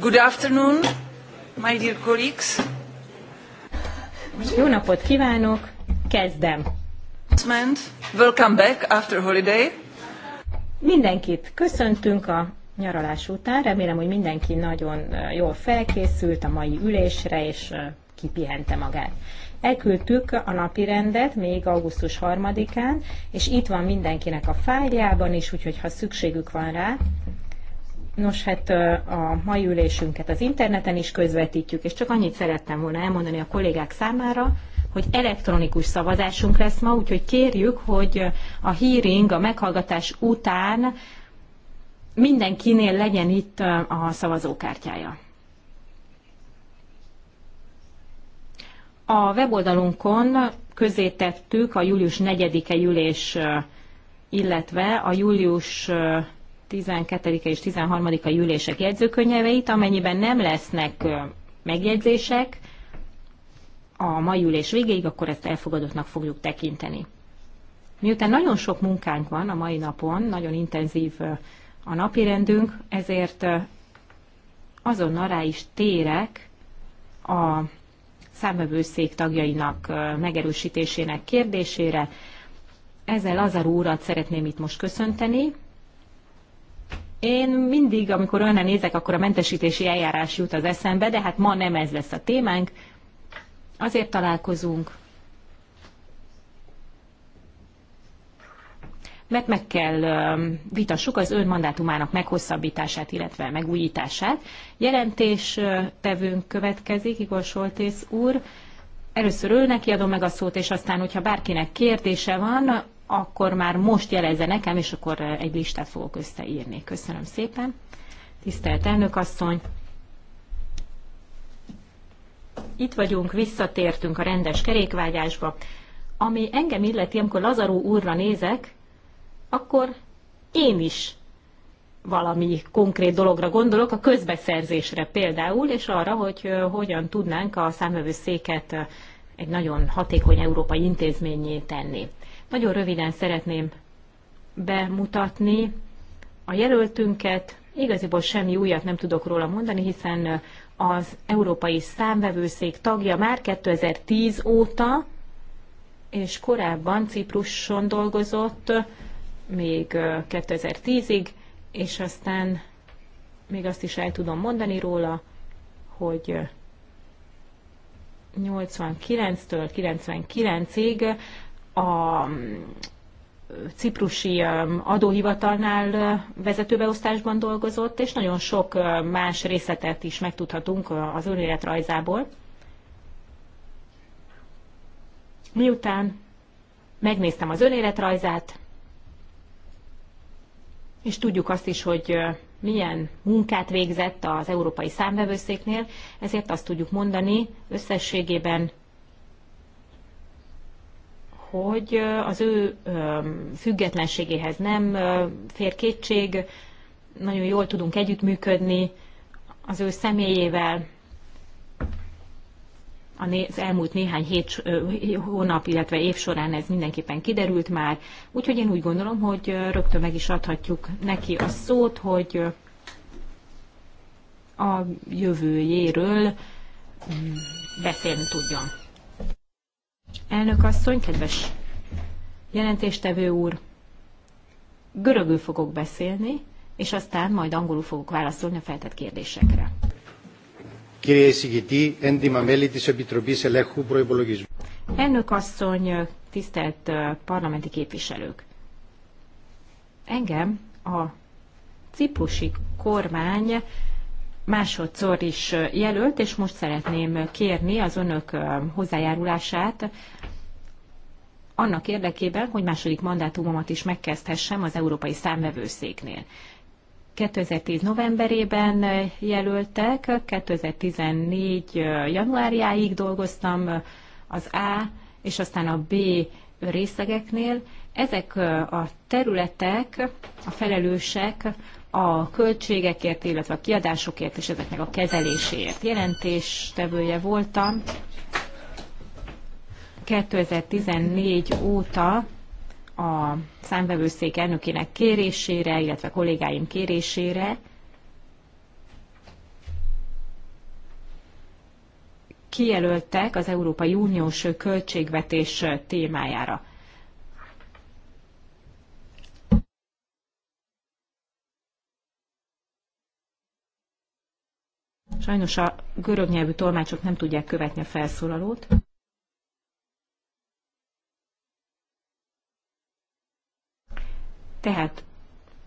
Good afternoon, my dear colleagues. Jó napot kívánok, kezdem. Welcome back after holiday. Mindenkit köszöntünk a nyaralás után. Remélem, hogy mindenki nagyon jól felkészült a mai ülésre, és kipihente magát. Elküldtük a napi rendet még augusztus 3-án, és itt van mindenkinek a fájljában is, úgyhogy ha szükségük van rá, Nos, hát a mai ülésünket az interneten is közvetítjük, és csak annyit szerettem volna elmondani a kollégák számára, hogy elektronikus szavazásunk lesz ma, úgyhogy kérjük, hogy a hearing, a meghallgatás után mindenkinél legyen itt a szavazókártyája. A weboldalunkon közé tettük a július 4-e ülés, illetve a július 12 és 13 ülések jegyzőkönyveit, amennyiben nem lesznek megjegyzések a mai ülés végéig, akkor ezt elfogadottnak fogjuk tekinteni. Miután nagyon sok munkánk van a mai napon, nagyon intenzív a napi rendünk, ezért azonnal rá is térek a számövőszék tagjainak megerősítésének kérdésére. Ezzel Lazar úrat szeretném itt most köszönteni, én mindig, amikor önre nézek, akkor a mentesítési eljárás jut az eszembe, de hát ma nem ez lesz a témánk. Azért találkozunk, mert meg kell vitassuk az ön mandátumának meghosszabbítását, illetve megújítását. Jelentés tevünk következik, Igor Soltész úr. Először ő neki adom meg a szót, és aztán, hogyha bárkinek kérdése van, akkor már most jelezze nekem, és akkor eh, egy listát fogok összeírni. Köszönöm szépen. Tisztelt elnökasszony! Itt vagyunk, visszatértünk a rendes kerékvágyásba. Ami engem illeti, amikor Lazaró úrra nézek, akkor én is valami konkrét dologra gondolok, a közbeszerzésre például, és arra, hogy eh, hogyan tudnánk a számövőszéket eh, egy nagyon hatékony európai intézményé tenni. Nagyon röviden szeretném bemutatni a jelöltünket. Igaziból semmi újat nem tudok róla mondani, hiszen az Európai Számvevőszék tagja már 2010 óta, és korábban Cipruson dolgozott, még 2010-ig, és aztán még azt is el tudom mondani róla, hogy 89-től 99-ig a ciprusi adóhivatalnál vezetőbeosztásban dolgozott, és nagyon sok más részletet is megtudhatunk az önéletrajzából. Miután megnéztem az önéletrajzát, és tudjuk azt is, hogy milyen munkát végzett az Európai Számvevőszéknél, ezért azt tudjuk mondani összességében, hogy az ő függetlenségéhez nem fér kétség, nagyon jól tudunk együttműködni az ő személyével, az elmúlt néhány hét, hónap, illetve év során ez mindenképpen kiderült már, úgyhogy én úgy gondolom, hogy rögtön meg is adhatjuk neki a szót, hogy a jövőjéről mm, beszélni tudjon. Elnök asszony, kedves jelentéstevő úr, görögül fogok beszélni, és aztán majd angolul fogok válaszolni a feltett kérdésekre. Elnök asszony, tisztelt parlamenti képviselők! Engem a ciprusi kormány másodszor is jelölt, és most szeretném kérni az önök hozzájárulását annak érdekében, hogy második mandátumomat is megkezdhessem az Európai Számvevőszéknél. 2010 novemberében jelöltek, 2014 januárjáig dolgoztam az A és aztán a B részegeknél. Ezek a területek, a felelősek a költségekért, illetve a kiadásokért és ezeknek a kezeléséért jelentéstevője voltam. 2014 óta a számvevőszék elnökének kérésére, illetve kollégáim kérésére kijelöltek az Európai Uniós költségvetés témájára. Sajnos a görög nyelvű tolmácsok nem tudják követni a felszólalót. Tehát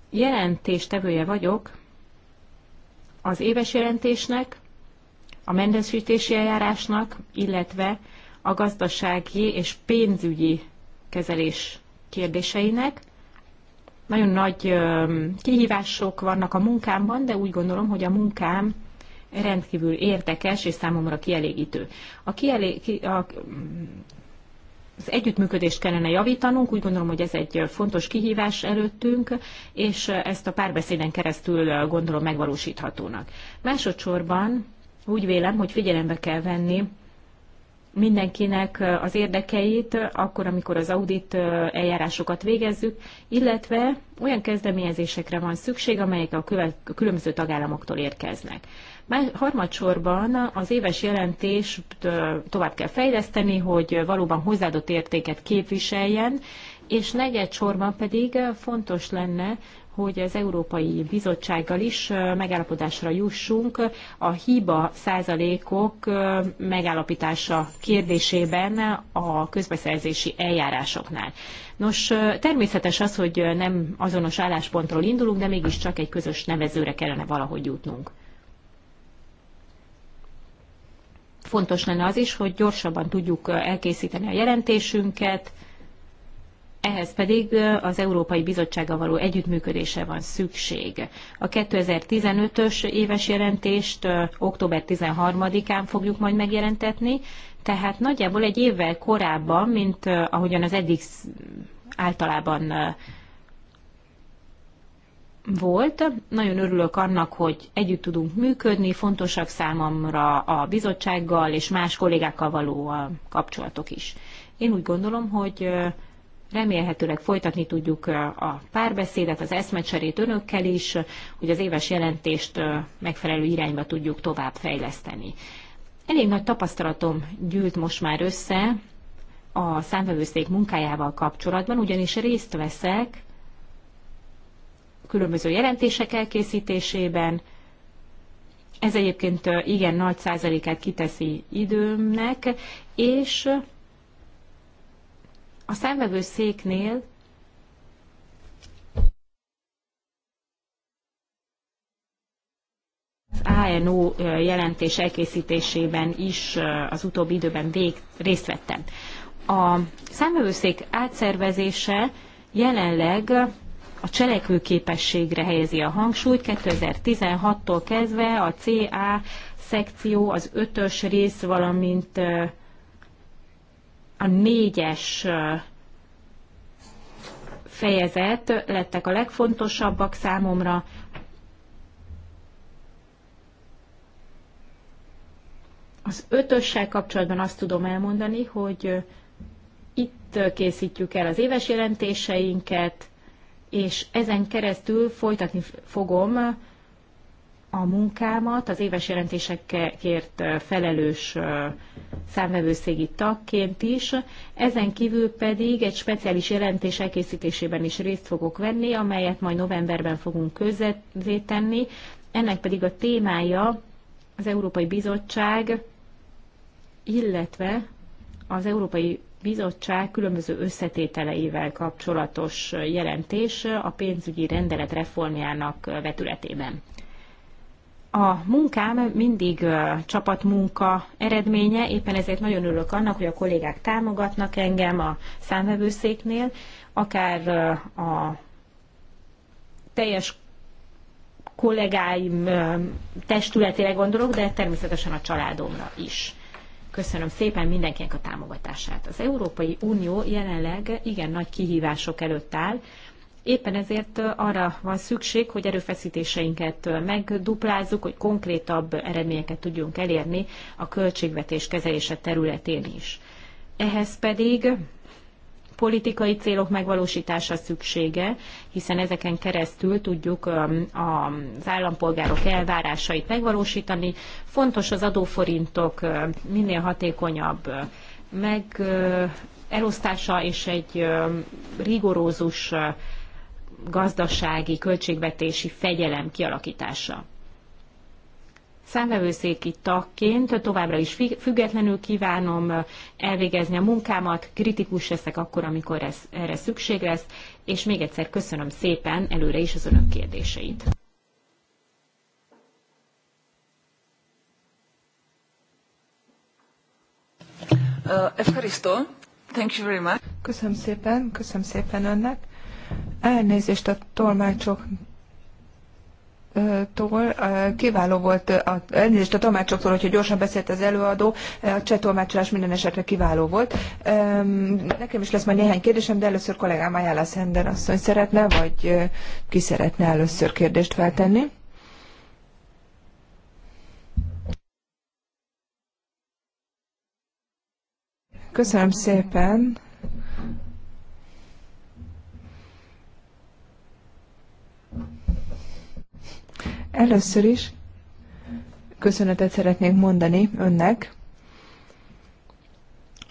jelentéstevője vagyok az éves jelentésnek, a mentesítési eljárásnak, illetve a gazdasági és pénzügyi kezelés kérdéseinek. Nagyon nagy kihívások vannak a munkámban, de úgy gondolom, hogy a munkám rendkívül érdekes és számomra kielégítő. A, kielé, ki, a az együttműködést kellene javítanunk, úgy gondolom, hogy ez egy fontos kihívás előttünk, és ezt a párbeszéden keresztül gondolom megvalósíthatónak. Másodszorban úgy vélem, hogy figyelembe kell venni mindenkinek az érdekeit, akkor, amikor az audit eljárásokat végezzük, illetve olyan kezdeményezésekre van szükség, amelyek a különböző tagállamoktól érkeznek. Harmadsorban az éves jelentést tovább kell fejleszteni, hogy valóban hozzáadott értéket képviseljen, és negyedsorban pedig fontos lenne, hogy az Európai Bizottsággal is megállapodásra jussunk a hiba százalékok megállapítása kérdésében a közbeszerzési eljárásoknál. Nos, természetes az, hogy nem azonos álláspontról indulunk, de mégiscsak egy közös nevezőre kellene valahogy jutnunk. Fontos lenne az is, hogy gyorsabban tudjuk elkészíteni a jelentésünket, ehhez pedig az Európai Bizottsággal való együttműködése van szükség. A 2015-ös éves jelentést október 13-án fogjuk majd megjelentetni, tehát nagyjából egy évvel korábban, mint ahogyan az eddig általában volt. Nagyon örülök annak, hogy együtt tudunk működni, fontosak számomra a bizottsággal és más kollégákkal való a kapcsolatok is. Én úgy gondolom, hogy remélhetőleg folytatni tudjuk a párbeszédet, az eszmecserét önökkel is, hogy az éves jelentést megfelelő irányba tudjuk tovább fejleszteni. Elég nagy tapasztalatom gyűlt most már össze a számvevőszék munkájával kapcsolatban, ugyanis részt veszek különböző jelentések elkészítésében. Ez egyébként igen nagy százalékát kiteszi időmnek, és a széknél. az ANO jelentés elkészítésében is az utóbbi időben vég, részt vettem. A számvevőszék átszervezése jelenleg a cselekvőképességre helyezi a hangsúlyt. 2016-tól kezdve a CA szekció, az ötös rész, valamint a négyes fejezet lettek a legfontosabbak számomra. Az ötössel kapcsolatban azt tudom elmondani, hogy itt készítjük el az éves jelentéseinket, és ezen keresztül folytatni fogom a munkámat az éves jelentésekért felelős számvevőszégi tagként is, ezen kívül pedig egy speciális jelentés elkészítésében is részt fogok venni, amelyet majd novemberben fogunk közzétenni. Ennek pedig a témája az Európai Bizottság, illetve az Európai bizottság különböző összetételeivel kapcsolatos jelentés a pénzügyi rendelet reformjának vetületében. A munkám mindig csapatmunka eredménye, éppen ezért nagyon örülök annak, hogy a kollégák támogatnak engem a számvevőszéknél, akár a teljes kollégáim testületére gondolok, de természetesen a családomra is. Köszönöm szépen mindenkinek a támogatását. Az Európai Unió jelenleg igen nagy kihívások előtt áll, Éppen ezért arra van szükség, hogy erőfeszítéseinket megduplázzuk, hogy konkrétabb eredményeket tudjunk elérni a költségvetés kezelése területén is. Ehhez pedig politikai célok megvalósítása szüksége, hiszen ezeken keresztül tudjuk um, az állampolgárok elvárásait megvalósítani. Fontos az adóforintok um, minél hatékonyabb um, meg uh, elosztása és egy rigorózus uh, gazdasági költségvetési fegyelem kialakítása számvevőszéki tagként továbbra is függetlenül kívánom elvégezni a munkámat, kritikus leszek akkor, amikor ez, erre szükség lesz, és még egyszer köszönöm szépen előre is az önök kérdéseit. Evkaristo, thank you very much. Köszönöm szépen, köszönöm szépen önnek. Elnézést a tolmácsok tól kiváló volt, a, elnézést a tanácsoktól, hogyha gyorsan beszélt az előadó, a cseh tolmácsolás minden esetre kiváló volt. Nekem is lesz majd néhány kérdésem, de először kollégám Ajála Szender asszony szeretne, vagy ki szeretne először kérdést feltenni? Köszönöm szépen. Először is köszönetet szeretnék mondani önnek,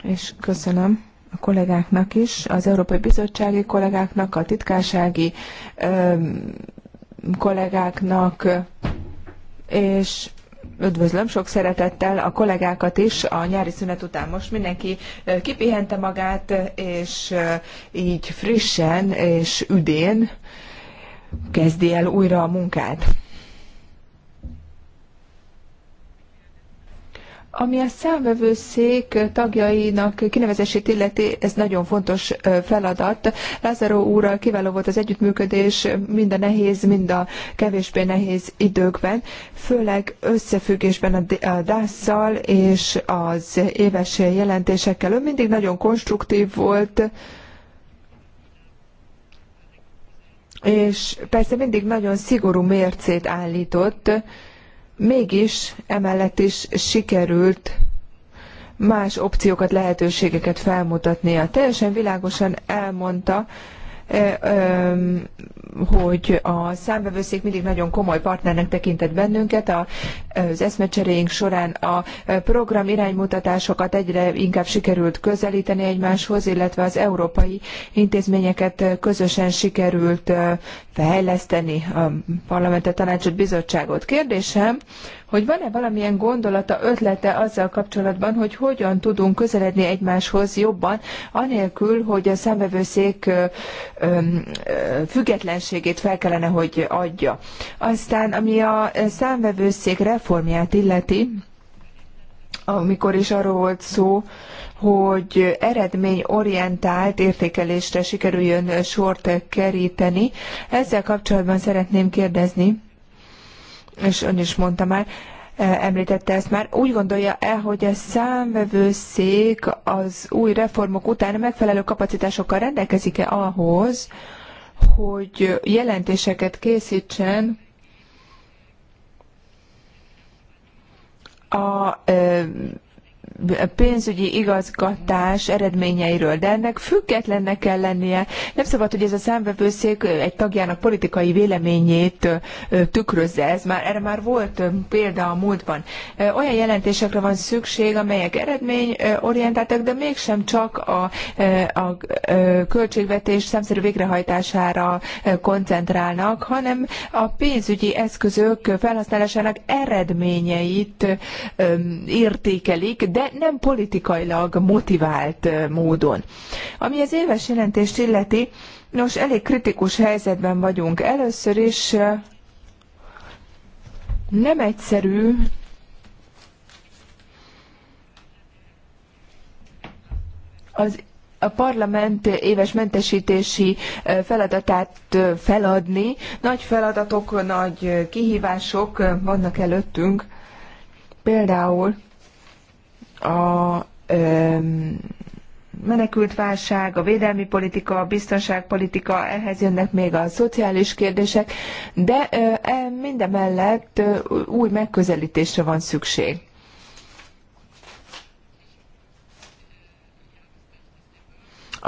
és köszönöm a kollégáknak is, az Európai Bizottsági kollégáknak, a titkársági ö, kollégáknak, és üdvözlöm sok szeretettel a kollégákat is a nyári szünet után. Most mindenki kipihente magát, és így frissen és üdén kezdi el újra a munkát. Ami a számvevőszék tagjainak kinevezését illeti, ez nagyon fontos feladat. Lázaro úrral kiváló volt az együttműködés mind a nehéz, mind a kevésbé nehéz időkben, főleg összefüggésben a DASZ-szal és az éves jelentésekkel. Ő mindig nagyon konstruktív volt, és persze mindig nagyon szigorú mércét állított, Mégis emellett is sikerült más opciókat, lehetőségeket felmutatnia. Teljesen világosan elmondta, hogy a számvevőszék mindig nagyon komoly partnernek tekintett bennünket. Az eszmecseréink során a program iránymutatásokat egyre inkább sikerült közelíteni egymáshoz, illetve az európai intézményeket közösen sikerült fejleszteni a parlamentet, tanácsot, bizottságot. Kérdésem, hogy van-e valamilyen gondolata, ötlete azzal kapcsolatban, hogy hogyan tudunk közeledni egymáshoz jobban, anélkül, hogy a számvevőszék függetlenségét fel kellene, hogy adja. Aztán, ami a számvevőszék reformját illeti, amikor is arról volt szó, hogy eredményorientált értékelésre sikerüljön sort keríteni. Ezzel kapcsolatban szeretném kérdezni, és ön is mondta már, e, említette ezt már, úgy gondolja-e, hogy a számvevőszék az új reformok után megfelelő kapacitásokkal rendelkezik-e ahhoz, hogy jelentéseket készítsen a e, pénzügyi igazgatás eredményeiről, de ennek függetlennek kell lennie. Nem szabad, hogy ez a számvevőszék egy tagjának politikai véleményét tükrözze. Ez már, erre már volt példa a múltban. Olyan jelentésekre van szükség, amelyek eredményorientáltak, de mégsem csak a, a költségvetés szemszerű végrehajtására koncentrálnak, hanem a pénzügyi eszközök felhasználásának eredményeit értékelik, de nem politikailag motivált módon. Ami az éves jelentést illeti, nos, elég kritikus helyzetben vagyunk. Először is nem egyszerű az a parlament éves mentesítési feladatát feladni. Nagy feladatok, nagy kihívások vannak előttünk. Például a menekült válság, a védelmi politika, a biztonságpolitika, ehhez jönnek még a szociális kérdések, de e, mindemellett új megközelítésre van szükség.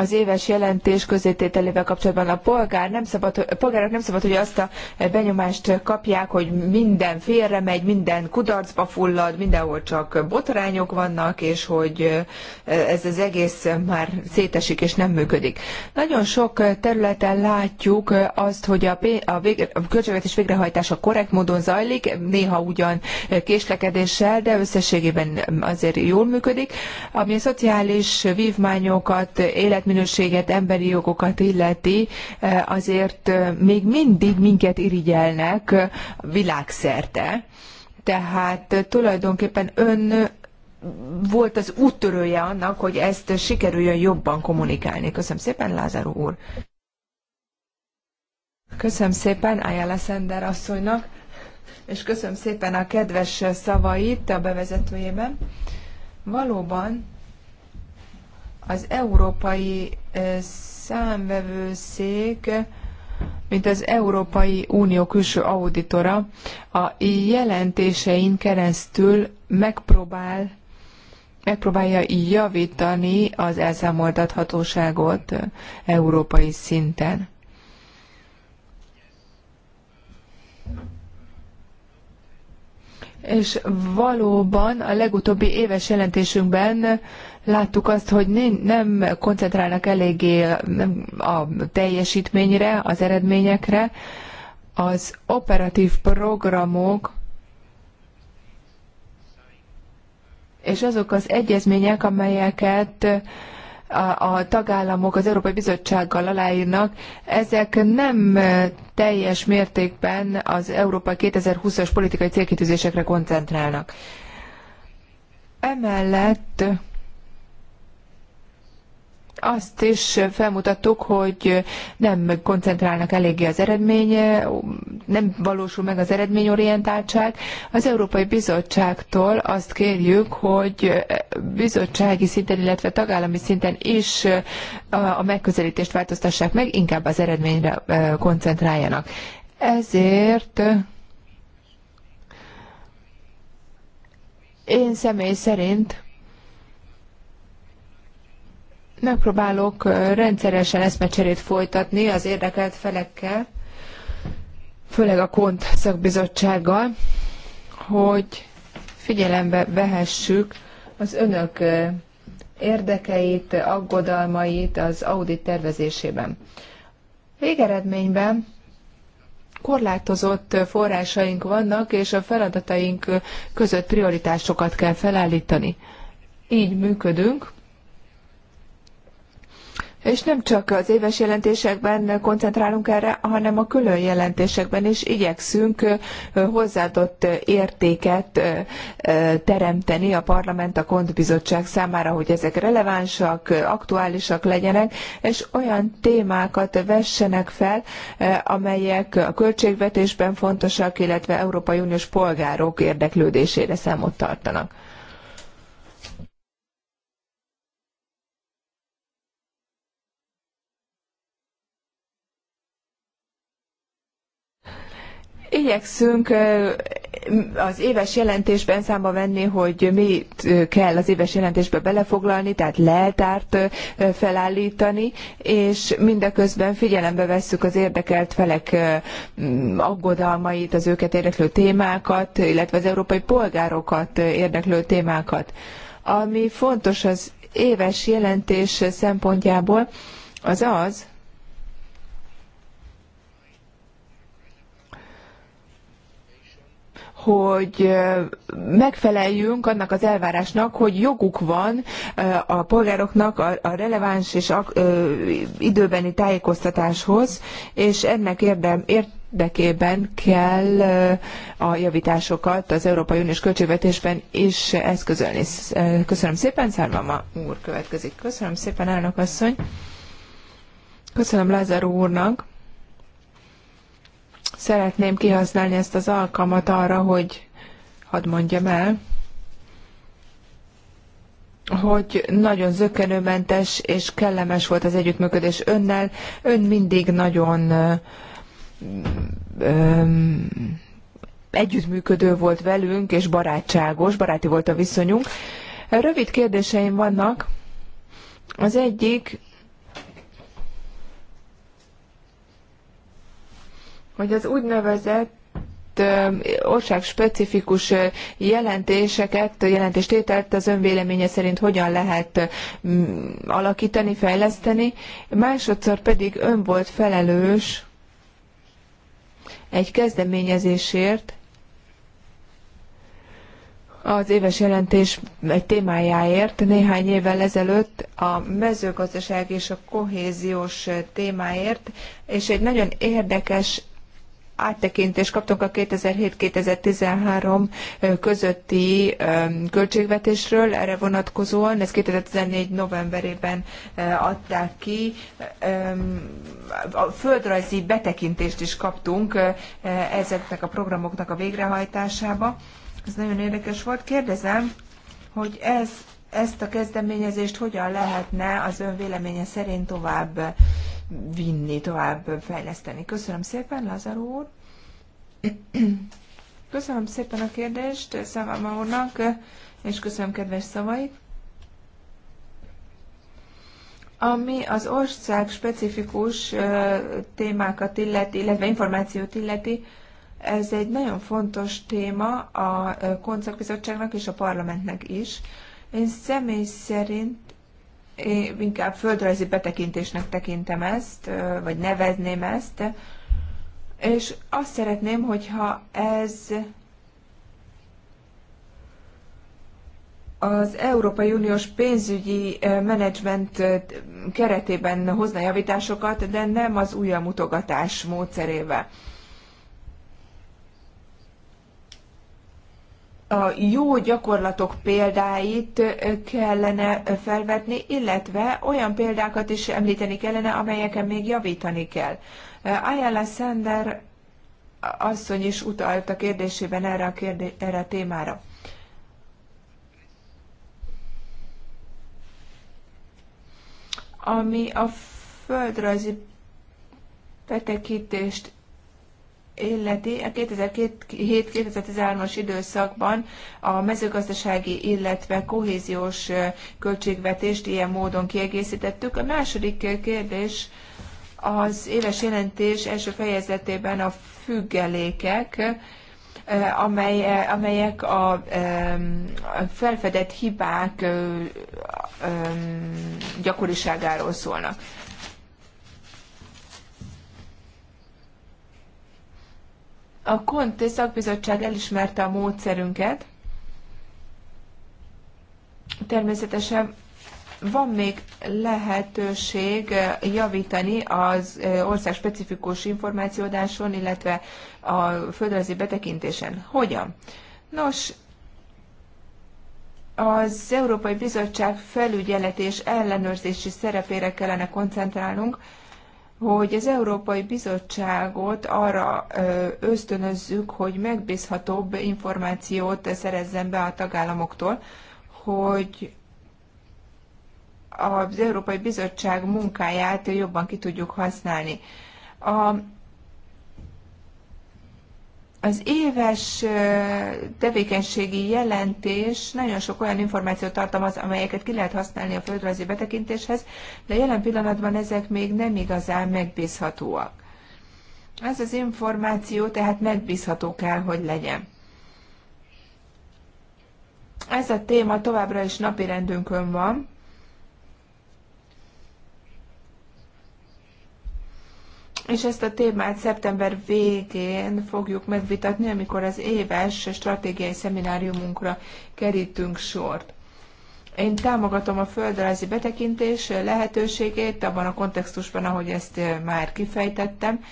az éves jelentés közétételével kapcsolatban a polgár nem szabad, a polgárok nem szabad, hogy azt a benyomást kapják, hogy minden félre megy, minden kudarcba fullad, mindenhol csak botrányok vannak, és hogy ez az egész már szétesik és nem működik. Nagyon sok területen látjuk azt, hogy a, a, a költségvetés végrehajtása korrekt módon zajlik, néha ugyan késlekedéssel, de összességében azért jól működik, ami a szociális vívmányokat, élet életminőséget, emberi jogokat illeti, eh, azért eh, még mindig minket irigyelnek eh, világszerte. Tehát tulajdonképpen ön volt az úttörője annak, hogy ezt sikerüljön jobban kommunikálni. Köszönöm szépen, Lázár úr. Köszönöm szépen Ayala Szender asszonynak, és köszönöm szépen a kedves szavait a bevezetőjében. Valóban az Európai Számvevőszék, mint az Európai Unió külső auditora, a jelentésein keresztül megpróbál megpróbálja javítani az elszámoltathatóságot európai szinten. És valóban a legutóbbi éves jelentésünkben láttuk azt, hogy nem koncentrálnak eléggé a teljesítményre, az eredményekre. Az operatív programok és azok az egyezmények, amelyeket a, tagállamok az Európai Bizottsággal aláírnak, ezek nem teljes mértékben az Európa 2020-as politikai célkitűzésekre koncentrálnak. Emellett azt is felmutattuk, hogy nem koncentrálnak eléggé az eredmény, nem valósul meg az eredményorientáltság. Az Európai Bizottságtól azt kérjük, hogy bizottsági szinten, illetve tagállami szinten is a megközelítést változtassák meg, inkább az eredményre koncentráljanak. Ezért én személy szerint Megpróbálok rendszeresen eszmecserét folytatni az érdekelt felekkel, főleg a KONT szakbizottsággal, hogy figyelembe vehessük az önök érdekeit, aggodalmait az audit tervezésében. Végeredményben korlátozott forrásaink vannak, és a feladataink között prioritásokat kell felállítani. Így működünk, és nem csak az éves jelentésekben koncentrálunk erre, hanem a külön jelentésekben is igyekszünk hozzáadott értéket teremteni a parlament, a kontbizottság számára, hogy ezek relevánsak, aktuálisak legyenek, és olyan témákat vessenek fel, amelyek a költségvetésben fontosak, illetve Európai Uniós polgárok érdeklődésére számot tartanak. Igyekszünk az éves jelentésben számba venni, hogy mit kell az éves jelentésbe belefoglalni, tehát leltárt felállítani, és mindeközben figyelembe vesszük az érdekelt felek aggodalmait, az őket érdeklő témákat, illetve az európai polgárokat érdeklő témákat. Ami fontos az éves jelentés szempontjából, az az, hogy megfeleljünk annak az elvárásnak, hogy joguk van a polgároknak a releváns és időbeni tájékoztatáshoz, és ennek érdem, érdekében kell a javításokat az Európai Uniós költségvetésben is eszközölni. Köszönöm szépen, Szárvama úr következik. Köszönöm szépen, elnök asszony. Köszönöm Lázár úrnak Szeretném kihasználni ezt az alkalmat arra, hogy hadd mondjam el, hogy nagyon zökkenőmentes és kellemes volt az együttműködés önnel. Ön mindig nagyon ö, ö, együttműködő volt velünk, és barátságos, baráti volt a viszonyunk. Rövid kérdéseim vannak. Az egyik, hogy az úgynevezett ország specifikus jelentéseket, jelentéstételt az önvéleménye szerint hogyan lehet alakítani, fejleszteni, másodszor pedig ön volt felelős egy kezdeményezésért, az éves jelentés egy témájáért néhány évvel ezelőtt a mezőgazdaság és a kohéziós témáért, és egy nagyon érdekes áttekintést kaptunk a 2007-2013 közötti költségvetésről erre vonatkozóan. Ez 2014 novemberében adták ki. A földrajzi betekintést is kaptunk ezeknek a programoknak a végrehajtásába. Ez nagyon érdekes volt. Kérdezem, hogy ez ezt a kezdeményezést hogyan lehetne az ön véleménye szerint tovább vinni, tovább fejleszteni. Köszönöm szépen, Lázár úr. Köszönöm szépen a kérdést Szavama úrnak, és köszönöm kedves szavait. Ami az ország specifikus témákat illeti, illetve információt illeti, ez egy nagyon fontos téma a koncertbizottságnak és a parlamentnek is. Én személy szerint én inkább földrajzi betekintésnek tekintem ezt, vagy nevezném ezt, és azt szeretném, hogyha ez az Európai Uniós pénzügyi menedzsment keretében hozna javításokat, de nem az újra mutogatás módszerével. a jó gyakorlatok példáit kellene felvetni, illetve olyan példákat is említeni kellene, amelyeken még javítani kell. Ayala Sender asszony is utalt a kérdésében erre a, kérdé- erre a témára. Ami a földrajzi betekintést illeti, a 2007-2013-as időszakban a mezőgazdasági, illetve kohéziós költségvetést ilyen módon kiegészítettük. A második kérdés az éves jelentés első fejezetében a függelékek, amely, amelyek a felfedett hibák gyakoriságáról szólnak. A KONT szakbizottság elismerte a módszerünket. Természetesen van még lehetőség eh, javítani az eh, ország specifikus információdáson, illetve a földrajzi betekintésen. Hogyan? Nos, az Európai Bizottság felügyelet és ellenőrzési szerepére kellene koncentrálnunk, hogy az Európai Bizottságot arra ösztönözzük, hogy megbízhatóbb információt szerezzen be a tagállamoktól, hogy az Európai Bizottság munkáját jobban ki tudjuk használni. A az éves tevékenységi jelentés nagyon sok olyan információt tartalmaz, amelyeket ki lehet használni a földrajzi betekintéshez, de jelen pillanatban ezek még nem igazán megbízhatóak. Ez az információ tehát megbízható kell, hogy legyen. Ez a téma továbbra is napirendünkön van, és ezt a témát szeptember végén fogjuk megvitatni, amikor az éves stratégiai szemináriumunkra kerítünk sort. Én támogatom a földrajzi betekintés lehetőségét abban a kontextusban, ahogy ezt már kifejtettem,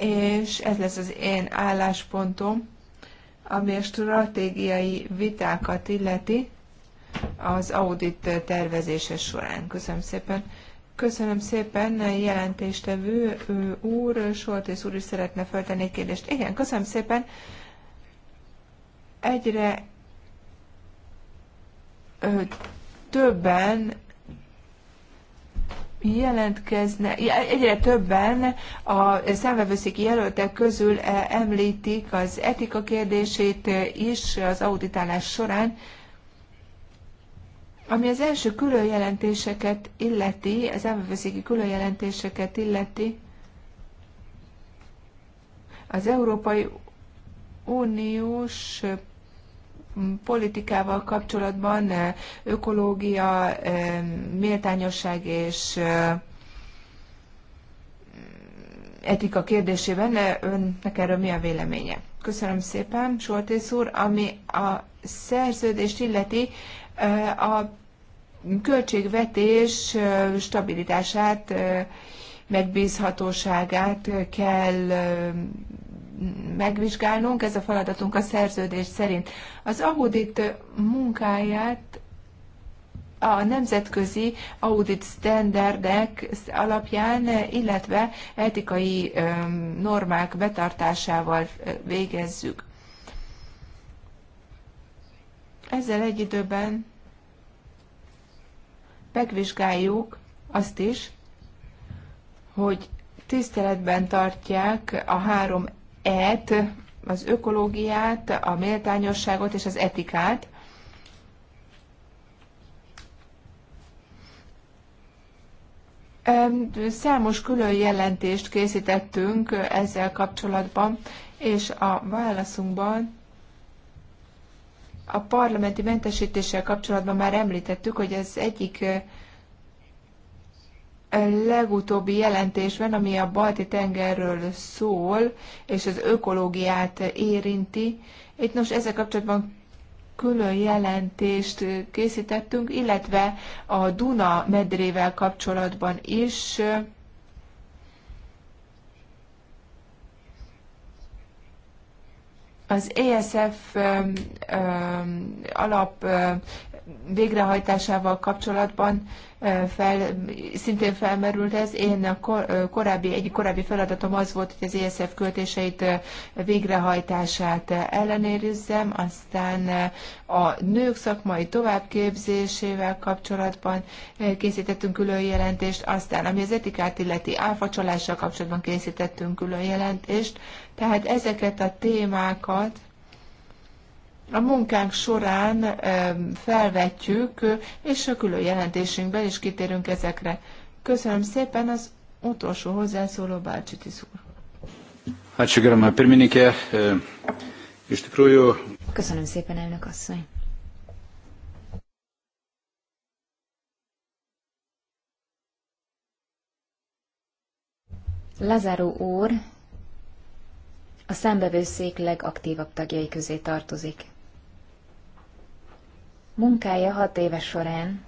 és ez lesz az én álláspontom, ami a stratégiai vitákat illeti az audit tervezése során. Köszönöm szépen. Köszönöm szépen, jelentéstevő úr, Soltész úr is szeretne föltenni egy kérdést. Igen, köszönöm szépen. Egyre ö, többen jelentkezne, egyre többen a számvevőszéki jelöltek közül e, említik az etika kérdését is az auditálás során, ami az első különjelentéseket jelentéseket illeti, az elveveszéki különjelentéseket jelentéseket illeti, az Európai Uniós politikával kapcsolatban eh, ökológia, eh, méltányosság és eh, etika kérdésében önnek erről mi a véleménye? Köszönöm szépen, Soltész úr. Ami a szerződést illeti, a költségvetés stabilitását, megbízhatóságát kell megvizsgálnunk, ez a feladatunk a szerződés szerint. Az audit munkáját a nemzetközi audit standardek alapján, illetve etikai normák betartásával végezzük. Ezzel egy időben megvizsgáljuk azt is, hogy tiszteletben tartják a három et, az ökológiát, a méltányosságot és az etikát. Számos külön jelentést készítettünk ezzel kapcsolatban, és a válaszunkban a parlamenti mentesítéssel kapcsolatban már említettük, hogy az egyik legutóbbi jelentésben, ami a balti tengerről szól, és az ökológiát érinti. Itt nos, ezzel kapcsolatban külön jelentést készítettünk, illetve a Duna medrével kapcsolatban is az ESF alap végrehajtásával kapcsolatban fel, szintén felmerült ez. Én a korábbi, egyik korábbi feladatom az volt, hogy az ESF költéseit végrehajtását ellenőrizzem, aztán a nők szakmai továbbképzésével kapcsolatban készítettünk külön jelentést, aztán ami az etikát illeti áfacsalással kapcsolatban készítettünk külön jelentést, tehát ezeket a témákat a munkánk során felvetjük, és a külön jelentésünkben is kitérünk ezekre. Köszönöm szépen az utolsó hozzászóló bácsi úr. Hát, már hát, pirminike, és Köszönöm szépen, elnök asszony. Lazaro úr a szembevőszék legaktívabb tagjai közé tartozik. Munkája hat éve során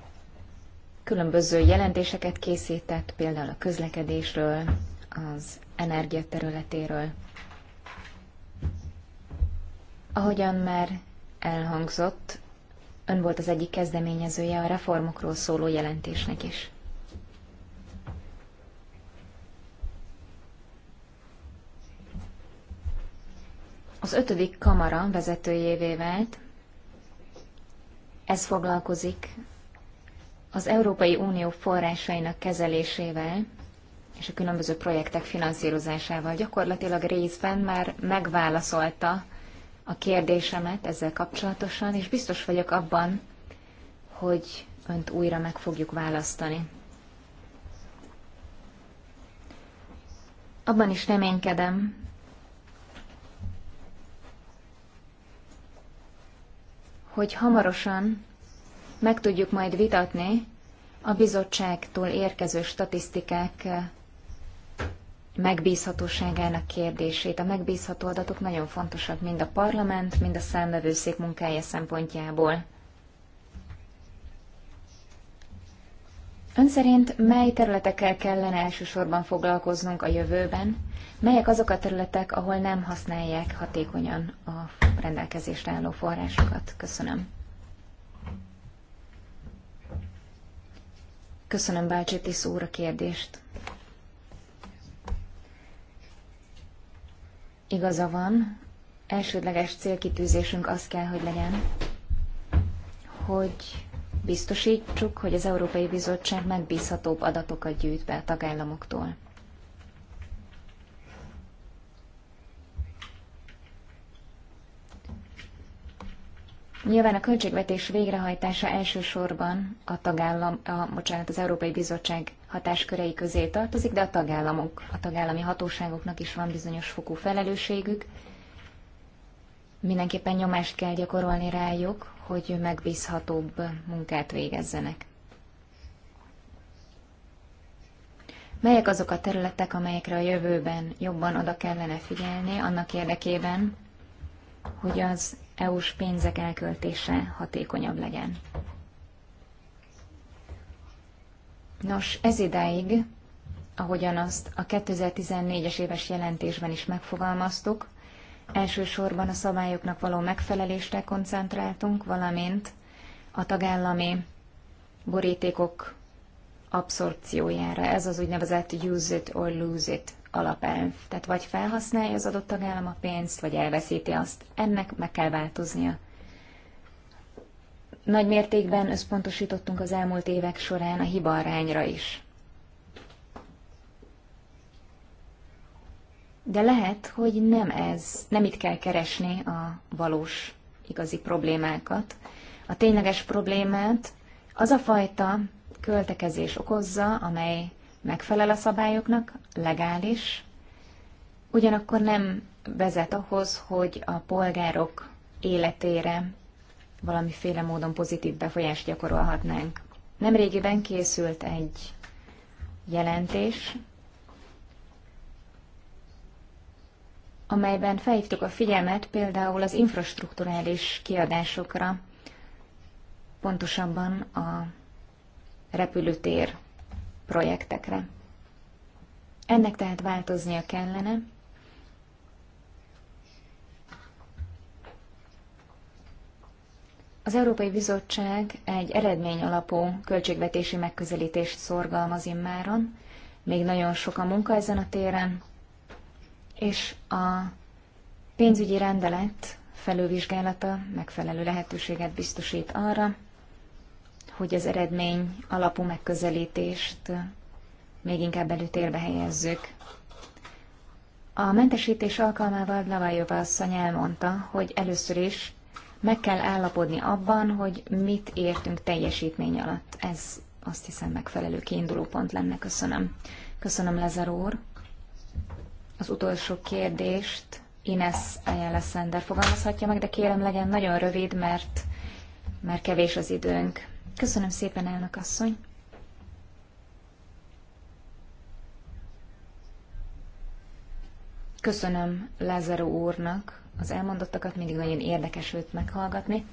különböző jelentéseket készített, például a közlekedésről, az energia területéről. Ahogyan már elhangzott, ön volt az egyik kezdeményezője a reformokról szóló jelentésnek is. Az ötödik kamara vezetőjévé vált, ez foglalkozik az Európai Unió forrásainak kezelésével és a különböző projektek finanszírozásával. Gyakorlatilag részben már megválaszolta a kérdésemet ezzel kapcsolatosan, és biztos vagyok abban, hogy önt újra meg fogjuk választani. Abban is reménykedem, hogy hamarosan meg tudjuk majd vitatni a bizottságtól érkező statisztikák megbízhatóságának kérdését. A megbízható adatok nagyon fontosak mind a parlament, mind a számvevőszék munkája szempontjából. Ön szerint mely területekkel kellene elsősorban foglalkoznunk a jövőben, melyek azok a területek, ahol nem használják hatékonyan a rendelkezésre álló forrásokat. Köszönöm. Köszönöm Bácsi úr a kérdést. Igaza van, elsődleges célkitűzésünk az kell, hogy legyen, hogy biztosítsuk, hogy az Európai Bizottság megbízhatóbb adatokat gyűjt be a tagállamoktól. Nyilván a költségvetés végrehajtása elsősorban a tagállam, a, bocsánat, az Európai Bizottság hatáskörei közé tartozik, de a tagállamok, a tagállami hatóságoknak is van bizonyos fokú felelősségük. Mindenképpen nyomást kell gyakorolni rájuk, hogy megbízhatóbb munkát végezzenek. Melyek azok a területek, amelyekre a jövőben jobban oda kellene figyelni annak érdekében, hogy az EU-s pénzek elköltése hatékonyabb legyen. Nos, ez idáig, ahogyan azt a 2014-es éves jelentésben is megfogalmaztuk, elsősorban a szabályoknak való megfelelésre koncentráltunk, valamint a tagállami borítékok abszorpciójára. Ez az úgynevezett use it or lose it alapelv. Tehát vagy felhasználja az adott tagállam a pénzt, vagy elveszíti azt. Ennek meg kell változnia. Nagy mértékben összpontosítottunk az elmúlt évek során a arányra is. De lehet, hogy nem ez, nem itt kell keresni a valós, igazi problémákat. A tényleges problémát az a fajta költekezés okozza, amely megfelel a szabályoknak, legális, ugyanakkor nem vezet ahhoz, hogy a polgárok életére valamiféle módon pozitív befolyást gyakorolhatnánk. Nemrégiben készült egy jelentés, amelyben felhívtuk a figyelmet például az infrastruktúrális kiadásokra, pontosabban a repülőtér projektekre. Ennek tehát változnia kellene. Az Európai Bizottság egy eredmény alapú költségvetési megközelítést szorgalmaz immáron, még nagyon sok a munka ezen a téren, és a pénzügyi rendelet felülvizsgálata megfelelő lehetőséget biztosít arra, hogy az eredmény alapú megközelítést még inkább előtérbe helyezzük. A mentesítés alkalmával Lavajova asszony elmondta, hogy először is meg kell állapodni abban, hogy mit értünk teljesítmény alatt. Ez azt hiszem megfelelő kiinduló pont lenne. Köszönöm. Köszönöm, Lezer úr. Az utolsó kérdést Ines Ayala Sender fogalmazhatja meg, de kérem legyen nagyon rövid, mert már kevés az időnk. Köszönöm szépen, elnök asszony. Köszönöm Lázaro úrnak az elmondottakat, mindig nagyon érdekes őt meghallgatni.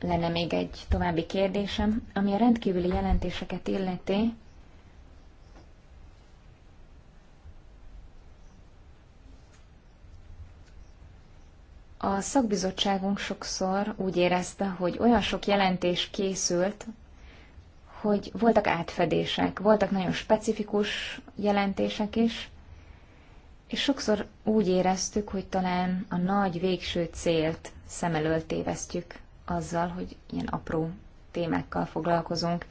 Lenne még egy további kérdésem, ami a rendkívüli jelentéseket illeti. A szakbizottságunk sokszor úgy érezte, hogy olyan sok jelentés készült, hogy voltak átfedések, voltak nagyon specifikus jelentések is, és sokszor úgy éreztük, hogy talán a nagy végső célt szem elől tévesztjük azzal, hogy ilyen apró témákkal foglalkozunk.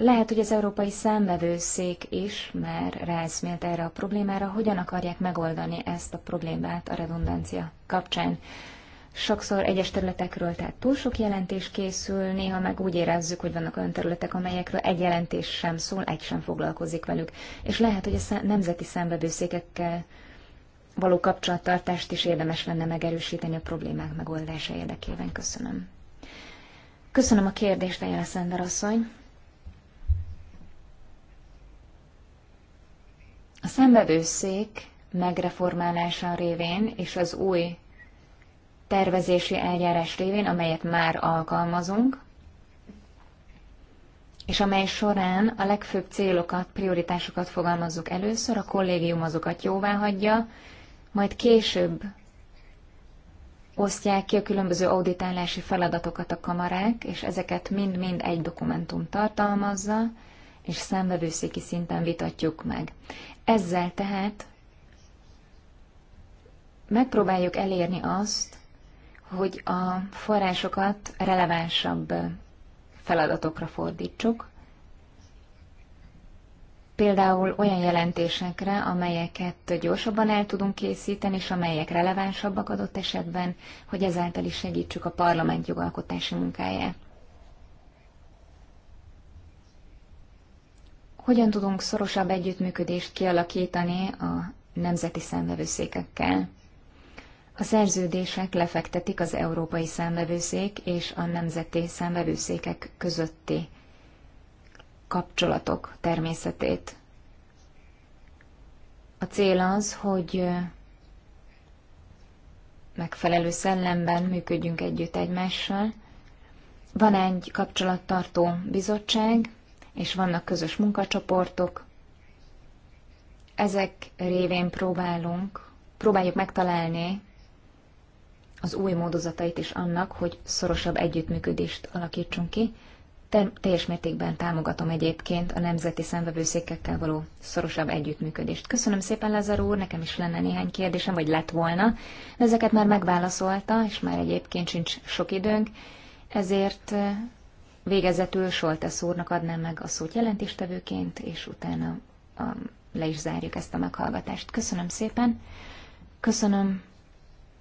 Lehet, hogy az Európai Számvevőszék is mert ráeszmélt erre a problémára, hogyan akarják megoldani ezt a problémát a redundancia kapcsán. Sokszor egyes területekről tehát túl sok jelentés készül, néha meg úgy érezzük, hogy vannak olyan területek, amelyekről egy jelentés sem szól, egy sem foglalkozik velük. És lehet, hogy a nemzeti számvevőszékekkel való kapcsolattartást is érdemes lenne megerősíteni a problémák megoldása érdekében. Köszönöm. Köszönöm a kérdést, Ejjel Szender asszony. A szenvedőszék megreformálása révén és az új tervezési eljárás révén, amelyet már alkalmazunk, és amely során a legfőbb célokat, prioritásokat fogalmazzuk először, a kollégium azokat jóvá hagyja, majd később osztják ki a különböző auditálási feladatokat a kamarák, és ezeket mind-mind egy dokumentum tartalmazza, és számvevőszéki szinten vitatjuk meg. Ezzel tehát megpróbáljuk elérni azt, hogy a forrásokat relevánsabb feladatokra fordítsuk, például olyan jelentésekre, amelyeket gyorsabban el tudunk készíteni, és amelyek relevánsabbak adott esetben, hogy ezáltal is segítsük a parlament jogalkotási munkáját. hogyan tudunk szorosabb együttműködést kialakítani a nemzeti számvevőszékekkel. A szerződések lefektetik az Európai Számvevőszék és a nemzeti számvevőszékek közötti kapcsolatok természetét. A cél az, hogy megfelelő szellemben működjünk együtt egymással. Van egy kapcsolattartó bizottság, és vannak közös munkacsoportok. Ezek révén próbálunk, próbáljuk megtalálni az új módozatait is annak, hogy szorosabb együttműködést alakítsunk ki. Te, teljes mértékben támogatom egyébként a nemzeti szemvevőszékekkel való szorosabb együttműködést. Köszönöm szépen, Lázár úr, nekem is lenne néhány kérdésem, vagy lett volna, de ezeket már megválaszolta, és már egyébként sincs sok időnk, ezért Végezetül Soltesz úrnak adnám meg a szót jelentéstevőként, és utána a, um, le is zárjuk ezt a meghallgatást. Köszönöm szépen. Köszönöm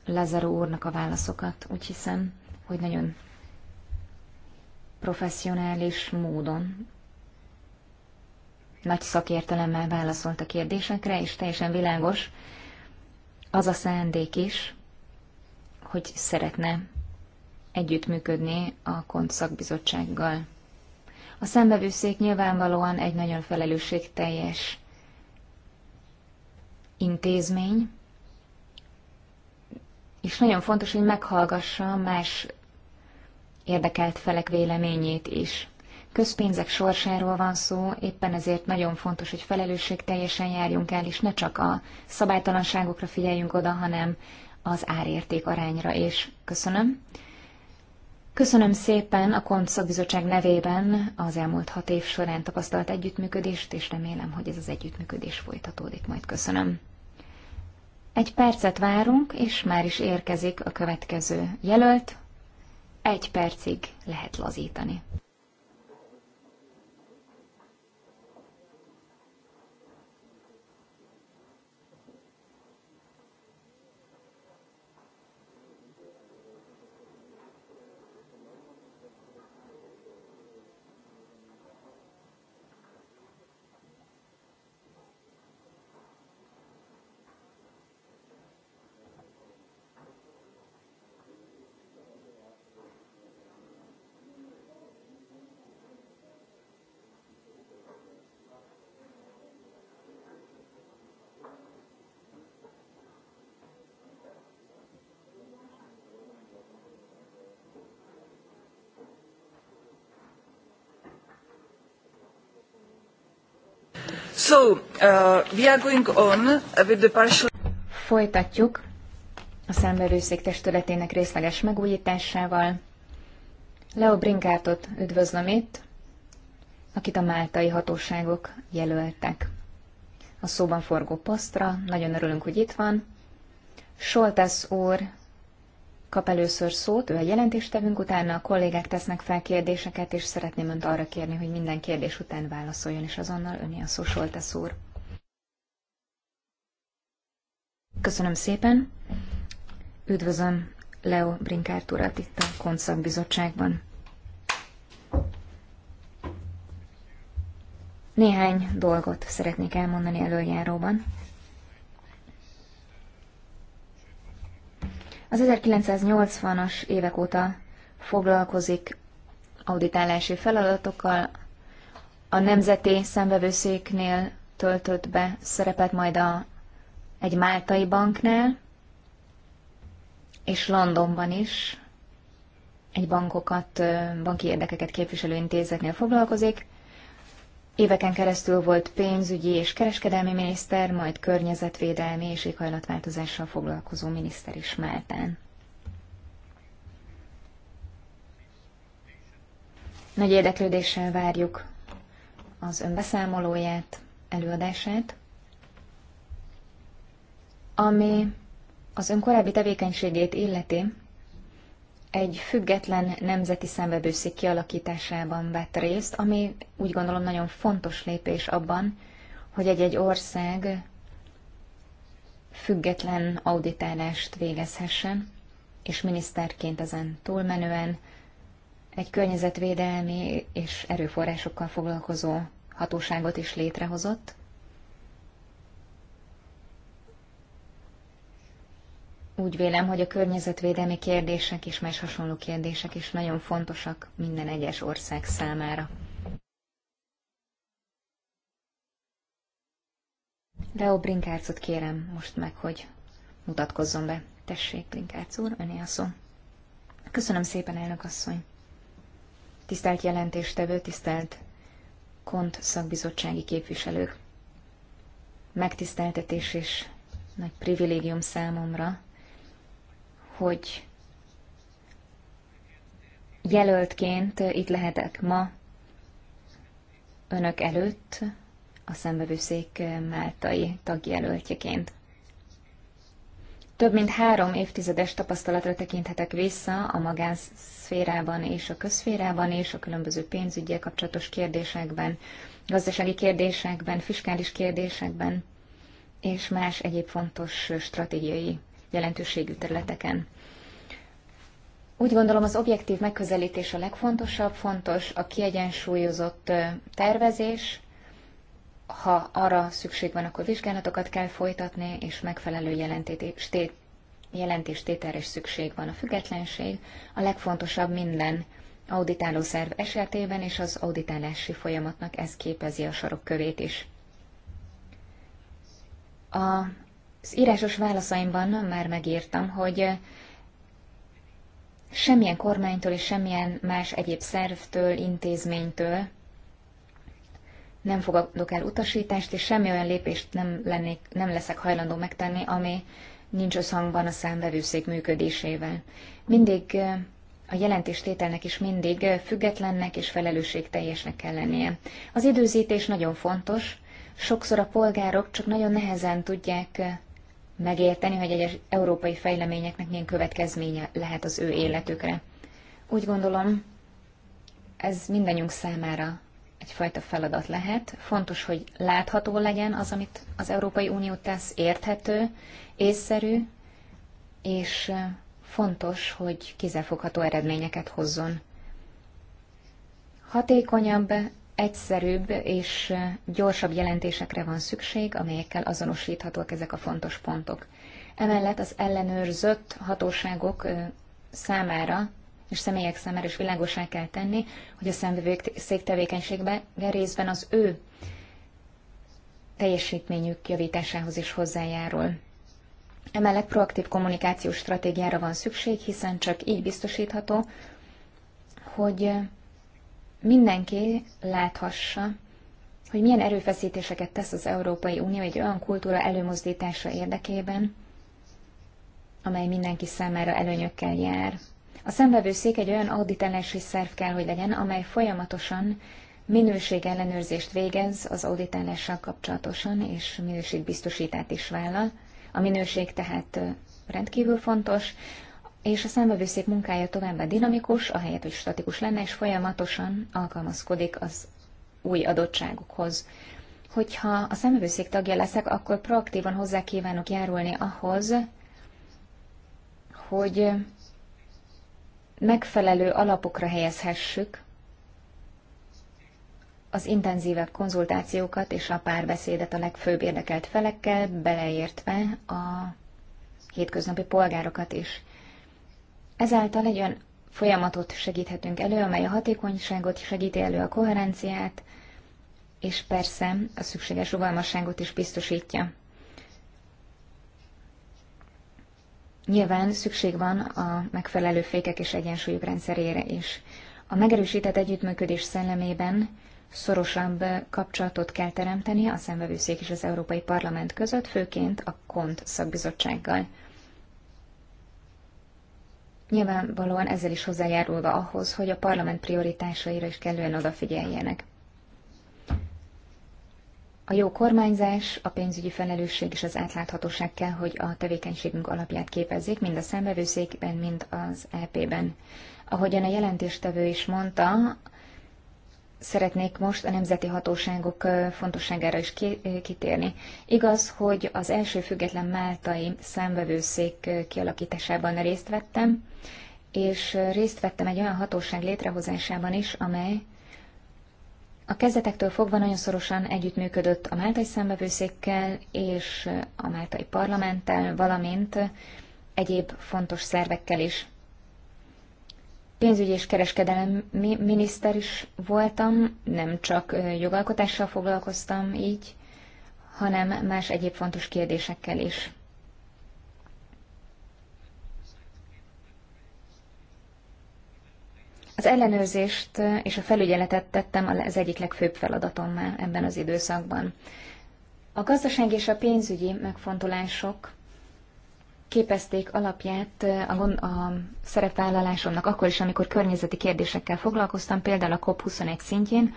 Lázaro úrnak a válaszokat. Úgy hiszem, hogy nagyon professzionális módon nagy szakértelemmel válaszolt a kérdésekre, és teljesen világos az a szándék is, hogy szeretne együttműködni a KONT szakbizottsággal. A szembevőszék nyilvánvalóan egy nagyon felelősségteljes intézmény, és nagyon fontos, hogy meghallgassa más érdekelt felek véleményét is. Közpénzek sorsáról van szó, éppen ezért nagyon fontos, hogy felelősség teljesen járjunk el, és ne csak a szabálytalanságokra figyeljünk oda, hanem az árérték arányra, és köszönöm. Köszönöm szépen a KONT szakbizottság nevében az elmúlt hat év során tapasztalt együttműködést, és remélem, hogy ez az együttműködés folytatódik. Majd köszönöm. Egy percet várunk, és már is érkezik a következő jelölt. Egy percig lehet lazítani. So, uh, we are going on with the partial... Folytatjuk a számbevőszék testületének részleges megújításával. Leo Brinkártot üdvözlöm itt, akit a máltai hatóságok jelöltek. A szóban forgó posztra, nagyon örülünk, hogy itt van. Soltász úr kap először szót, ő a jelentéstevünk, utána a kollégák tesznek fel kérdéseket, és szeretném önt arra kérni, hogy minden kérdés után válaszoljon, és azonnal öné a szó Soltesz úr. Köszönöm szépen. Üdvözlöm Leo Brinkárt urat itt a Koncak Bizottságban. Néhány dolgot szeretnék elmondani előjáróban. Az 1980-as évek óta foglalkozik auditálási feladatokkal, a Nemzeti Szembevőszéknél töltött be szerepet majd a, egy máltai banknál, és Londonban is egy bankokat, banki érdekeket képviselő intézetnél foglalkozik. Éveken keresztül volt pénzügyi és kereskedelmi miniszter, majd környezetvédelmi és éghajlatváltozással foglalkozó miniszter is Máltán. Nagy érdeklődéssel várjuk az önbeszámolóját, előadását, ami az ön korábbi tevékenységét illeti, egy független nemzeti szembebőszék kialakításában vett részt, ami úgy gondolom nagyon fontos lépés abban, hogy egy-egy ország független auditálást végezhessen, és miniszterként ezen túlmenően egy környezetvédelmi és erőforrásokkal foglalkozó hatóságot is létrehozott, úgy vélem, hogy a környezetvédelmi kérdések és más hasonló kérdések is nagyon fontosak minden egyes ország számára. Leo Brinkárcot kérem most meg, hogy mutatkozzon be. Tessék, Brinkárc úr, öné a szó. Köszönöm szépen, elnök asszony. Tisztelt jelentéstevő, tisztelt kont szakbizottsági képviselők. Megtiszteltetés és nagy privilégium számomra, hogy jelöltként itt lehetek ma önök előtt a szembevőszék máltai tagjelöltjeként. Több mint három évtizedes tapasztalatra tekinthetek vissza a magánszférában és a közszférában és a különböző pénzügyi kapcsolatos kérdésekben, gazdasági kérdésekben, fiskális kérdésekben és más egyéb fontos stratégiai jelentőségű területeken. Úgy gondolom az objektív megközelítés a legfontosabb, fontos a kiegyensúlyozott tervezés, ha arra szükség van, akkor vizsgálatokat kell folytatni, és megfelelő jelentéstételre is szükség van. A függetlenség a legfontosabb minden auditáló szerv esetében, és az auditálási folyamatnak ez képezi a sarokkövét is. A az írásos válaszaimban már megírtam, hogy semmilyen kormánytól és semmilyen más egyéb szervtől, intézménytől nem fogadok el utasítást, és semmi olyan lépést nem, lennék, nem leszek hajlandó megtenni, ami nincs összhangban a számvevőszék működésével. Mindig eh, a jelentéstételnek is mindig eh, függetlennek és felelősségteljesnek kell lennie. Az időzítés nagyon fontos, sokszor a polgárok csak nagyon nehezen tudják eh, megérteni, hogy egyes európai fejleményeknek milyen következménye lehet az ő életükre. Úgy gondolom, ez mindannyiunk számára egyfajta feladat lehet. Fontos, hogy látható legyen az, amit az Európai Unió tesz, érthető, észszerű, és fontos, hogy kézzelfogható eredményeket hozzon. Hatékonyabb egyszerűbb és gyorsabb jelentésekre van szükség, amelyekkel azonosíthatók ezek a fontos pontok. Emellett az ellenőrzött hatóságok számára és személyek számára is világosá kell tenni, hogy a szemvevőszék tevékenységben részben az ő teljesítményük javításához is hozzájárul. Emellett proaktív kommunikációs stratégiára van szükség, hiszen csak így biztosítható, hogy mindenki láthassa, hogy milyen erőfeszítéseket tesz az Európai Unió egy olyan kultúra előmozdítása érdekében, amely mindenki számára előnyökkel jár. A szembevőszék egy olyan auditálási szerv kell, hogy legyen, amely folyamatosan minőségellenőrzést végez az auditálással kapcsolatosan, és minőségbiztosítást is vállal. A minőség tehát rendkívül fontos és a számbevőszék munkája továbbá dinamikus, ahelyett, hogy statikus lenne, és folyamatosan alkalmazkodik az új adottságokhoz. Hogyha a számbevőszék tagja leszek, akkor proaktívan hozzá kívánok járulni ahhoz, hogy megfelelő alapokra helyezhessük az intenzívebb konzultációkat és a párbeszédet a legfőbb érdekelt felekkel, beleértve a hétköznapi polgárokat is. Ezáltal egy olyan folyamatot segíthetünk elő, amely a hatékonyságot segíti elő a koherenciát, és persze a szükséges rugalmasságot is biztosítja. Nyilván szükség van a megfelelő fékek és egyensúlyok rendszerére is. A megerősített együttműködés szellemében szorosabb kapcsolatot kell teremteni a szembevőszék és az Európai Parlament között, főként a KONT szakbizottsággal nyilvánvalóan ezzel is hozzájárulva ahhoz, hogy a parlament prioritásaira is kellően odafigyeljenek. A jó kormányzás, a pénzügyi felelősség és az átláthatóság kell, hogy a tevékenységünk alapját képezzék, mind a számbevőszékben, mind az EP-ben. Ahogyan a jelentéstevő is mondta, szeretnék most a nemzeti hatóságok fontosságára is kitérni. Igaz, hogy az első független máltai számvevőszék kialakításában részt vettem, és részt vettem egy olyan hatóság létrehozásában is, amely a kezdetektől fogva nagyon szorosan együttműködött a máltai számvevőszékkel és a máltai parlamenttel, valamint egyéb fontos szervekkel is pénzügyi és kereskedelem miniszter is voltam, nem csak jogalkotással foglalkoztam így, hanem más egyéb fontos kérdésekkel is. Az ellenőrzést és a felügyeletet tettem az egyik legfőbb feladatommal ebben az időszakban. A gazdaság és a pénzügyi megfontolások képezték alapját a, a szerepvállalásomnak akkor is, amikor környezeti kérdésekkel foglalkoztam, például a COP21 szintjén,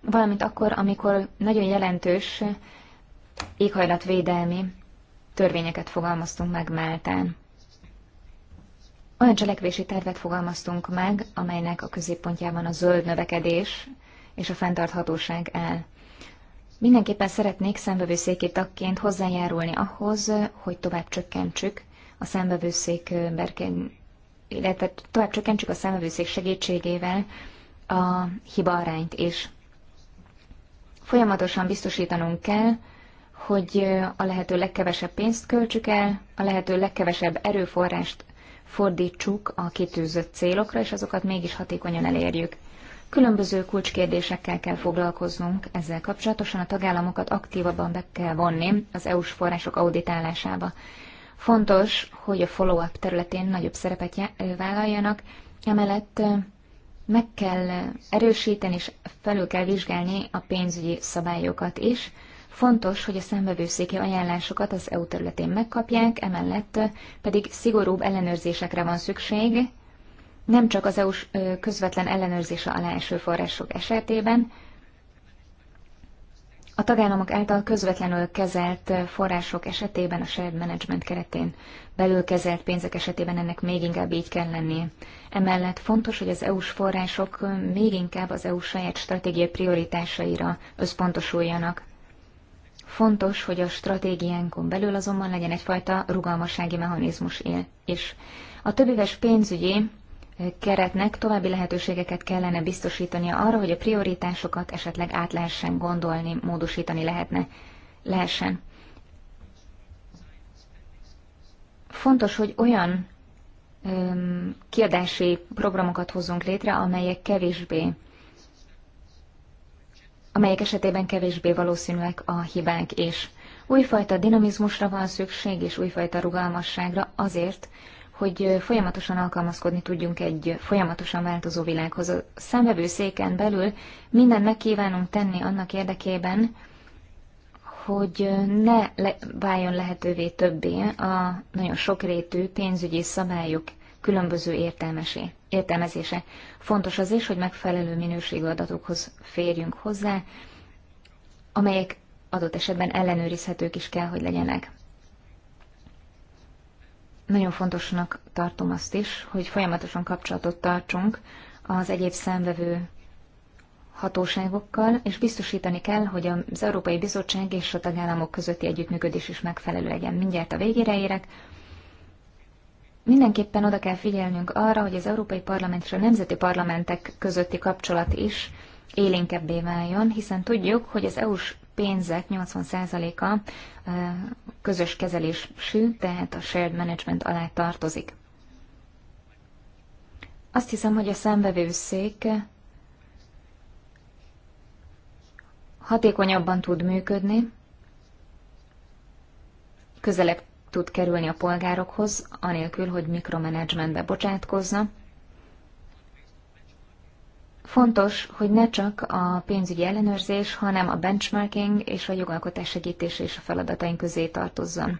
valamint akkor, amikor nagyon jelentős éghajlatvédelmi törvényeket fogalmaztunk meg Máltán. Olyan cselekvési tervet fogalmaztunk meg, amelynek a középpontjában a zöld növekedés és a fenntarthatóság áll. Mindenképpen szeretnék szembevőszéki tagként hozzájárulni ahhoz, hogy tovább csökkentsük a szembevőszék berken, illetve tovább csökkentsük a szembevőszék segítségével a hiba arányt is. Folyamatosan biztosítanunk kell, hogy a lehető legkevesebb pénzt költsük el, a lehető legkevesebb erőforrást fordítsuk a kitűzött célokra, és azokat mégis hatékonyan elérjük. Különböző kulcskérdésekkel kell foglalkoznunk, ezzel kapcsolatosan a tagállamokat aktívabban be kell vonni az EU-s források auditálásába. Fontos, hogy a follow-up területén nagyobb szerepet vállaljanak, emellett meg kell erősíteni és felül kell vizsgálni a pénzügyi szabályokat is. Fontos, hogy a szembevőszéki ajánlásokat az EU területén megkapják, emellett pedig szigorúbb ellenőrzésekre van szükség, nem csak az EU-s közvetlen ellenőrzése alá eső források esetében, a tagállamok által közvetlenül kezelt források esetében, a shared management keretén belül kezelt pénzek esetében ennek még inkább így kell lennie. Emellett fontos, hogy az EU-s források még inkább az EU saját stratégiai prioritásaira összpontosuljanak. Fontos, hogy a stratégiánkon belül azonban legyen egyfajta rugalmassági mechanizmus és A többéves pénzügyi keretnek további lehetőségeket kellene biztosítania arra, hogy a prioritásokat esetleg át lehessen gondolni, módosítani lehetne, lehessen. Fontos, hogy olyan öm, kiadási programokat hozzunk létre, amelyek kevésbé amelyek esetében kevésbé valószínűek a hibák, és újfajta dinamizmusra van szükség, és újfajta rugalmasságra azért, hogy folyamatosan alkalmazkodni tudjunk egy folyamatosan változó világhoz. A széken belül mindent megkívánunk tenni annak érdekében, hogy ne le, váljon lehetővé többé a nagyon sokrétű pénzügyi szabályok különböző értelmesé, értelmezése. Fontos az is, hogy megfelelő minőségű adatokhoz férjünk hozzá, amelyek adott esetben ellenőrizhetők is kell, hogy legyenek. Nagyon fontosnak tartom azt is, hogy folyamatosan kapcsolatot tartsunk az egyéb szemvevő hatóságokkal, és biztosítani kell, hogy az Európai Bizottság és a tagállamok közötti együttműködés is megfelelő legyen. Mindjárt a végére érek. Mindenképpen oda kell figyelnünk arra, hogy az Európai Parlament és a nemzeti parlamentek közötti kapcsolat is élénkebbé váljon, hiszen tudjuk, hogy az EU-s pénzek 80%-a közös kezelésű, tehát a shared management alá tartozik. Azt hiszem, hogy a számbevőszék hatékonyabban tud működni, közelebb tud kerülni a polgárokhoz, anélkül, hogy mikromanagementbe bocsátkozna, Fontos, hogy ne csak a pénzügyi ellenőrzés, hanem a benchmarking és a jogalkotás segítése is a feladataink közé tartozzon.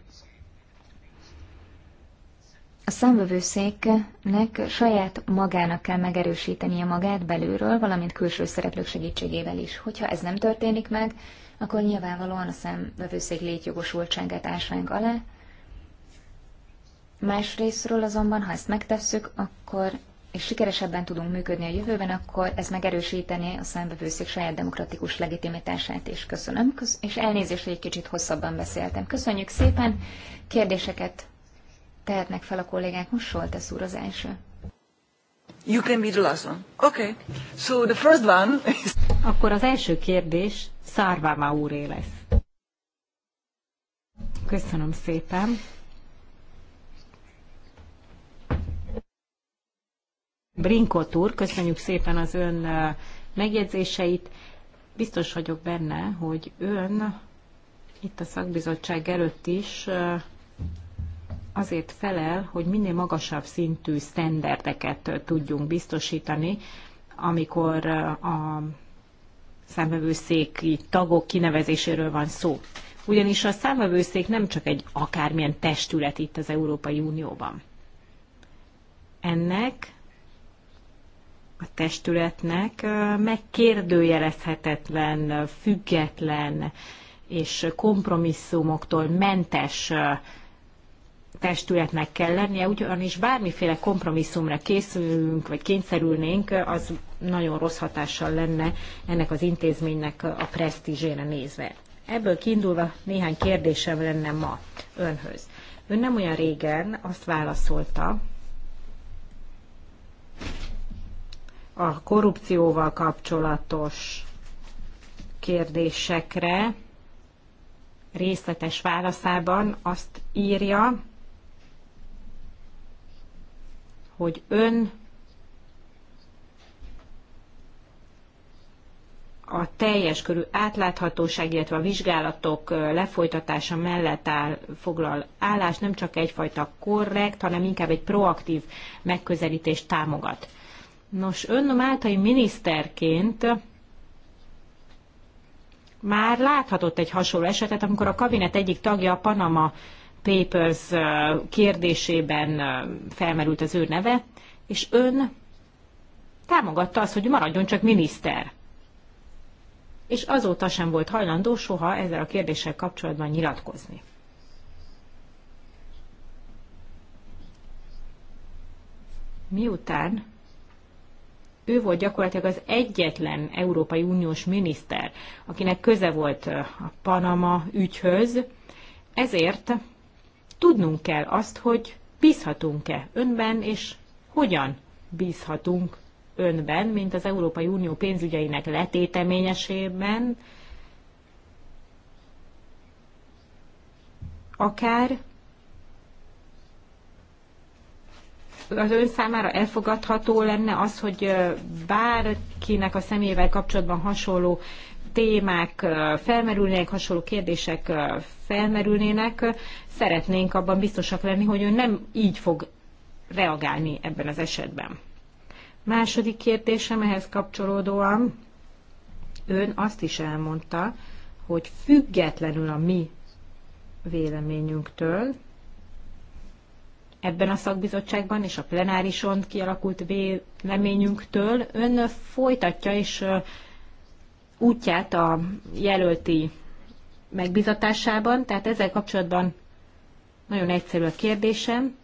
A számvevőszéknek saját magának kell megerősítenie magát belülről, valamint külső szereplők segítségével is. Hogyha ez nem történik meg, akkor nyilvánvalóan a számvevőszék létjogosultságát ásvánk alá. Másrésztről azonban, ha ezt megtesszük, akkor és sikeresebben tudunk működni a jövőben, akkor ez megerősítené a számbevőszék saját demokratikus legitimitását is. Köszönöm, és elnézést, hogy egy kicsit hosszabban beszéltem. Köszönjük szépen, kérdéseket tehetnek fel a kollégák. Most Soltesz úr az első. You can be the last one. Okay. So the first one is... Akkor az első kérdés Szárváma úré lesz. Köszönöm szépen. Brinkot úr, köszönjük szépen az ön megjegyzéseit. Biztos vagyok benne, hogy ön itt a szakbizottság előtt is azért felel, hogy minél magasabb szintű sztenderdeket tudjunk biztosítani, amikor a számvevőszéki tagok kinevezéséről van szó. Ugyanis a számvevőszék nem csak egy akármilyen testület itt az Európai Unióban. Ennek a testületnek megkérdőjelezhetetlen, független és kompromisszumoktól mentes testületnek kell lennie, ugyanis bármiféle kompromisszumra készülünk, vagy kényszerülnénk, az nagyon rossz hatással lenne ennek az intézménynek a presztízsére nézve. Ebből kiindulva néhány kérdésem lenne ma önhöz. Ön nem olyan régen azt válaszolta, a korrupcióval kapcsolatos kérdésekre részletes válaszában azt írja, hogy ön a teljes körű átláthatóság, illetve a vizsgálatok lefolytatása mellett áll, foglal állás, nem csak egyfajta korrekt, hanem inkább egy proaktív megközelítést támogat. Nos, ön máltai miniszterként már láthatott egy hasonló esetet, amikor a kabinet egyik tagja a Panama Papers kérdésében felmerült az ő neve, és ön támogatta azt, hogy maradjon csak miniszter. És azóta sem volt hajlandó soha ezzel a kérdéssel kapcsolatban nyilatkozni. Miután ő volt gyakorlatilag az egyetlen Európai Uniós miniszter, akinek köze volt a Panama ügyhöz, ezért tudnunk kell azt, hogy bízhatunk-e önben, és hogyan bízhatunk önben, mint az Európai Unió pénzügyeinek letéteményesében, akár az ön számára elfogadható lenne az, hogy bárkinek a személyével kapcsolatban hasonló témák felmerülnének, hasonló kérdések felmerülnének, szeretnénk abban biztosak lenni, hogy ő nem így fog reagálni ebben az esetben. Második kérdésem ehhez kapcsolódóan, ön azt is elmondta, hogy függetlenül a mi véleményünktől, ebben a szakbizottságban és a plenárison kialakult véleményünktől. Ön folytatja és útját a jelölti megbizatásában, tehát ezzel kapcsolatban nagyon egyszerű a kérdésem.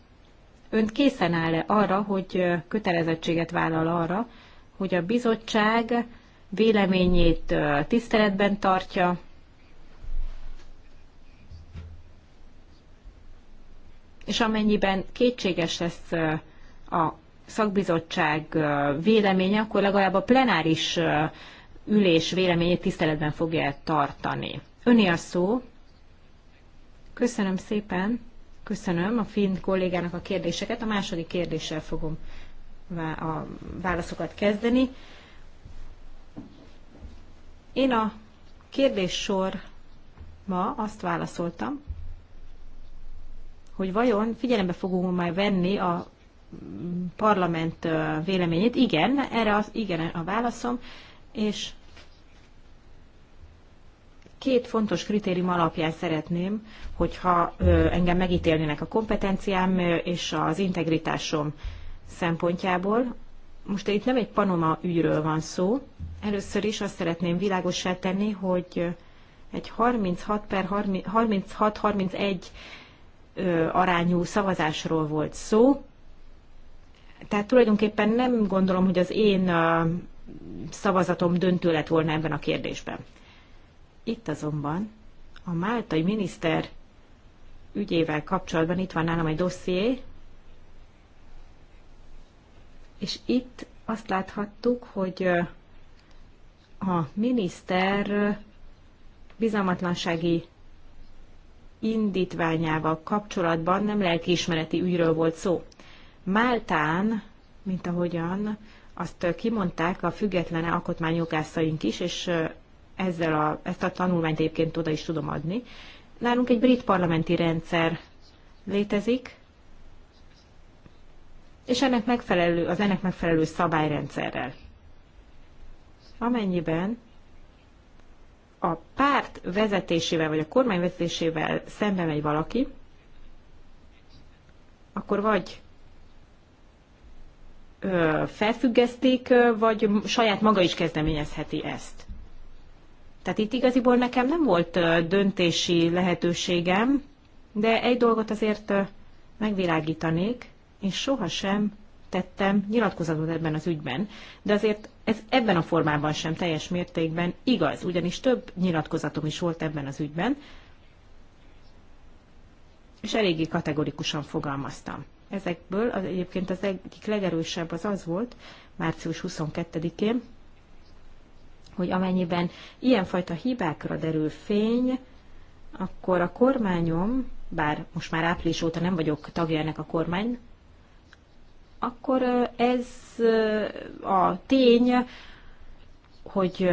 Önt készen áll-e arra, hogy kötelezettséget vállal arra, hogy a bizottság véleményét tiszteletben tartja, és amennyiben kétséges lesz a szakbizottság véleménye, akkor legalább a plenáris ülés véleményét tiszteletben fogja tartani. Öné a szó. Köszönöm szépen. Köszönöm a finn kollégának a kérdéseket. A második kérdéssel fogom a válaszokat kezdeni. Én a kérdéssor ma azt válaszoltam, hogy vajon figyelembe fogunk már venni a parlament véleményét. Igen, erre az, igen a válaszom, és két fontos kritérium alapján szeretném, hogyha engem megítélnének a kompetenciám és az integritásom szempontjából. Most itt nem egy panoma ügyről van szó. Először is azt szeretném világossá tenni, hogy egy 36 per 36-31 arányú szavazásról volt szó. Tehát tulajdonképpen nem gondolom, hogy az én szavazatom döntő lett volna ebben a kérdésben. Itt azonban a máltai miniszter ügyével kapcsolatban itt van nálam egy dosszié, és itt azt láthattuk, hogy a miniszter bizalmatlansági indítványával kapcsolatban nem lelkiismereti ügyről volt szó. Máltán, mint ahogyan azt kimondták a független alkotmányjogászaink is, és ezzel a, ezt a tanulmányt egyébként oda is tudom adni. Nálunk egy brit parlamenti rendszer létezik, és ennek megfelelő, az ennek megfelelő szabályrendszerrel. Amennyiben a párt vezetésével, vagy a kormány vezetésével szembe megy valaki, akkor vagy ö, felfüggeszték, vagy saját maga is kezdeményezheti ezt. Tehát itt igaziból nekem nem volt döntési lehetőségem, de egy dolgot azért megvilágítanék, és sohasem tettem nyilatkozatot ebben az ügyben, de azért ez ebben a formában sem teljes mértékben igaz, ugyanis több nyilatkozatom is volt ebben az ügyben, és eléggé kategorikusan fogalmaztam. Ezekből az, egyébként az egyik legerősebb az az volt, március 22-én, hogy amennyiben ilyenfajta hibákra derül fény, akkor a kormányom, bár most már április óta nem vagyok tagja ennek a kormány, akkor ez a tény, hogy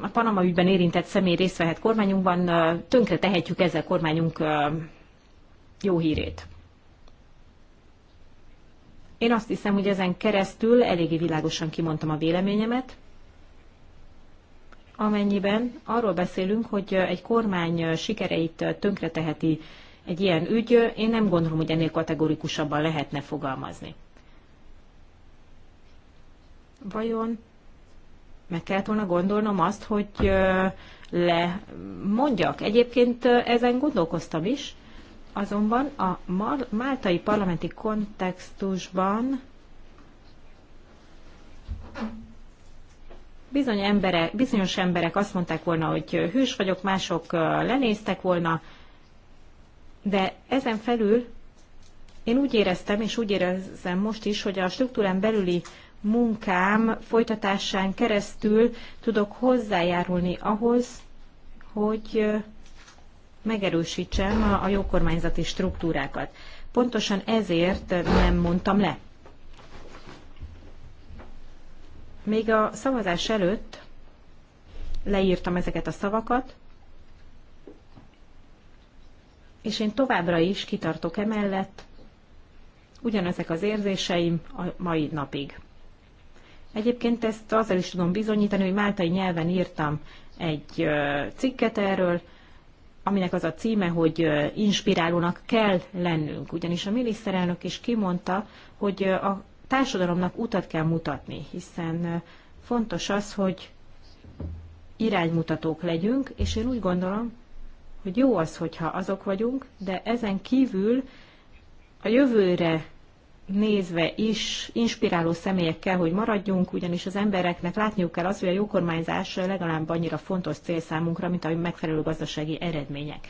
a Panama ügyben érintett személy részt vehet kormányunkban, tönkre tehetjük ezzel kormányunk jó hírét. Én azt hiszem, hogy ezen keresztül eléggé világosan kimondtam a véleményemet, amennyiben arról beszélünk, hogy egy kormány sikereit tönkreteheti egy ilyen ügy, én nem gondolom, hogy ennél kategorikusabban lehetne fogalmazni vajon meg kellett volna gondolnom azt, hogy le mondjak. Egyébként ezen gondolkoztam is, azonban a máltai parlamenti kontextusban bizony emberek, bizonyos emberek azt mondták volna, hogy hűs vagyok, mások lenéztek volna, de ezen felül én úgy éreztem, és úgy érezem most is, hogy a struktúrán belüli munkám folytatásán keresztül tudok hozzájárulni ahhoz, hogy megerősítsem a jókormányzati struktúrákat. Pontosan ezért nem mondtam le. Még a szavazás előtt leírtam ezeket a szavakat, és én továbbra is kitartok emellett, ugyanezek az érzéseim a mai napig. Egyébként ezt azzal is tudom bizonyítani, hogy máltai nyelven írtam egy cikket erről, aminek az a címe, hogy inspirálónak kell lennünk. Ugyanis a miniszterelnök is kimondta, hogy a társadalomnak utat kell mutatni, hiszen fontos az, hogy iránymutatók legyünk, és én úgy gondolom, hogy jó az, hogyha azok vagyunk, de ezen kívül a jövőre nézve is inspiráló személyek kell, hogy maradjunk, ugyanis az embereknek látniuk kell az, hogy a jókormányzás legalább annyira fontos cél számunkra, mint a megfelelő gazdasági eredmények.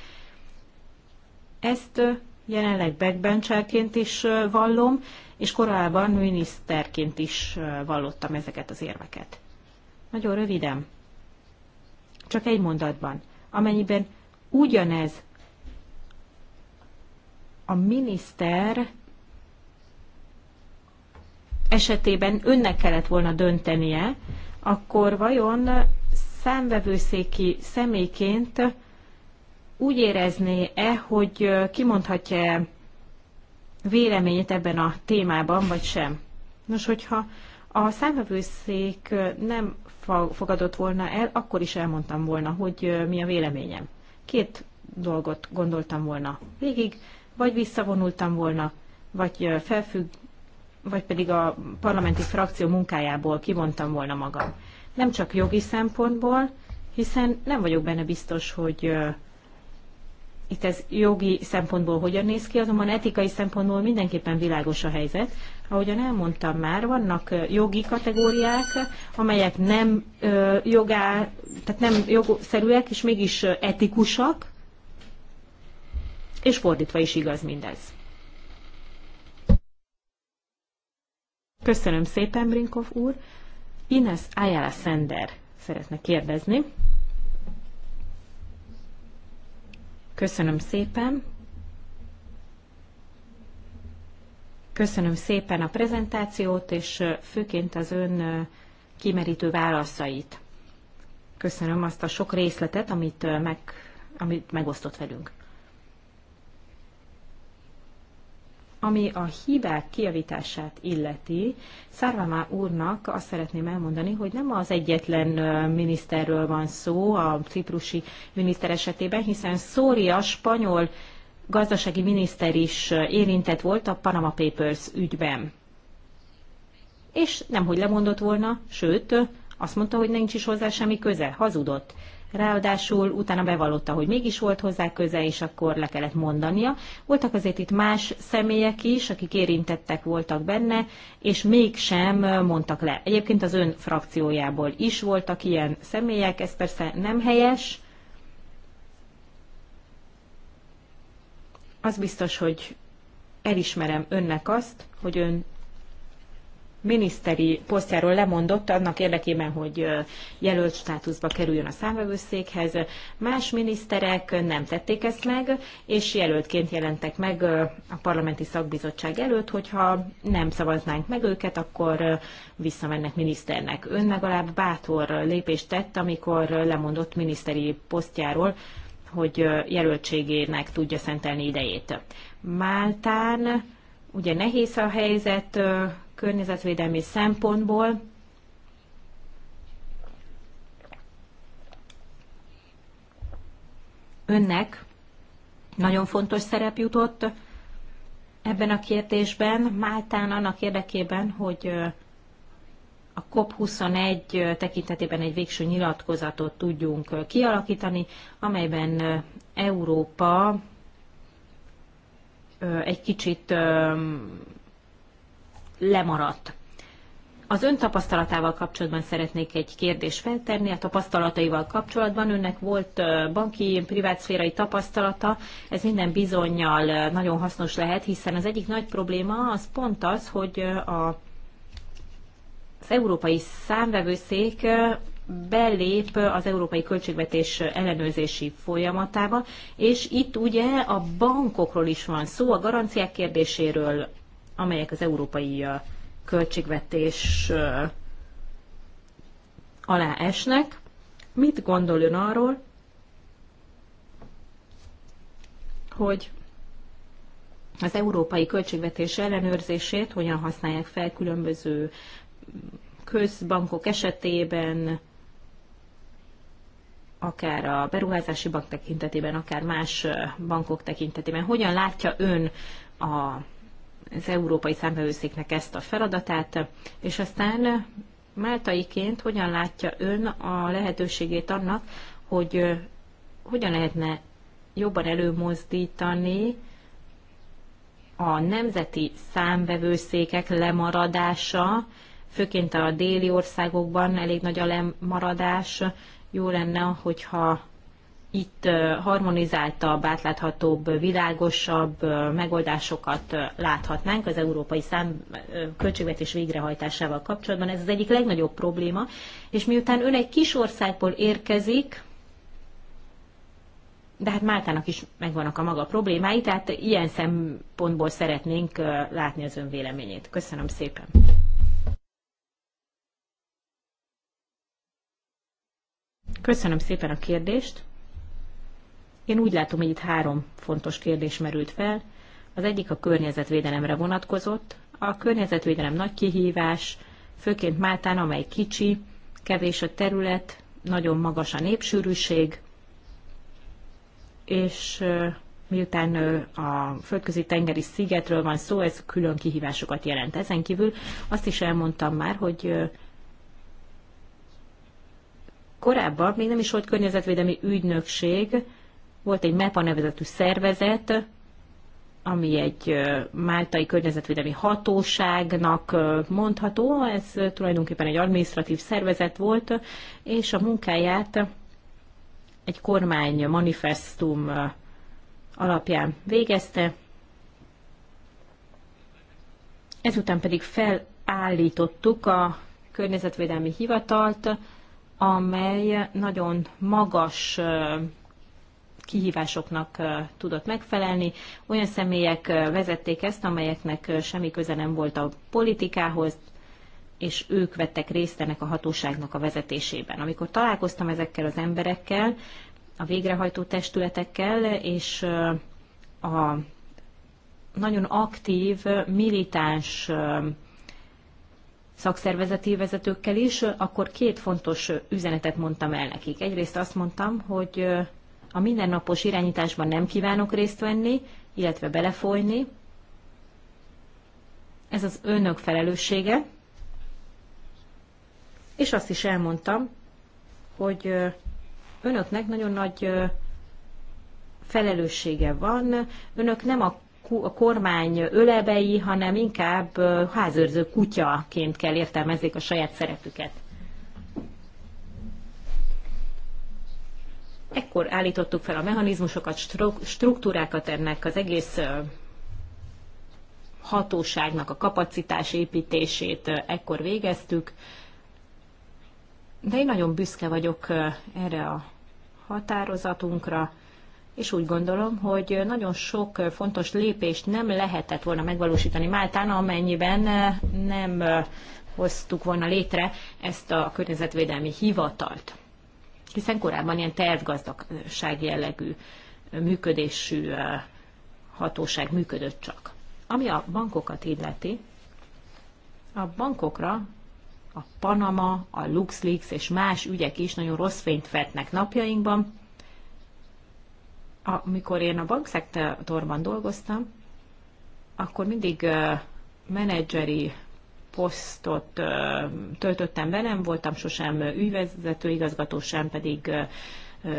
Ezt jelenleg backbencherként is vallom, és korábban miniszterként is vallottam ezeket az érveket. Nagyon röviden, csak egy mondatban, amennyiben ugyanez a miniszter esetében önnek kellett volna döntenie, akkor vajon számvevőszéki személyként úgy érezné-e, hogy kimondhatja véleményét ebben a témában, vagy sem? Nos, hogyha a számvevőszék nem fogadott volna el, akkor is elmondtam volna, hogy mi a véleményem. Két dolgot gondoltam volna végig, vagy visszavonultam volna, vagy felfügg, vagy pedig a parlamenti frakció munkájából kivontam volna magam. Nem csak jogi szempontból, hiszen nem vagyok benne biztos, hogy itt ez jogi szempontból hogyan néz ki, azonban etikai szempontból mindenképpen világos a helyzet. Ahogyan elmondtam már, vannak jogi kategóriák, amelyek nem jogá, tehát nem jogszerűek, és mégis etikusak, és fordítva is igaz mindez. Köszönöm szépen, Brinkov úr. Ines Ayala Sender szeretne kérdezni. Köszönöm szépen. Köszönöm szépen a prezentációt, és főként az ön kimerítő válaszait. Köszönöm azt a sok részletet, amit, meg, amit megosztott velünk. Ami a hibák kiavítását illeti, Szárvámá úrnak azt szeretném elmondani, hogy nem az egyetlen miniszterről van szó a ciprusi miniszter esetében, hiszen Szória spanyol gazdasági miniszter is érintett volt a Panama Papers ügyben. És nemhogy lemondott volna, sőt, azt mondta, hogy nincs is hozzá semmi köze, hazudott ráadásul utána bevallotta, hogy mégis volt hozzá köze, és akkor le kellett mondania. Voltak azért itt más személyek is, akik érintettek voltak benne, és mégsem mondtak le. Egyébként az ön frakciójából is voltak ilyen személyek, ez persze nem helyes. Az biztos, hogy elismerem önnek azt, hogy ön miniszteri posztjáról lemondott annak érdekében, hogy jelölt státuszba kerüljön a számvevőszékhez. Más miniszterek nem tették ezt meg, és jelöltként jelentek meg a parlamenti szakbizottság előtt, hogyha nem szavaznánk meg őket, akkor visszamennek miniszternek. Ön legalább bátor lépést tett, amikor lemondott miniszteri posztjáról, hogy jelöltségének tudja szentelni idejét. Máltán ugye nehéz a helyzet, környezetvédelmi szempontból. Önnek nagyon fontos szerep jutott ebben a kérdésben, Máltán annak érdekében, hogy a COP21 tekintetében egy végső nyilatkozatot tudjunk kialakítani, amelyben Európa egy kicsit lemaradt. Az ön tapasztalatával kapcsolatban szeretnék egy kérdést feltenni. A tapasztalataival kapcsolatban önnek volt banki, privátszférai tapasztalata. Ez minden bizonyal nagyon hasznos lehet, hiszen az egyik nagy probléma az pont az, hogy a, az európai számvevőszék belép az európai költségvetés ellenőrzési folyamatába, és itt ugye a bankokról is van szó, a garanciák kérdéséről, amelyek az európai költségvetés alá esnek. Mit gondol ön arról, hogy az európai költségvetés ellenőrzését hogyan használják fel különböző közbankok esetében, akár a beruházási bank tekintetében, akár más bankok tekintetében. Hogyan látja ön a az Európai Számvevőszéknek ezt a feladatát, és aztán Máltaiként hogyan látja ön a lehetőségét annak, hogy hogyan lehetne jobban előmozdítani a nemzeti számvevőszékek lemaradása, főként a déli országokban elég nagy a lemaradás. Jó lenne, hogyha itt harmonizáltabb, átláthatóbb, világosabb megoldásokat láthatnánk az európai szám költségvetés végrehajtásával kapcsolatban. Ez az egyik legnagyobb probléma, és miután ön egy kis országból érkezik, de hát Máltának is megvannak a maga problémái, tehát ilyen szempontból szeretnénk látni az ön véleményét. Köszönöm szépen! Köszönöm szépen a kérdést! Én úgy látom, hogy itt három fontos kérdés merült fel. Az egyik a környezetvédelemre vonatkozott. A környezetvédelem nagy kihívás, főként Máltán, amely kicsi, kevés a terület, nagyon magas a népsűrűség, és miután a földközi tengeri szigetről van szó, ez külön kihívásokat jelent. Ezen kívül azt is elmondtam már, hogy korábban még nem is volt környezetvédelmi ügynökség, volt egy MEPA nevezetű szervezet, ami egy máltai környezetvédelmi hatóságnak mondható, ez tulajdonképpen egy administratív szervezet volt, és a munkáját egy kormány manifestum alapján végezte, ezután pedig felállítottuk a környezetvédelmi hivatalt, amely nagyon magas kihívásoknak tudott megfelelni. Olyan személyek vezették ezt, amelyeknek semmi köze nem volt a politikához, és ők vettek részt ennek a hatóságnak a vezetésében. Amikor találkoztam ezekkel az emberekkel, a végrehajtó testületekkel, és a nagyon aktív, militáns szakszervezeti vezetőkkel is, akkor két fontos üzenetet mondtam el nekik. Egyrészt azt mondtam, hogy a mindennapos irányításban nem kívánok részt venni, illetve belefolyni. Ez az önök felelőssége. És azt is elmondtam, hogy önöknek nagyon nagy felelőssége van. Önök nem a a kormány ölebei, hanem inkább házőrző kutyaként kell értelmezni a saját szerepüket. Ekkor állítottuk fel a mechanizmusokat, struktúrákat ennek az egész hatóságnak a kapacitás építését ekkor végeztük, de én nagyon büszke vagyok erre a határozatunkra, és úgy gondolom, hogy nagyon sok fontos lépést nem lehetett volna megvalósítani Máltán, amennyiben nem hoztuk volna létre ezt a környezetvédelmi hivatalt hiszen korábban ilyen tervgazdagság jellegű működésű hatóság működött csak. Ami a bankokat illeti, a bankokra a Panama, a LuxLeaks és más ügyek is nagyon rossz fényt vetnek napjainkban. Amikor én a bankszektorban dolgoztam, akkor mindig menedzseri posztot töltöttem be, nem voltam sosem ügyvezető igazgató, sem pedig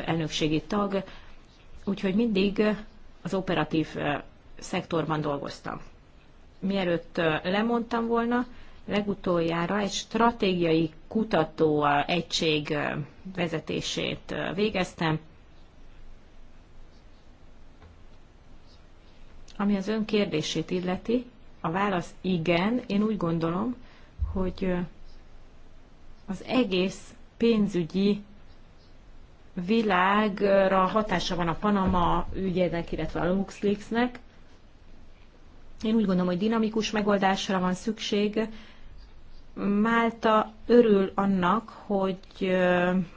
elnökségi tag, úgyhogy mindig az operatív szektorban dolgoztam. Mielőtt lemondtam volna, legutoljára egy stratégiai kutató egység vezetését végeztem, ami az ön kérdését illeti, a válasz igen, én úgy gondolom, hogy az egész pénzügyi világra hatása van a Panama ügyének, illetve a LuxLeaksnek. Én úgy gondolom, hogy dinamikus megoldásra van szükség. Málta örül annak, hogy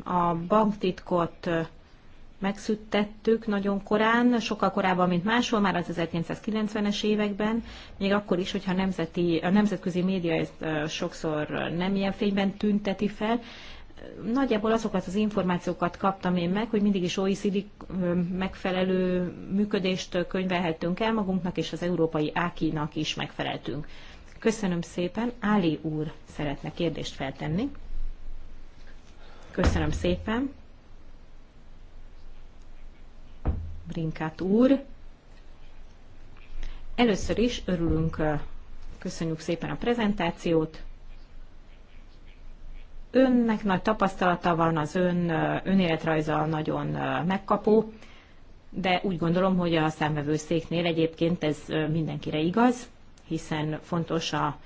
a banktitkot megszüttettük nagyon korán, sokkal korábban, mint máshol, már az 1990-es években, még akkor is, hogyha nemzeti, a nemzetközi média ezt sokszor nem ilyen fényben tünteti fel. Nagyjából azokat az információkat kaptam én meg, hogy mindig is OECD megfelelő működést könyvelhettünk el magunknak, és az európai AKI-nak is megfeleltünk. Köszönöm szépen. Áli úr szeretne kérdést feltenni. Köszönöm szépen. Brinkát úr. Először is örülünk, köszönjük szépen a prezentációt. Önnek nagy tapasztalata van, az ön önéletrajza nagyon megkapó, de úgy gondolom, hogy a számvevőszéknél egyébként ez mindenkire igaz, hiszen fontos a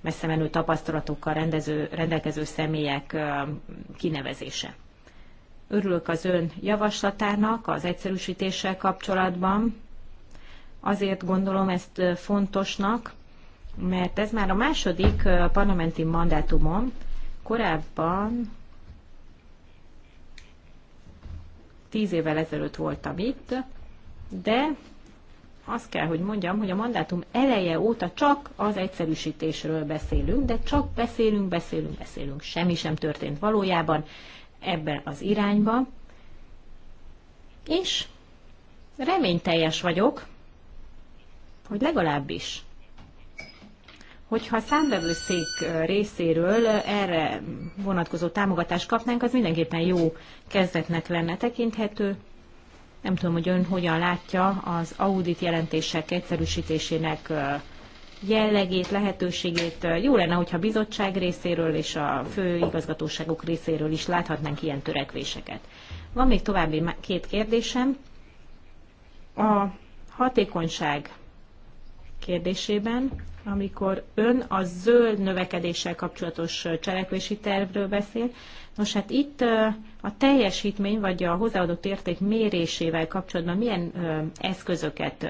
messze menő tapasztalatokkal rendező, rendelkező személyek kinevezése. Örülök az ön javaslatának az egyszerűsítéssel kapcsolatban. Azért gondolom ezt fontosnak, mert ez már a második parlamenti mandátumom. Korábban tíz évvel ezelőtt voltam itt, de azt kell, hogy mondjam, hogy a mandátum eleje óta csak az egyszerűsítésről beszélünk, de csak beszélünk, beszélünk, beszélünk. Semmi sem történt valójában ebbe az irányba, és reményteljes vagyok, hogy legalábbis, hogyha a számbevőszék részéről erre vonatkozó támogatást kapnánk, az mindenképpen jó kezdetnek lenne tekinthető. Nem tudom, hogy ön hogyan látja az audit jelentések egyszerűsítésének jellegét, lehetőségét jó lenne, hogyha a bizottság részéről és a főigazgatóságok részéről is láthatnánk ilyen törekvéseket. Van még további két kérdésem. A hatékonyság kérdésében, amikor ön a zöld növekedéssel kapcsolatos cselekvési tervről beszél, Nos hát itt a teljesítmény vagy a hozzáadott érték mérésével kapcsolatban milyen eszközöket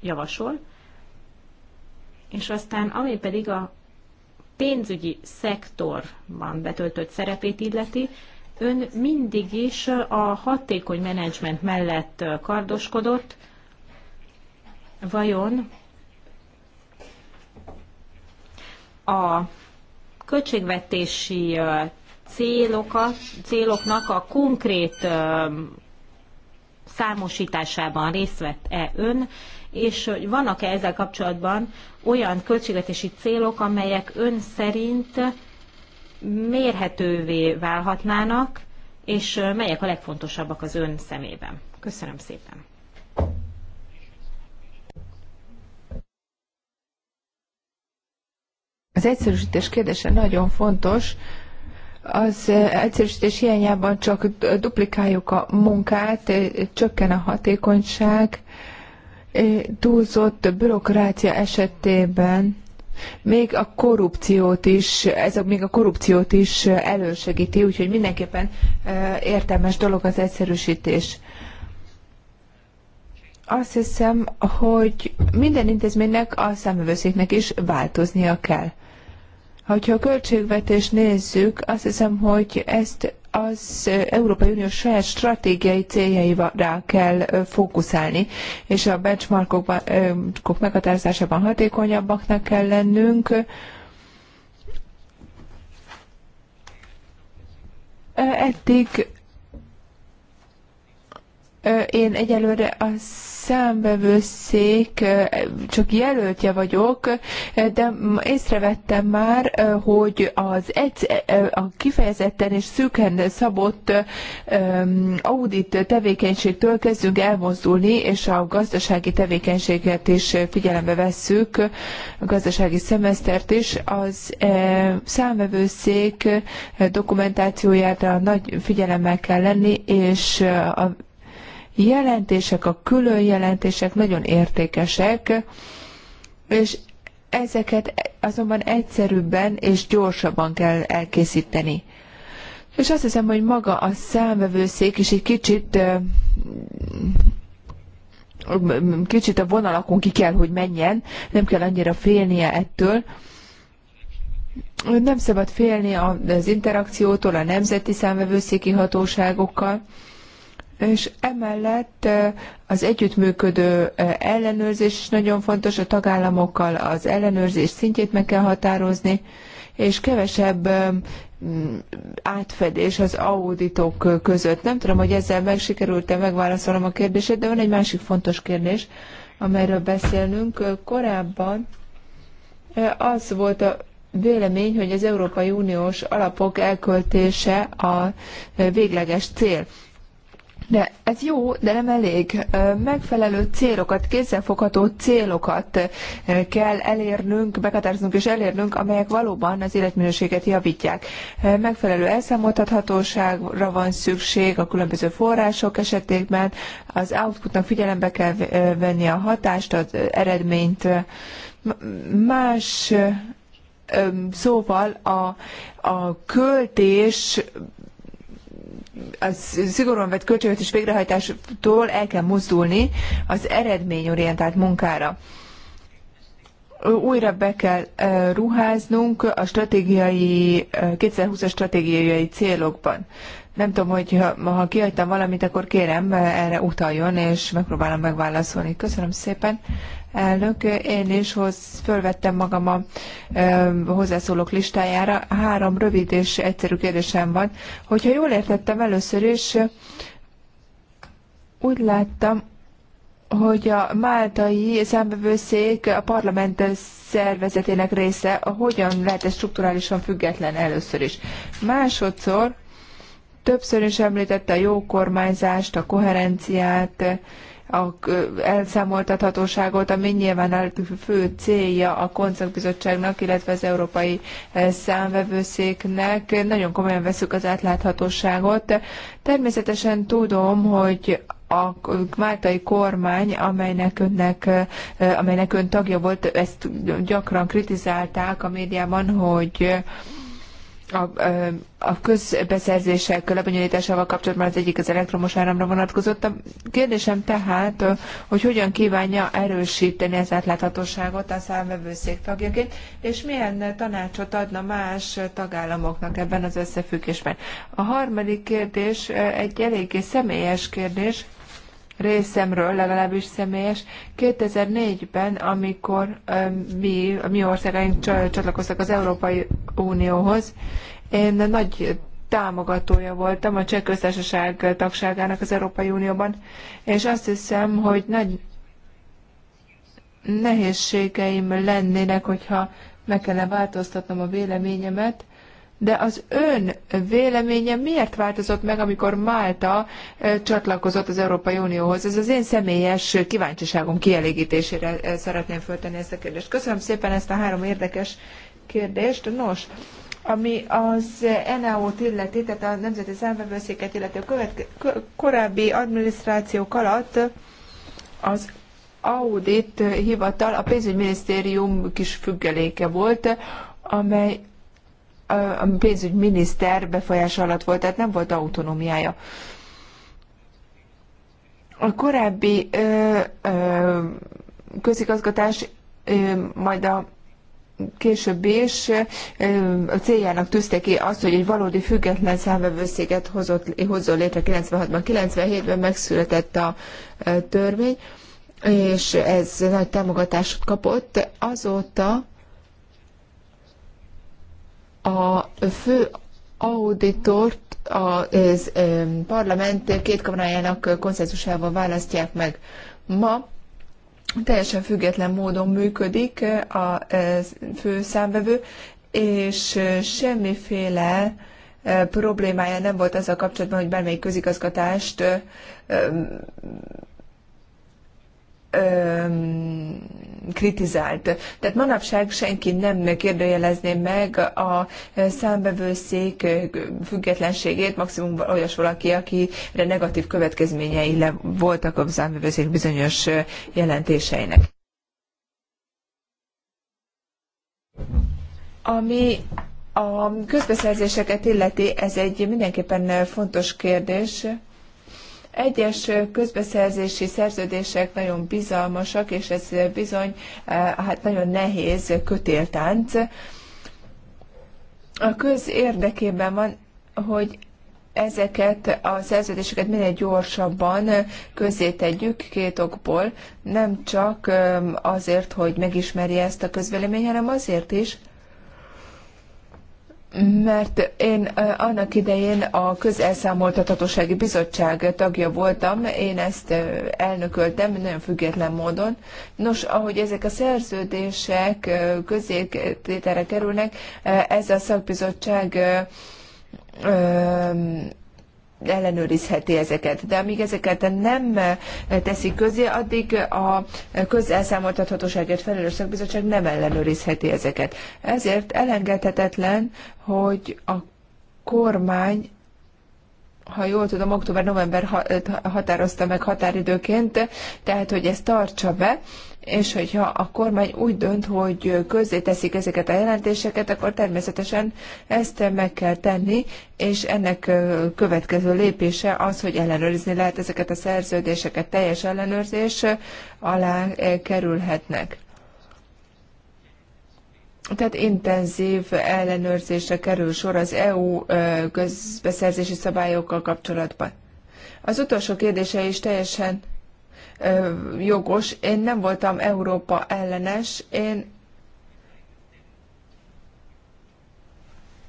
javasol? És aztán ami pedig a pénzügyi szektorban betöltött szerepét illeti, ön mindig is a hatékony menedzsment mellett kardoskodott. Vajon a költségvetési célokat, céloknak a konkrét számosításában részt vett-e ön, és hogy vannak-e ezzel kapcsolatban olyan költségvetési célok, amelyek ön szerint mérhetővé válhatnának, és melyek a legfontosabbak az ön szemében. Köszönöm szépen! Az egyszerűsítés kérdése nagyon fontos, az eh, egyszerűsítés hiányában csak duplikáljuk a munkát, eh, csökken a hatékonyság, eh, túlzott bürokrácia esetében még a korrupciót is, ez a, még a korrupciót is elősegíti, úgyhogy mindenképpen értelmes dolog az egyszerűsítés. Azt hiszem, hogy minden intézménynek, a számövőszéknek is változnia kell. Ha a költségvetést nézzük, azt hiszem, hogy ezt az Európai Unió saját stratégiai céljaira kell fókuszálni, és a benchmarkok meghatározásában hatékonyabbaknak kell lennünk. Eddig én egyelőre az számbevőszék csak jelöltje vagyok, de észrevettem már, hogy az egy, a kifejezetten és szűken szabott audit tevékenységtől kezdünk elmozdulni, és a gazdasági tevékenységet is figyelembe vesszük, a gazdasági szemesztert is. Az számvevőszék dokumentációjára nagy figyelemmel kell lenni, és a jelentések, a külön jelentések nagyon értékesek, és ezeket azonban egyszerűbben és gyorsabban kell elkészíteni. És azt hiszem, hogy maga a számvevőszék is egy kicsit kicsit a vonalakon ki kell, hogy menjen, nem kell annyira félnie ettől. Nem szabad félni az interakciótól a nemzeti számvevőszéki hatóságokkal és emellett az együttműködő ellenőrzés is nagyon fontos, a tagállamokkal az ellenőrzés szintjét meg kell határozni, és kevesebb átfedés az auditok között. Nem tudom, hogy ezzel megsikerült-e megválaszolom a kérdését, de van egy másik fontos kérdés, amelyről beszélnünk. Korábban az volt a vélemény, hogy az Európai Uniós alapok elköltése a végleges cél. De ez jó, de nem elég. Megfelelő célokat, kézzelfogható célokat kell elérnünk, meghatároznunk és elérnünk, amelyek valóban az életminőséget javítják. Megfelelő elszámoltathatóságra van szükség a különböző források esetében, az outputnak figyelembe kell venni a hatást, az eredményt, más szóval a, a költés a szigorúan vett költségvetés végrehajtástól el kell mozdulni az eredményorientált munkára. Újra be kell ruháznunk a stratégiai, 2020-as stratégiai célokban. Nem tudom, hogy ha, ha kihagytam valamit, akkor kérem, eh, erre utaljon, és megpróbálom megválaszolni. Köszönöm szépen, elnök. Én is hoz, fölvettem magam a e, hozzászólók listájára. Három rövid és egyszerű kérdésem van. Hogyha jól értettem először is, úgy láttam, hogy a máltai számbevőszék a parlament szervezetének része, hogyan lehet ez strukturálisan független először is. Másodszor, Többször is említette a jó kormányzást, a koherenciát, a elszámoltathatóságot, ami nyilván a fő célja a koncertbizottságnak, illetve az európai eh, számvevőszéknek. Nagyon komolyan veszük az átláthatóságot. Természetesen tudom, hogy a máltai kormány, amelynek önnek, eh, amelynek ön tagja volt, ezt gyakran kritizálták a médiában, hogy a, a közbeszerzések lebonyolításával kapcsolatban az egyik az elektromos áramra vonatkozott. A kérdésem tehát, hogy hogyan kívánja erősíteni az átláthatóságot a számvevőszék tagjaként, és milyen tanácsot adna más tagállamoknak ebben az összefüggésben. A harmadik kérdés egy eléggé személyes kérdés, részemről, legalábbis személyes, 2004-ben, amikor mi, a mi országaink csatlakoztak az Európai Unióhoz, én nagy támogatója voltam a Cseh Köztársaság tagságának az Európai Unióban, és azt hiszem, hogy nagy nehézségeim lennének, hogyha meg kellene változtatnom a véleményemet, de az ön véleménye miért változott meg, amikor Málta csatlakozott az Európai Unióhoz? Ez az én személyes kíváncsiságom kielégítésére szeretném föltenni ezt a kérdést. Köszönöm szépen ezt a három érdekes kérdést. Nos, ami az NAO-t illeti, tehát a Nemzeti Számvevőszéket illeti a követke, korábbi adminisztrációk alatt az audit hivatal a pénzügyminisztérium kis függeléke volt, amely a pénzügyminiszter befolyása alatt volt, tehát nem volt autonómiája. A korábbi ö, ö, közigazgatás, ö, majd a később is a céljának tűzte ki azt, hogy egy valódi független számvevőszéget hozott, hozzon létre 96-ban, 97-ben megszületett a törvény, és ez nagy támogatást kapott. Azóta a fő auditort az parlament két kamarájának konszenzusával választják meg. Ma teljesen független módon működik a fő számvevő, és semmiféle e, problémája nem volt azzal kapcsolatban, hogy bármelyik közigazgatást e, kritizált. Tehát manapság senki nem kérdőjelezné meg a számbevőszék függetlenségét, maximum olyas valaki, akire negatív következményei le voltak a számbevőszék bizonyos jelentéseinek. Ami a közbeszerzéseket illeti, ez egy mindenképpen fontos kérdés. Egyes közbeszerzési szerződések nagyon bizalmasak, és ez bizony eh, hát nagyon nehéz kötéltánc. A köz érdekében van, hogy ezeket a szerződéseket minél gyorsabban közzétegyük két okból, nem csak eh, azért, hogy megismerje ezt a közvélemény, hanem azért is, mert én annak idején a közelszámoltathatósági bizottság tagja voltam, én ezt elnököltem nagyon független módon. Nos, ahogy ezek a szerződések közététere kerülnek, ez a szakbizottság ellenőrizheti ezeket. De amíg ezeket nem eh, teszik közé, addig a közelszámoltathatóságért felelős szakbizottság nem ellenőrizheti ezeket. Ezért elengedhetetlen, hogy a kormány ha jól tudom, október-november eh, határozta meg határidőként, tehát hogy ezt tartsa be, és hogyha a kormány úgy dönt, hogy közzéteszik ezeket a jelentéseket, akkor természetesen ezt meg kell tenni, és ennek következő lépése az, hogy ellenőrizni lehet ezeket a szerződéseket, teljes ellenőrzés alá kerülhetnek. Tehát intenzív ellenőrzésre kerül sor az EU közbeszerzési szabályokkal kapcsolatban. Az utolsó kérdése is teljesen jogos. Én nem voltam Európa ellenes, én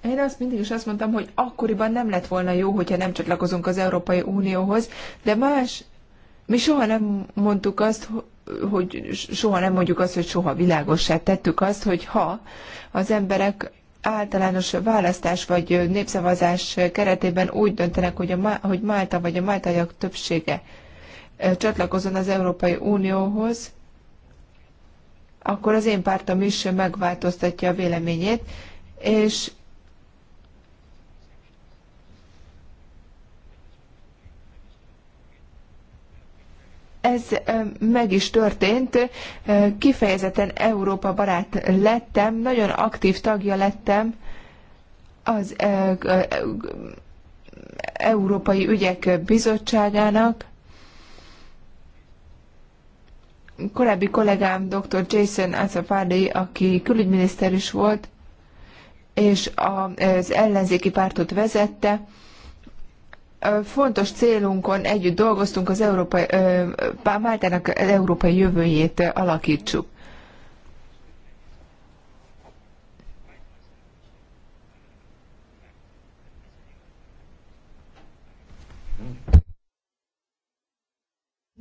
Én azt mindig is azt mondtam, hogy akkoriban nem lett volna jó, hogyha nem csatlakozunk az Európai Unióhoz, de más, mi soha nem mondtuk azt, hogy soha nem mondjuk azt, hogy soha világossá tettük azt, hogy ha az emberek általános választás vagy népszavazás keretében úgy döntenek, hogy, a, hogy Málta vagy a máltaiak többsége Eh, csatlakozzon az Európai Unióhoz, akkor az én pártom is megváltoztatja a véleményét, és ez eh, meg is történt, eh, kifejezetten Európa barát lettem, nagyon aktív tagja lettem az Európai Ügyek Bizottságának, korábbi kollégám dr. Jason Azafadi, aki külügyminiszter is volt, és az ellenzéki pártot vezette. Fontos célunkon együtt dolgoztunk, az európai, Máltának az európai jövőjét alakítsuk.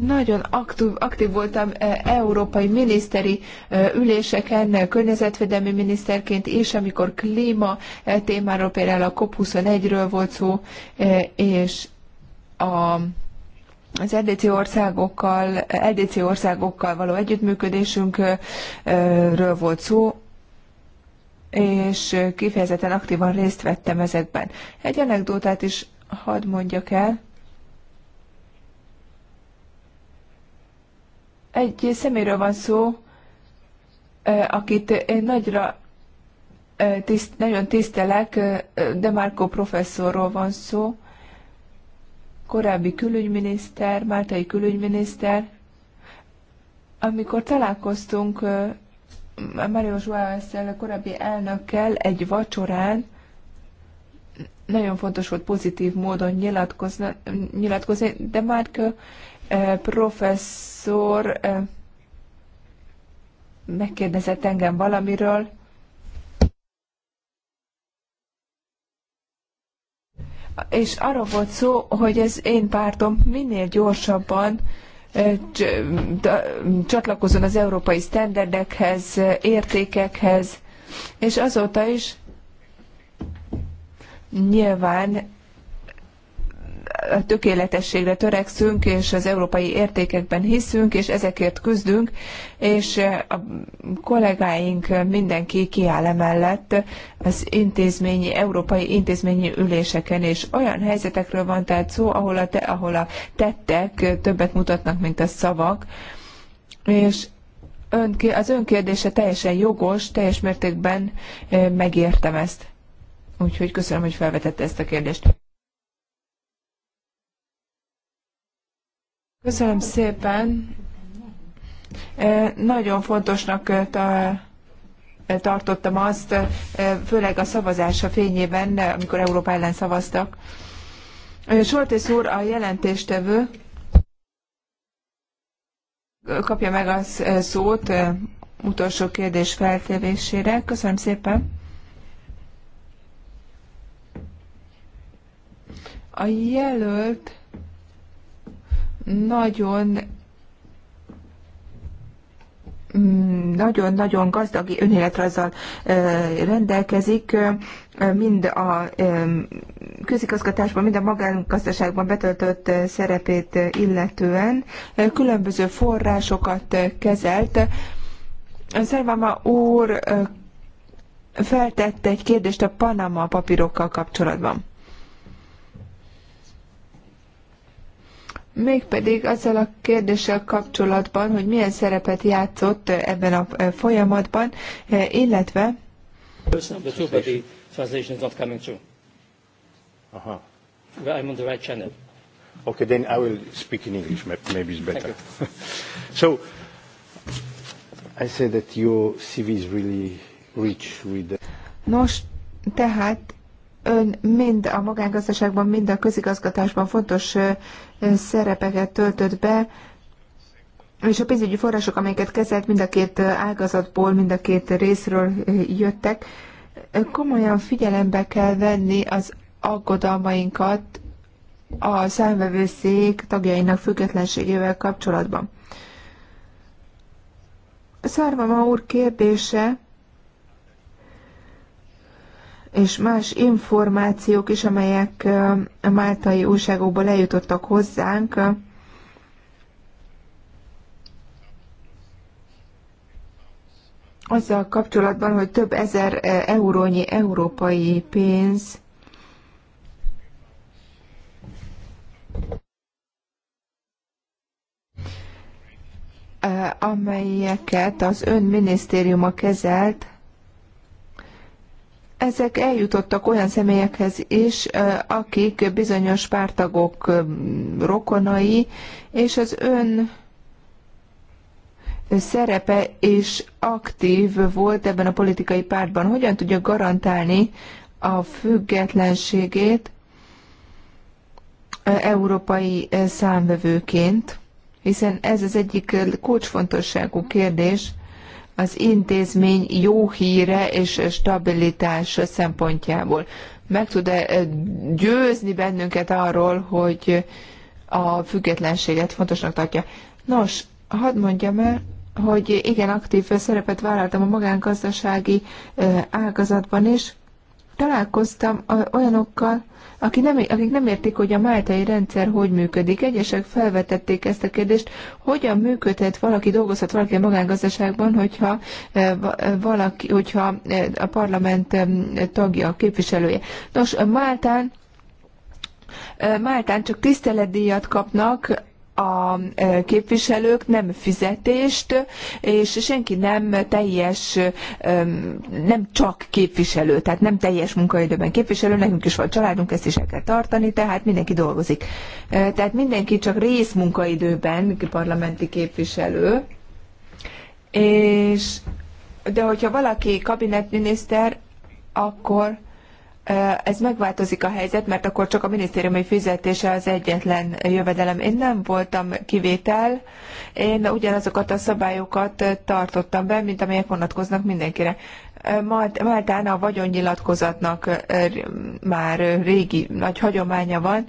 Nagyon aktív, aktív voltam e, európai miniszteri e, üléseken, e, környezetvédelmi miniszterként is, amikor klíma témáról, például a COP21-ről volt szó, és a az LDC országokkal, LDC országokkal való együttműködésünkről volt szó, és kifejezetten aktívan részt vettem ezekben. Egy anekdótát is hadd mondjak el. Egy szeméről van szó, akit én nagyra tiszt, nagyon tisztelek, de Márkó professzorról van szó, korábbi külügyminiszter, máltai külügyminiszter. Amikor találkoztunk Mario Joao-szel, korábbi elnökkel egy vacsorán, nagyon fontos volt pozitív módon nyilatkozni, de Márkó professz professzor megkérdezett engem valamiről, és arról volt szó, hogy az én pártom minél gyorsabban csatlakozon az európai sztenderdekhez, értékekhez, és azóta is nyilván tökéletességre törekszünk, és az európai értékekben hiszünk, és ezekért küzdünk, és eh, a kollégáink eh, mindenki kiáll emellett az intézményi, európai intézményi üléseken, és olyan helyzetekről van tehát szó, ahol a, te, ahol a tettek eh, többet mutatnak, mint a szavak, és ön, az önkérdése teljesen jogos, teljes mértékben megértem ezt. Úgyhogy köszönöm, hogy felvetette ezt a kérdést. Köszönöm szépen. Nagyon fontosnak tartottam azt, főleg a szavazása fényében, amikor Európa ellen szavaztak. Soltész úr, a jelentéstevő kapja meg a szót utolsó kérdés feltevésére. Köszönöm szépen. A jelölt nagyon mm, nagyon-nagyon gazdag önéletrajzzal rendelkezik, mind a közigazgatásban, mind a magánkazdaságban betöltött szerepét illetően különböző forrásokat kezelt. Szerváma úr feltette egy kérdést a Panama papírokkal kapcsolatban. mégpedig azzal a kérdéssel kapcsolatban, hogy milyen szerepet játszott ebben a e, folyamatban, e, illetve... not coming Aha. I'm on the right channel. Okay, then I will speak in English. Maybe it's better. so, I say that your CV is really rich with. The... Nos, tehát ön mind a magángazdaságban, mind a közigazgatásban fontos szerepeket töltött be, és a pénzügyi források, amelyeket kezelt, mind a két ágazatból, mind a két részről jöttek. Komolyan figyelembe kell venni az aggodalmainkat a számvevőszék tagjainak függetlenségével kapcsolatban. Szárvama úr kérdése és más információk is, amelyek a máltai újságokból lejutottak hozzánk, azzal kapcsolatban, hogy több ezer eurónyi európai pénz amelyeket az ön minisztériuma kezelt, ezek eljutottak olyan személyekhez is, akik bizonyos pártagok rokonai, és az ön szerepe és aktív volt ebben a politikai pártban. Hogyan tudja garantálni a függetlenségét európai számvevőként? Hiszen ez az egyik kulcsfontosságú kérdés, az intézmény jó híre és stabilitása szempontjából. Meg tud-e eh, győzni bennünket arról, hogy a függetlenséget fontosnak tartja. Nos, hadd mondjam el, hogy igen, aktív szerepet vállaltam a magángazdasági eh, ágazatban is. Találkoztam eh, olyanokkal, aki nem, akik nem értik, hogy a máltai rendszer hogy működik. Egyesek felvetették ezt a kérdést, hogyan működhet valaki, dolgozhat valaki a magángazdaságban, hogyha, eh, eh, valaki, hogyha eh, a parlament tagja, képviselője. Nos, Máltán Máltán csak tiszteletdíjat kapnak a képviselők nem fizetést, és senki nem teljes, nem csak képviselő, tehát nem teljes munkaidőben képviselő, nekünk is van családunk, ezt is el kell tartani, tehát mindenki dolgozik. Tehát mindenki csak részmunkaidőben parlamenti képviselő, és de hogyha valaki kabinetminiszter, akkor ez megváltozik a helyzet, mert akkor csak a minisztériumi fizetése az egyetlen jövedelem. Én nem voltam kivétel, én ugyanazokat a szabályokat tartottam be, mint amelyek vonatkoznak mindenkire. Máltán a vagyonnyilatkozatnak már régi nagy hagyománya van,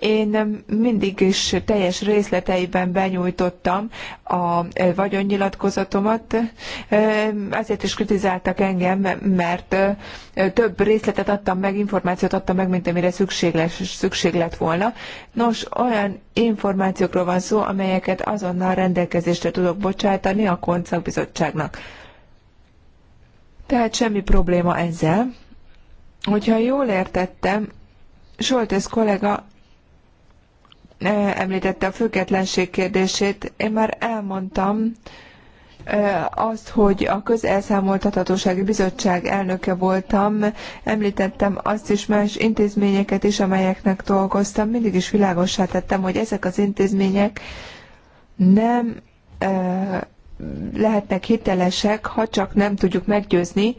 én mindig is teljes részleteiben benyújtottam a e, vagyonnyilatkozatomat, azért e, is kritizáltak engem, mert e, több részletet adtam meg, információt adtam meg, mint amire szükség, lesz, szükség lett volna. Nos, olyan információkról van szó, amelyeket azonnal rendelkezésre tudok bocsátani a koncakbizottságnak. Tehát semmi probléma ezzel. Hogyha jól értettem, Soltész kollega említette a függetlenség kérdését. Én már elmondtam azt, hogy a Közelszámoltathatósági Bizottság elnöke voltam. Említettem azt is más intézményeket is, amelyeknek dolgoztam. Mindig is világossá tettem, hogy ezek az intézmények nem lehetnek hitelesek, ha csak nem tudjuk meggyőzni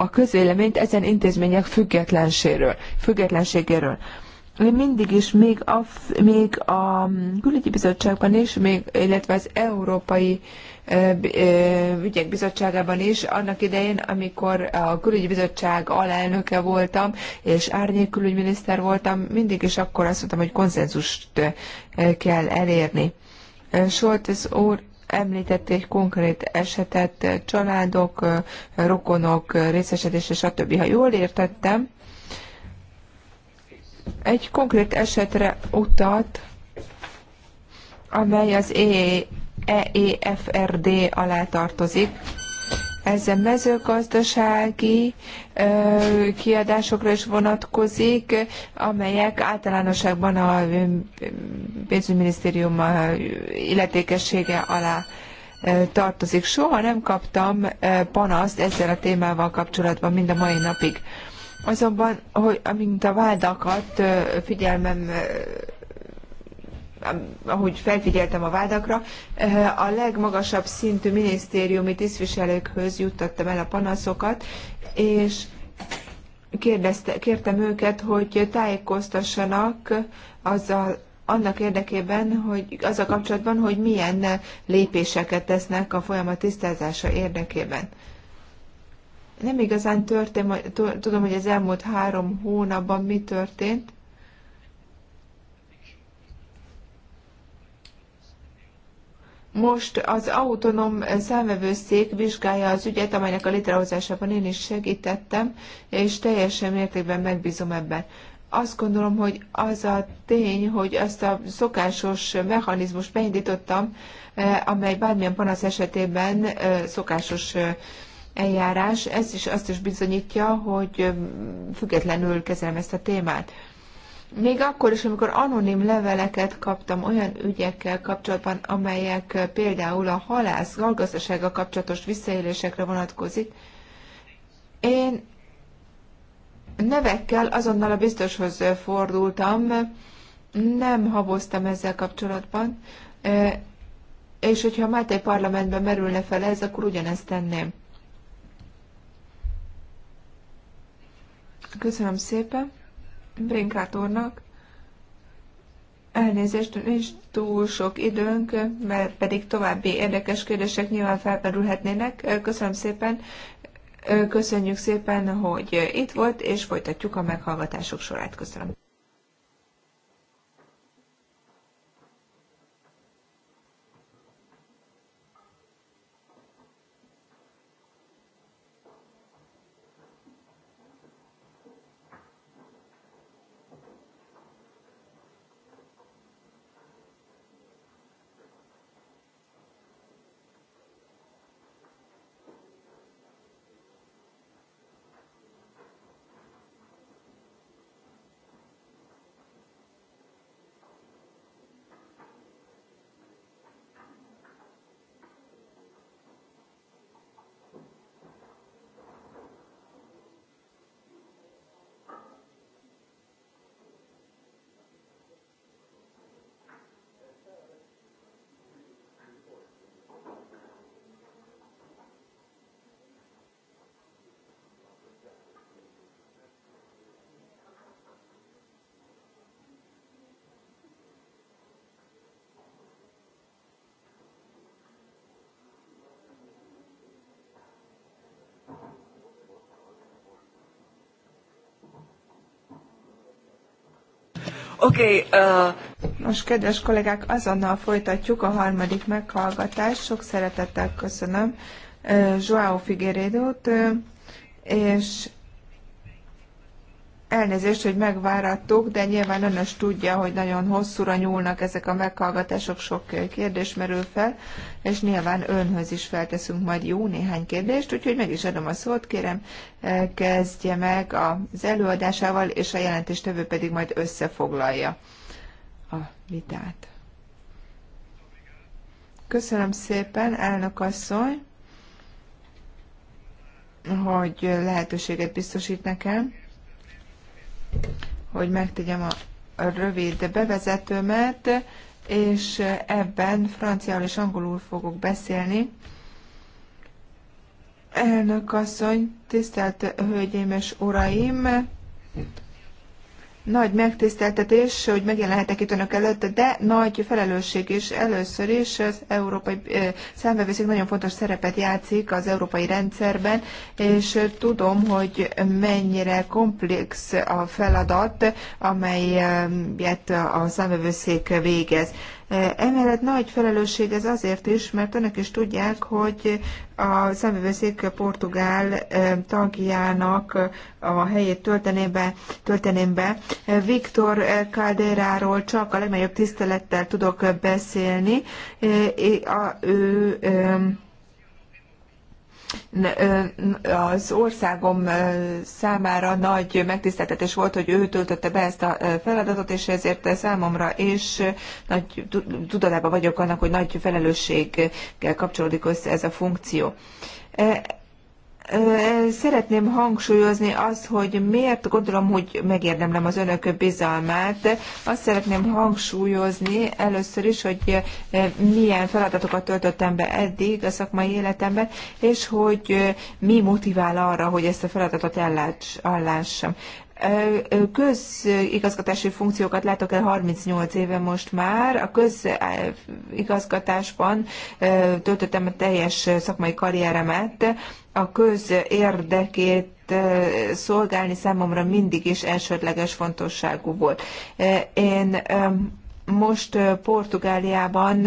a közvéleményt ezen intézmények függetlenségéről. függetlenségéről. Én mindig is, még a, még a külügyi bizottságban is, még, illetve az Európai ügyek bizottságában is, annak idején, amikor a külügyi bizottság alelnöke voltam, és árnyék külügyminiszter voltam, mindig is akkor azt mondtam, hogy konszenzust kell elérni. Soltes úr említett egy konkrét esetet, családok, rokonok, részesedése, stb. Ha jól értettem, egy konkrét esetre utalt, amely az EEFRD alá tartozik, ez mezőgazdasági kiadásokra is vonatkozik, amelyek általánosságban a pénzügyminisztérium illetékessége alá tartozik. Soha nem kaptam panaszt ezzel a témával kapcsolatban, mind a mai napig. Azonban, hogy amint a vádakat figyelmem ahogy felfigyeltem a vádakra, eh, a legmagasabb szintű minisztériumi tisztviselőkhöz juttattam el a panaszokat, és kérdezte, kértem őket, hogy tájékoztassanak azzal, annak érdekében, hogy az a kapcsolatban, hogy milyen lépéseket tesznek a folyamat tisztázása érdekében. Nem igazán történt, tudom, hogy az elmúlt három hónapban mi történt, Most az autonóm számvevőszék vizsgálja az ügyet, amelynek a létrehozásában én is segítettem, és teljesen mértékben megbízom ebben. Azt gondolom, hogy az a tény, hogy azt a szokásos mechanizmust beindítottam, eh, amely bármilyen panasz esetében eh, szokásos eh, eljárás, ez is azt is bizonyítja, hogy függetlenül kezelem ezt a témát. Még akkor is, amikor anonim leveleket kaptam olyan ügyekkel kapcsolatban, amelyek eh, például a halász, gazdasága kapcsolatos visszaélésekre vonatkozik, én nevekkel azonnal a biztoshoz eh, fordultam, nem haboztam ezzel kapcsolatban, eh, és hogyha a Máté parlamentben merülne fel ez, akkor ugyanezt tenném. Köszönöm szépen brinkátornak, Elnézést, nincs túl sok időnk, mert pedig további érdekes kérdések nyilván felmerülhetnének. Köszönöm szépen, köszönjük szépen, hogy itt volt, és folytatjuk a meghallgatások sorát. Köszönöm. Oké. Okay, uh... Most, kedves kollégák, azonnal folytatjuk a harmadik meghallgatást. Sok szeretettel köszönöm uh, Joao Figueredót uh, és Elnézést, hogy megváradtuk, de nyilván ön is tudja, hogy nagyon hosszúra nyúlnak ezek a meghallgatások, sok kérdés merül fel, és nyilván önhöz is felteszünk majd jó néhány kérdést, úgyhogy meg is adom a szót, kérem, eh, kezdje meg az előadásával, és a jelentéstevő pedig majd összefoglalja a vitát. Köszönöm szépen, elnök asszony, hogy lehetőséget biztosít nekem hogy megtegyem a rövid bevezetőmet, és ebben franciául és angolul fogok beszélni. Elnök asszony, tisztelt hölgyeim és uraim, nagy megtiszteltetés, hogy megjelenhetek itt önök előtt, de nagy felelősség is először is az európai eh, számbevészék nagyon fontos szerepet játszik az európai rendszerben, és tudom, hogy mennyire komplex a feladat, amelyet a számbevészék végez. E, emellett nagy felelősség ez azért is, mert önök is tudják, hogy a szemüveszék portugál e, tagjának a helyét tölteném be, tölteném be. Viktor Calderáról csak a legnagyobb tisztelettel tudok beszélni. E, a, ő, az országom számára nagy megtiszteltetés volt, hogy ő töltötte be ezt a feladatot, és ezért számomra és nagy tudatában vagyok annak, hogy nagy felelősséggel kapcsolódik össze ez a funkció. Szeretném hangsúlyozni azt, hogy miért gondolom, hogy megérdemlem az önök bizalmát. Azt szeretném hangsúlyozni először is, hogy milyen feladatokat töltöttem be eddig a szakmai életemben, és hogy mi motivál arra, hogy ezt a feladatot ellássam közigazgatási funkciókat látok el 38 éve most már. A közigazgatásban töltöttem a teljes szakmai karrieremet. A közérdekét szolgálni számomra mindig is elsődleges fontosságú volt. Én most Portugáliában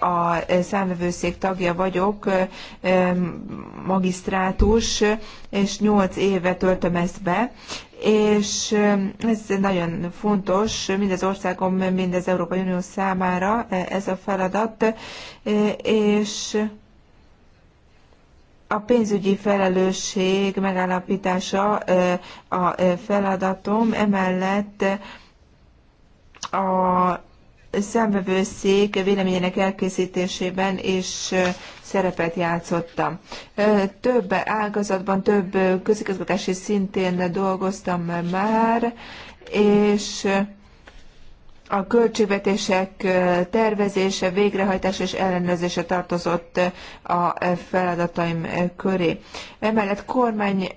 a számvevőszék tagja vagyok, magisztrátus, és nyolc éve töltöm ezt be, és ez nagyon fontos, mind az országom, mind az Európai Unió számára ez a feladat, és a pénzügyi felelősség megállapítása a feladatom, emellett a szembevőszék véleményének elkészítésében és szerepet játszottam. Több ágazatban, több közigazgatási szintén dolgoztam már, és a költségvetések tervezése, végrehajtása és ellenőrzése tartozott a feladataim köré. Emellett kormány,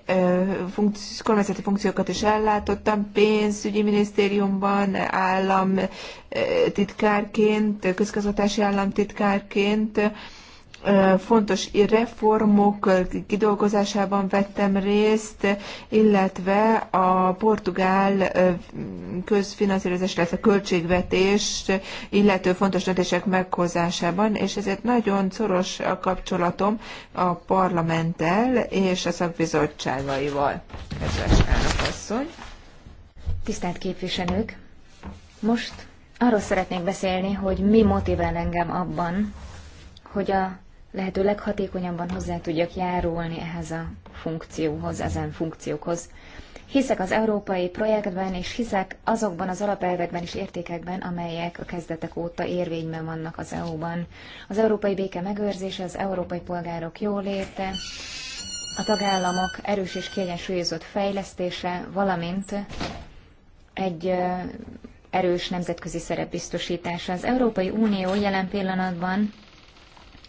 funkci- kormányzati funkciókat is ellátottam, pénzügyi minisztériumban, államtitkárként, közgazdatási államtitkárként, fontos reformok kidolgozásában vettem részt, illetve a portugál közfinanszírozás, illetve költségvetés, illető fontos döntések meghozásában, és ezért nagyon szoros a kapcsolatom a parlamenttel és a szakbizottságaival, kedves elnökasszony. Tisztelt képviselők! Most arról szeretnék beszélni, hogy mi motivál engem abban, hogy a lehető leghatékonyabban hozzá tudjak járulni ehhez a funkcióhoz, ezen funkciókhoz. Hiszek az európai projektben, és hiszek azokban az alapelvekben és értékekben, amelyek a kezdetek óta érvényben vannak az EU-ban. Az európai béke megőrzése, az európai polgárok jóléte, a tagállamok erős és kiegyensúlyozott fejlesztése, valamint egy erős nemzetközi szerep biztosítása. Az Európai Unió jelen pillanatban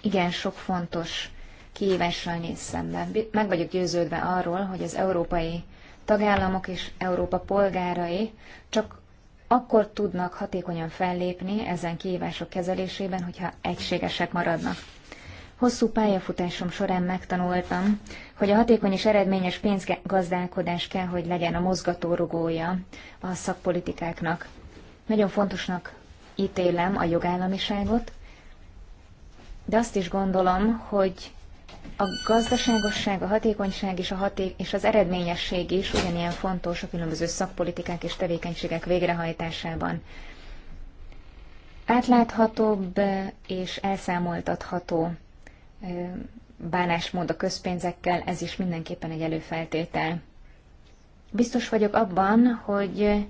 igen sok fontos kihívással néz szemben. Meg vagyok győződve arról, hogy az európai tagállamok és Európa polgárai csak akkor tudnak hatékonyan fellépni ezen kihívások kezelésében, hogyha egységesek maradnak. Hosszú pályafutásom során megtanultam, hogy a hatékony és eredményes pénzgazdálkodás kell, hogy legyen a mozgatórugója a szakpolitikáknak. Nagyon fontosnak ítélem a jogállamiságot, de azt is gondolom, hogy a gazdaságosság, a hatékonyság és, a haték és az eredményesség is ugyanilyen fontos a különböző szakpolitikák és tevékenységek végrehajtásában. Átláthatóbb eh, és elszámoltatható eh, bánásmód a közpénzekkel, ez is mindenképpen egy előfeltétel. Biztos vagyok abban, hogy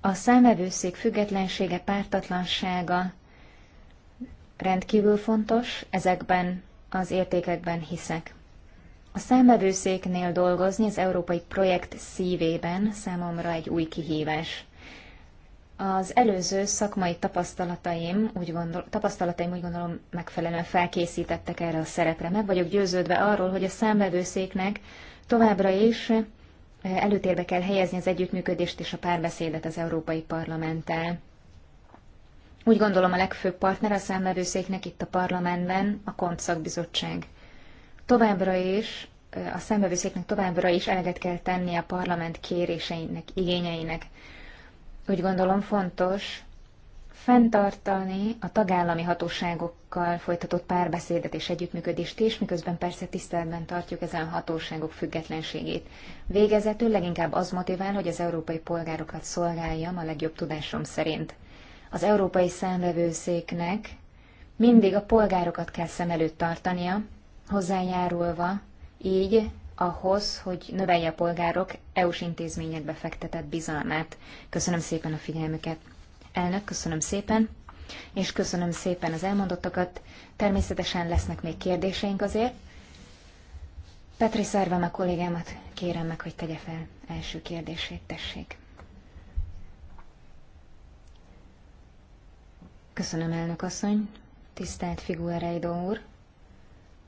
a számvevőszék függetlensége, pártatlansága rendkívül fontos, ezekben az értékekben hiszek. A számbevőszéknél dolgozni az európai projekt szívében számomra egy új kihívás. Az előző szakmai tapasztalataim úgy, gondol, tapasztalataim úgy gondolom megfelelően felkészítettek erre a szerepre. Meg vagyok győződve arról, hogy a számbevőszéknek továbbra is eh, előtérbe kell helyezni az együttműködést és a párbeszédet az Európai Parlamenttel. Úgy gondolom a legfőbb partner a számvevőszéknek itt a parlamentben a KONT szakbizottság. Továbbra is, a számvevőszéknek továbbra is eleget kell tenni a parlament kéréseinek, igényeinek. Úgy gondolom fontos fenntartani a tagállami hatóságokkal folytatott párbeszédet és együttműködést is, miközben persze tiszteletben tartjuk ezen hatóságok függetlenségét. Végezetül leginkább az motivál, hogy az európai polgárokat szolgáljam a legjobb tudásom szerint az Európai Számvevőszéknek mindig a polgárokat kell szem előtt tartania, hozzájárulva így ahhoz, hogy növelje a polgárok EU-s intézményekbe fektetett bizalmát. Köszönöm szépen a figyelmüket. Elnök, köszönöm szépen, és köszönöm szépen az elmondottakat. Természetesen lesznek még kérdéseink azért. Petri Szervem a kollégámat kérem meg, hogy tegye fel első kérdését, tessék. Köszönöm, elnök asszony. Tisztelt Figuereidó úr.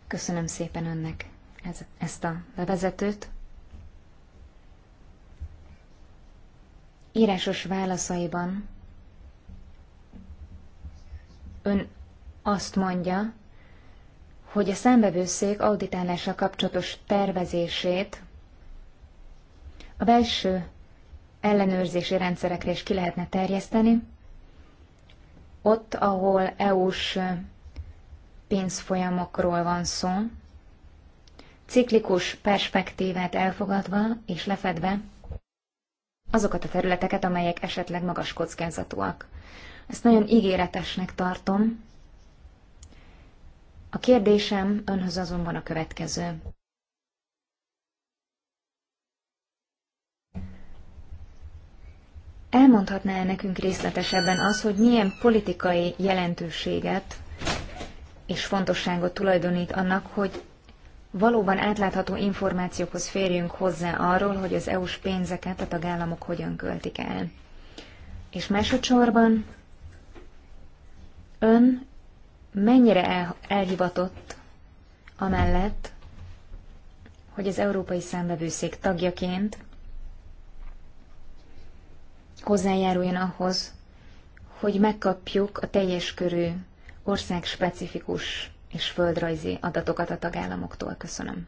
Köszönöm szépen önnek ez, ezt a bevezetőt. Írásos válaszaiban ön azt mondja, hogy a számbevőszék auditálása kapcsolatos tervezését a belső ellenőrzési rendszerekre is ki lehetne terjeszteni, ott, ahol EU-s pénzfolyamokról van szó, ciklikus perspektívát elfogadva és lefedve azokat a területeket, amelyek esetleg magas kockázatúak. Ezt nagyon ígéretesnek tartom. A kérdésem önhöz azonban a következő. Elmondhatná -e nekünk részletesebben az, hogy milyen politikai jelentőséget és fontosságot tulajdonít annak, hogy valóban átlátható információkhoz férjünk hozzá arról, hogy az EU-s pénzeket a tagállamok hogyan költik el. És másodszorban ön mennyire el, elhivatott amellett, hogy az Európai Számbevőszék tagjaként hozzájáruljon ahhoz, hogy megkapjuk a teljes körű ország specifikus és földrajzi adatokat a tagállamoktól. Köszönöm.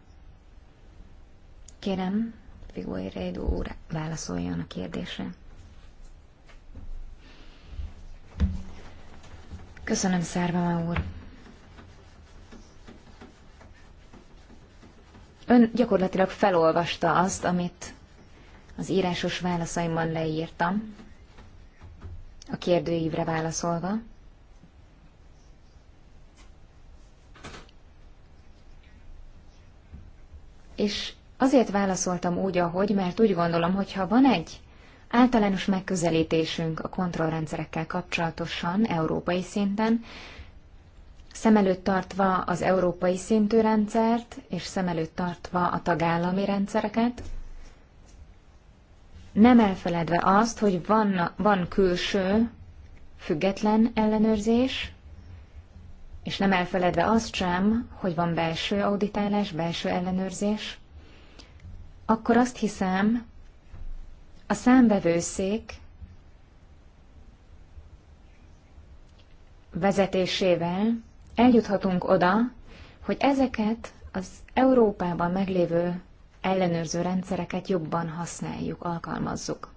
Kérem, Figói Reidó úr válaszoljon a kérdésre. Köszönöm, Szárvama úr. Ön gyakorlatilag felolvasta azt, amit az írásos válaszaimban leírtam, a kérdőívre válaszolva. És azért válaszoltam úgy, ahogy, mert úgy gondolom, hogy ha van egy általános megközelítésünk a kontrollrendszerekkel kapcsolatosan európai szinten, szem előtt tartva az európai szintű rendszert, és szem előtt tartva a tagállami rendszereket, nem elfeledve azt, hogy van, van külső, független ellenőrzés, és nem elfeledve azt sem, hogy van belső auditálás, belső ellenőrzés, akkor azt hiszem, a számbevőszék vezetésével eljuthatunk oda, hogy ezeket az Európában meglévő ellenőrző rendszereket jobban használjuk, alkalmazzuk.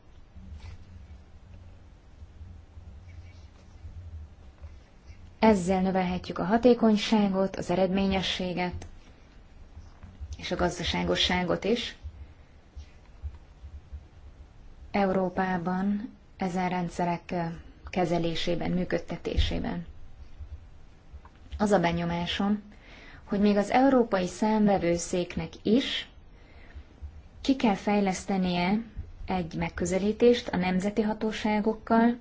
Ezzel növelhetjük a hatékonyságot, az eredményességet és a gazdaságosságot is. Európában ezen rendszerek kezelésében, működtetésében. Az a benyomásom, hogy még az európai számvevőszéknek is ki kell fejlesztenie egy megközelítést a nemzeti hatóságokkal,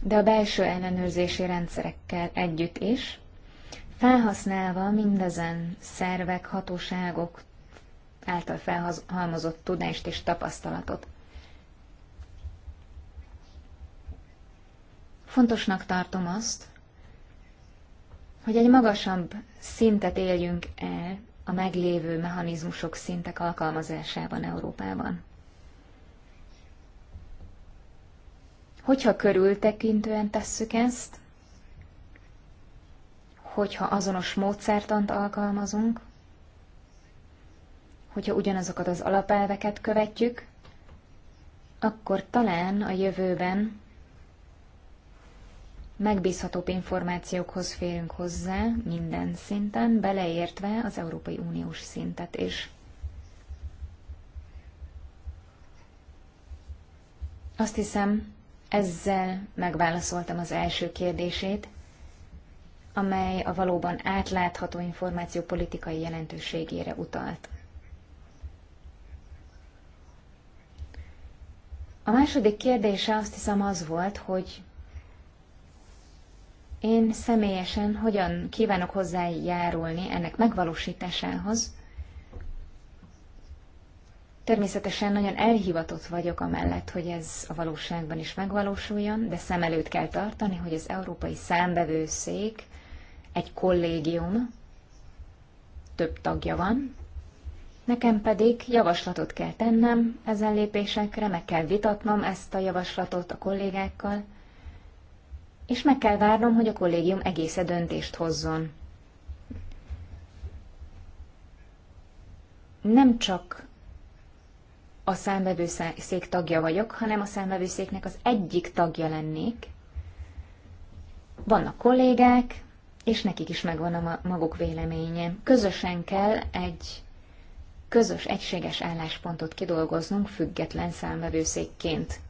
de a belső ellenőrzési rendszerekkel együtt is, felhasználva mindezen szervek, hatóságok által felhalmozott tudást és tapasztalatot. Fontosnak tartom azt, hogy egy magasabb szintet éljünk el a meglévő mechanizmusok szintek alkalmazásában Európában. Hogyha körültekintően tesszük ezt, hogyha azonos módszertant alkalmazunk, hogyha ugyanazokat az alapelveket követjük, akkor talán a jövőben megbízhatóbb információkhoz férünk hozzá minden szinten, beleértve az Európai Uniós szintet is. Azt hiszem, ezzel megválaszoltam az első kérdését, amely a valóban átlátható információ politikai jelentőségére utalt. A második kérdése azt hiszem az volt, hogy én személyesen hogyan kívánok hozzájárulni ennek megvalósításához. Természetesen nagyon elhivatott vagyok amellett, hogy ez a valóságban is megvalósuljon, de szem előtt kell tartani, hogy az Európai Számbevőszék egy kollégium, több tagja van, nekem pedig javaslatot kell tennem ezen lépésekre, meg kell vitatnom ezt a javaslatot a kollégákkal, és meg kell várnom, hogy a kollégium egésze döntést hozzon. Nem csak a számvevőszék tagja vagyok, hanem a számvevőszéknek az egyik tagja lennék. Vannak kollégák, és nekik is megvan a maguk véleménye. Közösen kell egy közös, egységes álláspontot kidolgoznunk független számvevőszékként.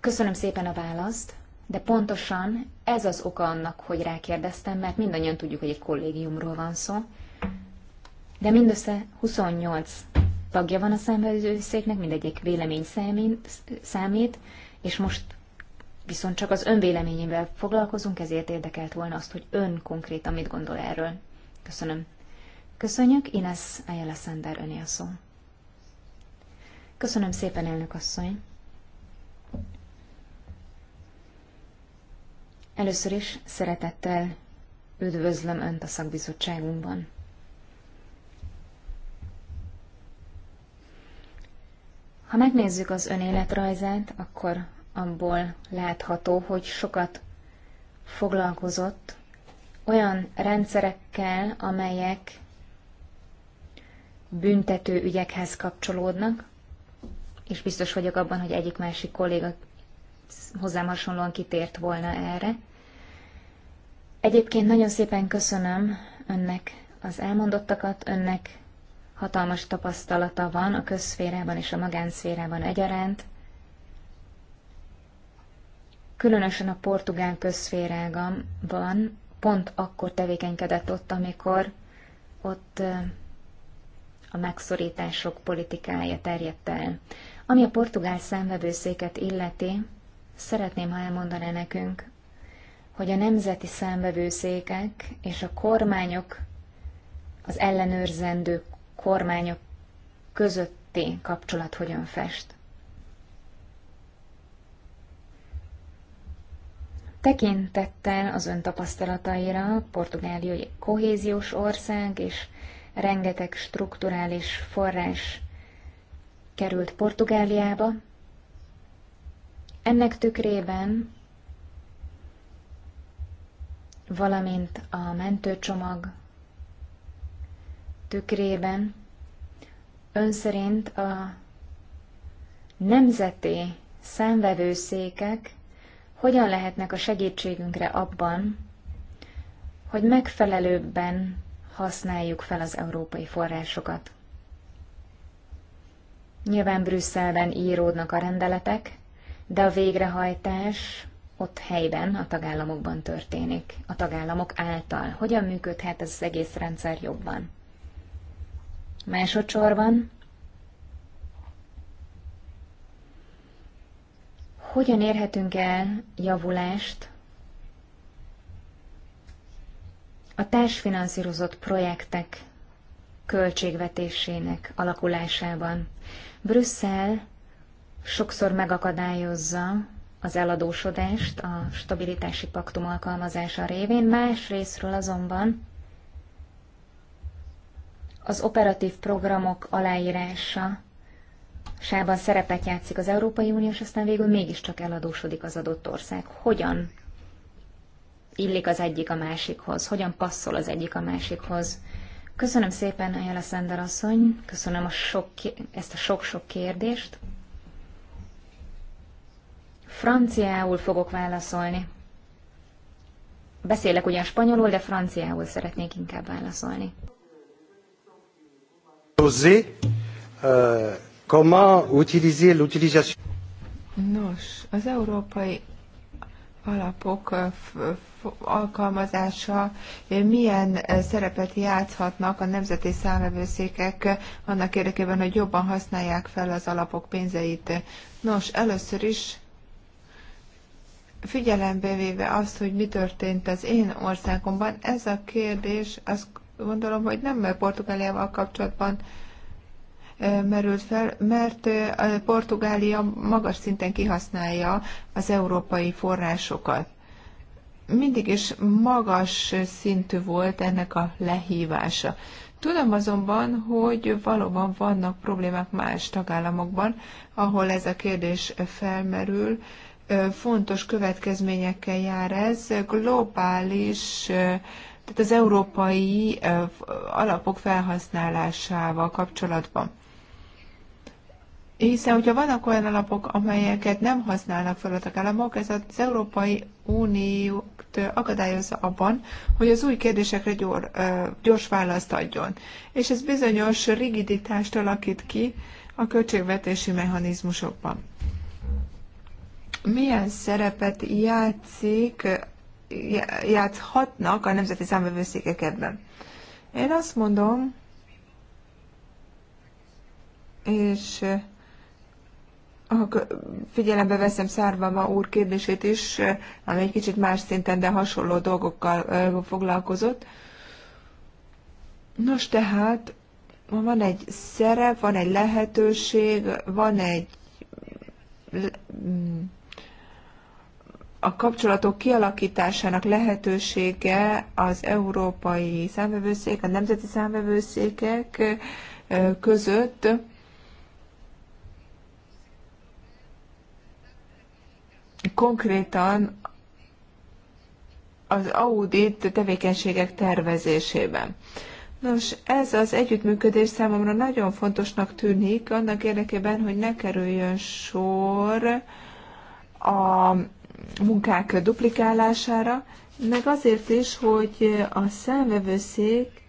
Köszönöm szépen a választ. De pontosan ez az oka annak, hogy rákérdeztem, mert mindannyian tudjuk, hogy egy kollégiumról van szó. De mindössze 28 tagja van a számvevőszéknek, mindegyik vélemény számít, és most viszont csak az ön véleményével foglalkozunk, ezért érdekelt volna azt, hogy ön konkrétan mit gondol erről. Köszönöm. Köszönjük, Ines Ayala Sander öné a szó. Köszönöm szépen, elnök asszony. Először is szeretettel üdvözlöm Önt a szakbizottságunkban. Ha megnézzük az Ön életrajzát, akkor abból látható, hogy sokat foglalkozott olyan rendszerekkel, amelyek büntető ügyekhez kapcsolódnak, és biztos vagyok abban, hogy egyik másik kolléga hozzám hasonlóan kitért volna erre. Egyébként nagyon szépen köszönöm önnek az elmondottakat, önnek hatalmas tapasztalata van a közszférában és a magánszférában egyaránt. Különösen a portugál közszférában van, pont akkor tevékenykedett ott, amikor ott a megszorítások politikája terjedt el. Ami a portugál szemvevőszéket illeti, Szeretném, ha elmondaná nekünk, hogy a nemzeti számbevőszékek és a kormányok, az ellenőrzendő kormányok közötti kapcsolat hogyan fest. Tekintettel az ön tapasztalataira, Portugália egy kohéziós ország, és rengeteg strukturális forrás került Portugáliába, ennek tükrében, valamint a mentőcsomag tükrében, ön szerint a nemzeti számvevőszékek hogyan lehetnek a segítségünkre abban, hogy megfelelőbben használjuk fel az európai forrásokat. Nyilván Brüsszelben íródnak a rendeletek, de a végrehajtás ott helyben, a tagállamokban történik, a tagállamok által. Hogyan működhet ez az egész rendszer jobban? Másodszorban, hogyan érhetünk el javulást a társfinanszírozott projektek költségvetésének alakulásában? Brüsszel sokszor megakadályozza az eladósodást a stabilitási paktum alkalmazása révén, más részről azonban az operatív programok aláírása sában szerepet játszik az Európai Unió, és aztán végül mégiscsak eladósodik az adott ország. Hogyan illik az egyik a másikhoz, hogyan passzol az egyik a másikhoz. Köszönöm szépen, Ajala Szender asszony, köszönöm a sok, ezt a sok-sok kérdést. Franciául fogok válaszolni. Beszélek ugyan spanyolul, de franciául szeretnék inkább válaszolni. José, uh, comment utiliser l'utilisation? Nos, az európai alapok uh, alkalmazása uh, milyen uh, szerepet játszhatnak a nemzeti számlevőszékek annak érdekében, hogy jobban használják fel az alapok pénzeit. Nos, először is figyelembe véve azt, hogy mi történt az én országomban, ez a kérdés azt gondolom, hogy nem Portugáliával kapcsolatban merült fel, mert Portugália magas szinten kihasználja az európai forrásokat. Mindig is magas szintű volt ennek a lehívása. Tudom azonban, hogy valóban vannak problémák más tagállamokban, ahol ez a kérdés felmerül, fontos következményekkel jár ez. Globális, tehát az európai alapok felhasználásával kapcsolatban. Hiszen, hogyha vannak olyan alapok, amelyeket nem használnak fel a tagállamok, ez az Európai Uniót akadályozza abban, hogy az új kérdésekre gyor, gyors választ adjon. És ez bizonyos rigiditást alakít ki a költségvetési mechanizmusokban milyen szerepet játszik, játszhatnak a nemzeti számvevőszékek ebben. Én azt mondom, és figyelembe veszem Szárvama úr kérdését is, ami egy kicsit más szinten, de hasonló dolgokkal foglalkozott. Nos, tehát van egy szerep, van egy lehetőség, van egy a kapcsolatok kialakításának lehetősége az európai számvevőszék, a nemzeti számvevőszékek között konkrétan az audit tevékenységek tervezésében. Nos, ez az együttműködés számomra nagyon fontosnak tűnik, annak érdekében, hogy ne kerüljön sor a munkák duplikálására, meg azért is, hogy a számvevőszék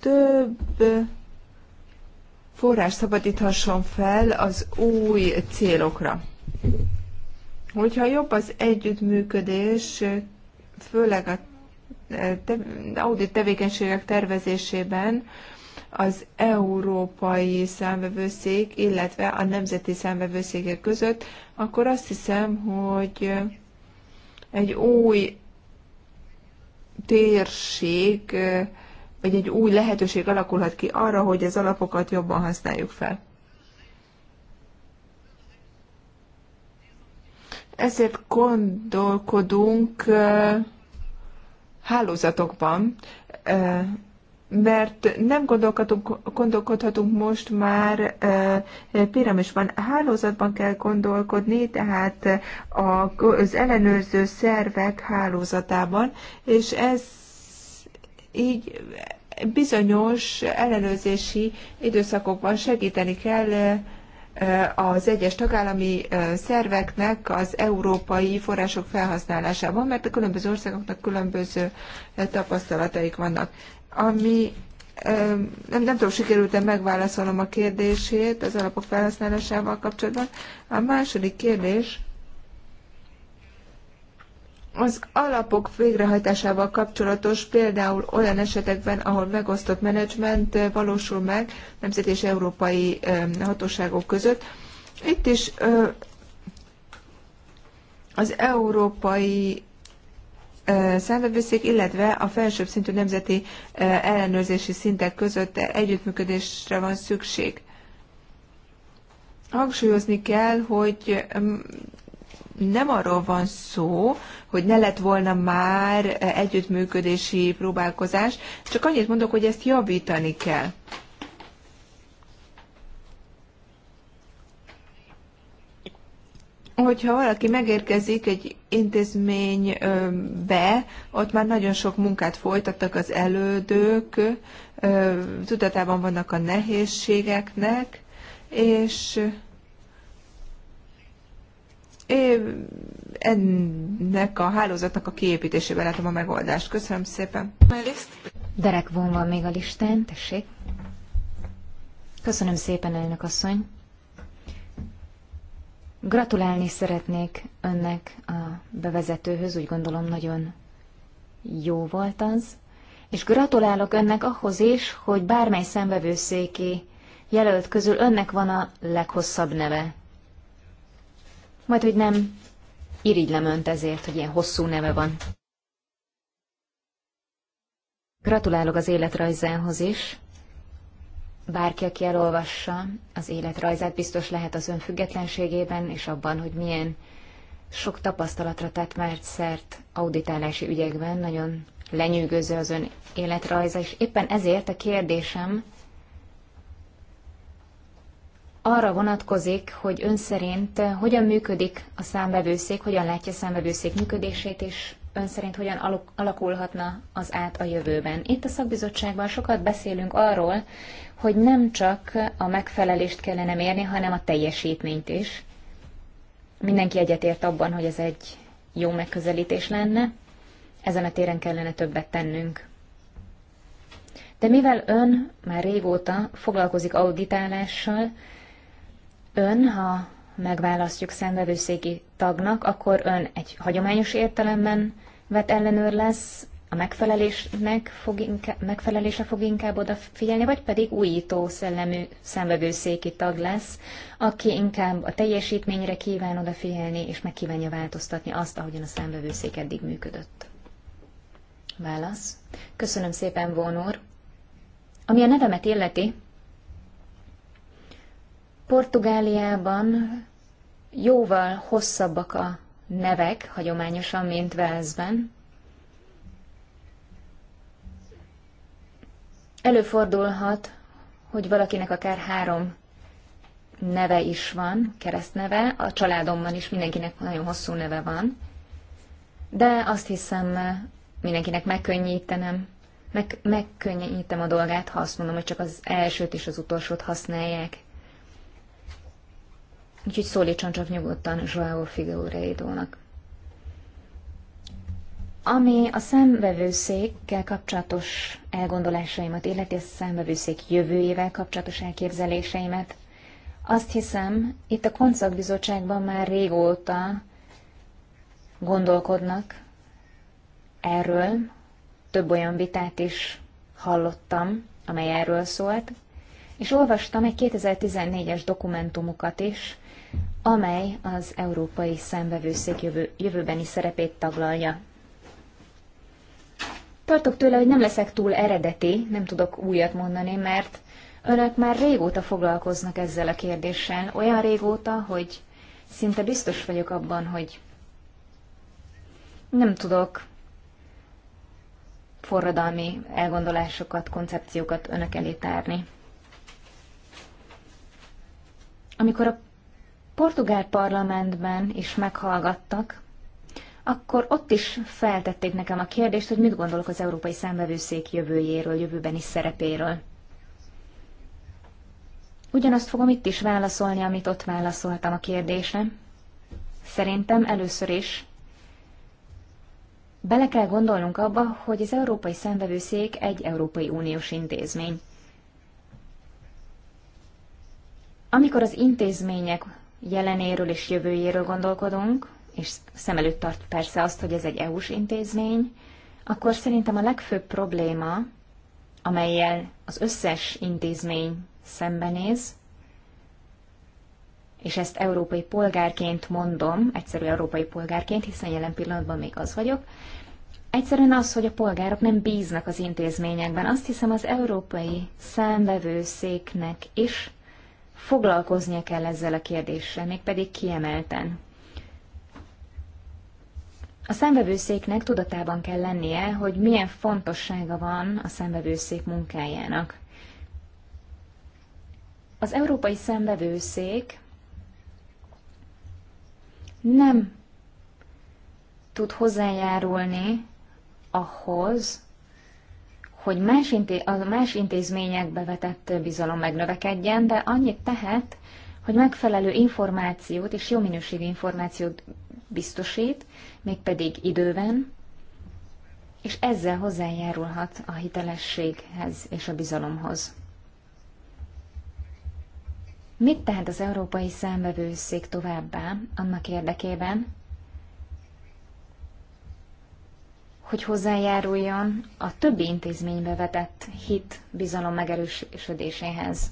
több forrás szabadíthasson fel az új célokra. Hogyha jobb az együttműködés, főleg a audit tevékenységek tervezésében, az európai számvevőszék, illetve a nemzeti számvevőszékek között, akkor azt hiszem, hogy egy új térség, vagy egy új lehetőség alakulhat ki arra, hogy az alapokat jobban használjuk fel. Ezért gondolkodunk hálózatokban, mert nem gondolkodhatunk, gondolkodhatunk most már piramisban. Hálózatban kell gondolkodni, tehát az ellenőrző szervek hálózatában, és ez így bizonyos ellenőrzési időszakokban segíteni kell az egyes tagállami szerveknek az európai források felhasználásában, mert a különböző országoknak különböző tapasztalataik vannak ami nem, nem tudom, sikerült-e megválaszolnom a kérdését az alapok felhasználásával kapcsolatban. A második kérdés az alapok végrehajtásával kapcsolatos, például olyan esetekben, ahol megosztott menedzsment valósul meg nemzeti és európai hatóságok között. Itt is az európai számvevőszék, illetve a felsőbb szintű nemzeti ellenőrzési szintek között együttműködésre van szükség. Hangsúlyozni kell, hogy mm, nem arról van szó, hogy ne lett volna már együttműködési próbálkozás, csak annyit mondok, hogy ezt javítani kell. hogyha valaki megérkezik egy intézménybe, ott már nagyon sok munkát folytattak az elődők, tudatában vannak a nehézségeknek, és ennek a hálózatnak a kiépítésében látom a megoldást. Köszönöm szépen. Derek von van még a listán, tessék. Köszönöm szépen, elnök asszony. Gratulálni szeretnék önnek a bevezetőhöz, úgy gondolom nagyon jó volt az, és gratulálok önnek ahhoz is, hogy bármely szembevőszéki jelölt közül önnek van a leghosszabb neve. Majd, hogy nem irigylem önt ezért, hogy ilyen hosszú neve van. Gratulálok az életrajzához is. Bárki, aki elolvassa az életrajzát, biztos lehet az önfüggetlenségében és abban, hogy milyen sok tapasztalatra tett már szert auditálási ügyekben, nagyon lenyűgöző az ön életrajza, és éppen ezért a kérdésem arra vonatkozik, hogy ön szerint hogyan működik a számbevőszék, hogyan látja a számbevőszék működését, és ön szerint hogyan alakulhatna az át a jövőben. Itt a szakbizottságban sokat beszélünk arról, hogy nem csak a megfelelést kellene mérni, hanem a teljesítményt is. Mindenki egyetért abban, hogy ez egy jó megközelítés lenne, ezen a téren kellene többet tennünk. De mivel ön már régóta foglalkozik auditálással, ön, ha megválasztjuk szembevőszéki tagnak, akkor ön egy hagyományos értelemben vett ellenőr lesz, a megfelelésnek fog inkább, megfelelése fog inkább odafigyelni, vagy pedig újító szellemű szenvedőszéki tag lesz, aki inkább a teljesítményre kíván odafigyelni, és meg kívánja változtatni azt, ahogyan a szenvedőszék eddig működött. Válasz. Köszönöm szépen, Vónor. Ami a nevemet illeti, Portugáliában jóval hosszabbak a nevek hagyományosan, mint Velszben, Előfordulhat, hogy valakinek akár három neve is van, keresztneve, a családomban is mindenkinek nagyon hosszú neve van, de azt hiszem, mindenkinek megkönnyítenem, meg, megkönnyítem a dolgát, ha azt mondom, hogy csak az elsőt és az utolsót használják. Úgyhogy szólítson csak nyugodtan Joao Figueiredónak. Ami a szemvevőszékkel kapcsolatos elgondolásaimat illeti, a szemvevőszék jövőjével kapcsolatos elképzeléseimet, azt hiszem, itt a koncertbizottságban már régóta gondolkodnak erről, több olyan vitát is hallottam, amely erről szólt, és olvastam egy 2014-es dokumentumukat is, amely az Európai Szemvevőszék jövő, jövőbeni szerepét taglalja. Tartok tőle, hogy nem leszek túl eredeti, nem tudok újat mondani, mert önök már régóta foglalkoznak ezzel a kérdéssel. Olyan régóta, hogy szinte biztos vagyok abban, hogy nem tudok forradalmi elgondolásokat, koncepciókat önök elé tárni. Amikor a portugál parlamentben is meghallgattak, akkor ott is feltették nekem a kérdést, hogy mit gondolok az Európai Számvevőszék jövőjéről, jövőbeni szerepéről. Ugyanazt fogom itt is válaszolni, amit ott válaszoltam a kérdésre. Szerintem először is bele kell gondolnunk abba, hogy az Európai Számvevőszék egy Európai Uniós intézmény. Amikor az intézmények jelenéről és jövőjéről gondolkodunk, és szem előtt tart persze azt, hogy ez egy EU-s intézmény, akkor szerintem a legfőbb probléma, amelyel az összes intézmény szembenéz, és ezt európai polgárként mondom, egyszerű európai polgárként, hiszen jelen pillanatban még az vagyok, egyszerűen az, hogy a polgárok nem bíznak az intézményekben. Azt hiszem az európai számvevőszéknek is foglalkoznia kell ezzel a kérdéssel, mégpedig kiemelten. A számvevőszéknek tudatában kell lennie, hogy milyen fontossága van a számvevőszék munkájának. Az Európai Számvevőszék nem tud hozzájárulni ahhoz, hogy más inté- a más intézményekbe vetett bizalom megnövekedjen, de annyit tehet, hogy megfelelő információt és jó minőségű információt biztosít, mégpedig időben, és ezzel hozzájárulhat a hitelességhez és a bizalomhoz. Mit tehet az Európai Számvevőszék továbbá annak érdekében, hogy hozzájáruljon a többi intézménybe vetett hit bizalom megerősödéséhez?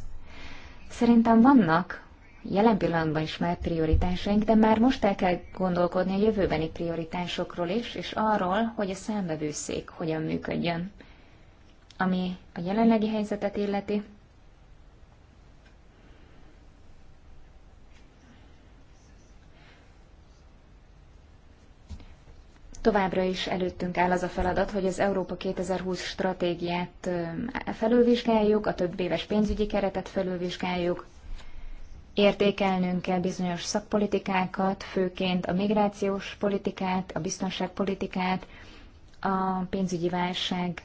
Szerintem vannak jelen pillanatban is már prioritásaink, de már most el kell gondolkodni a jövőbeni prioritásokról is, és arról, hogy a számbevőszék hogyan működjön. Ami a jelenlegi helyzetet illeti, Továbbra is előttünk áll az a feladat, hogy az Európa 2020 stratégiát felülvizsgáljuk, a több éves pénzügyi keretet felülvizsgáljuk, Értékelnünk kell bizonyos szakpolitikákat, főként a migrációs politikát, a biztonságpolitikát, a pénzügyi válság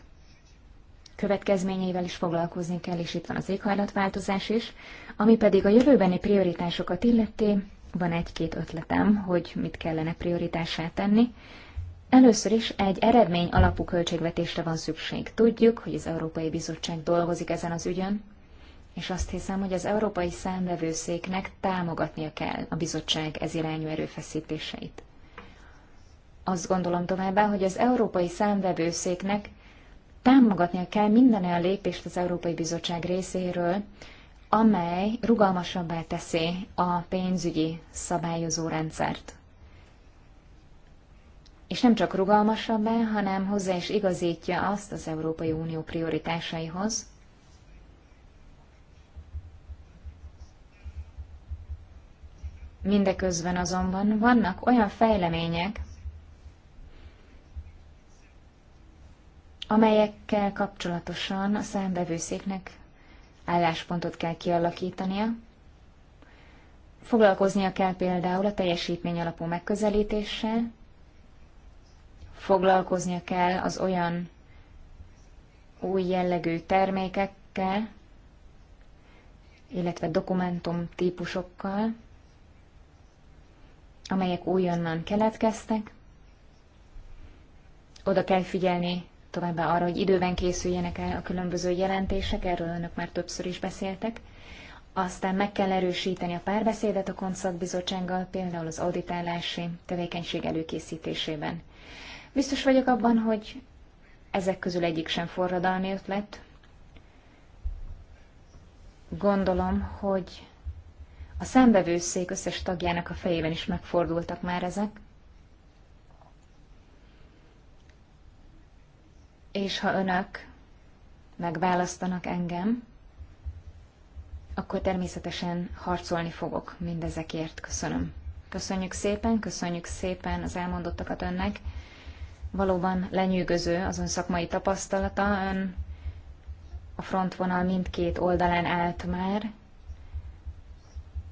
következményeivel is foglalkozni kell, és itt van az éghajlatváltozás is. Ami pedig a jövőbeni prioritásokat illeti, van egy-két ötletem, hogy mit kellene prioritássá tenni. Először is egy eredmény alapú költségvetésre van szükség. Tudjuk, hogy az Európai Bizottság dolgozik ezen az ügyön, és azt hiszem, hogy az Európai számvevőszéknek támogatnia kell a bizottság ez irányú erőfeszítéseit. Azt gondolom továbbá, hogy az Európai Számvevőszéknek támogatnia kell minden olyan lépést az Európai Bizottság részéről, amely rugalmasabbá teszi a pénzügyi szabályozó rendszert. És nem csak rugalmasabbá, hanem hozzá is igazítja azt az Európai Unió prioritásaihoz, Mindeközben azonban vannak olyan fejlemények, amelyekkel kapcsolatosan a számbevőszéknek álláspontot kell kialakítania. Foglalkoznia kell például a teljesítmény alapú megközelítéssel, foglalkoznia kell az olyan új jellegű termékekkel, illetve dokumentum típusokkal, amelyek újonnan keletkeztek. Oda kell figyelni továbbá arra, hogy időben készüljenek el a különböző jelentések, erről önök már többször is beszéltek. Aztán meg kell erősíteni a párbeszédet a konszakbizottsággal, például az auditálási tevékenység előkészítésében. Biztos vagyok abban, hogy ezek közül egyik sem forradalmi ötlet. Gondolom, hogy a számbevőszék összes tagjának a fejében is megfordultak már ezek. És ha önök megválasztanak engem, akkor természetesen harcolni fogok mindezekért. Köszönöm. Köszönjük szépen, köszönjük szépen az elmondottakat önnek. Valóban lenyűgöző az ön szakmai tapasztalata. Ön a frontvonal mindkét oldalán állt már,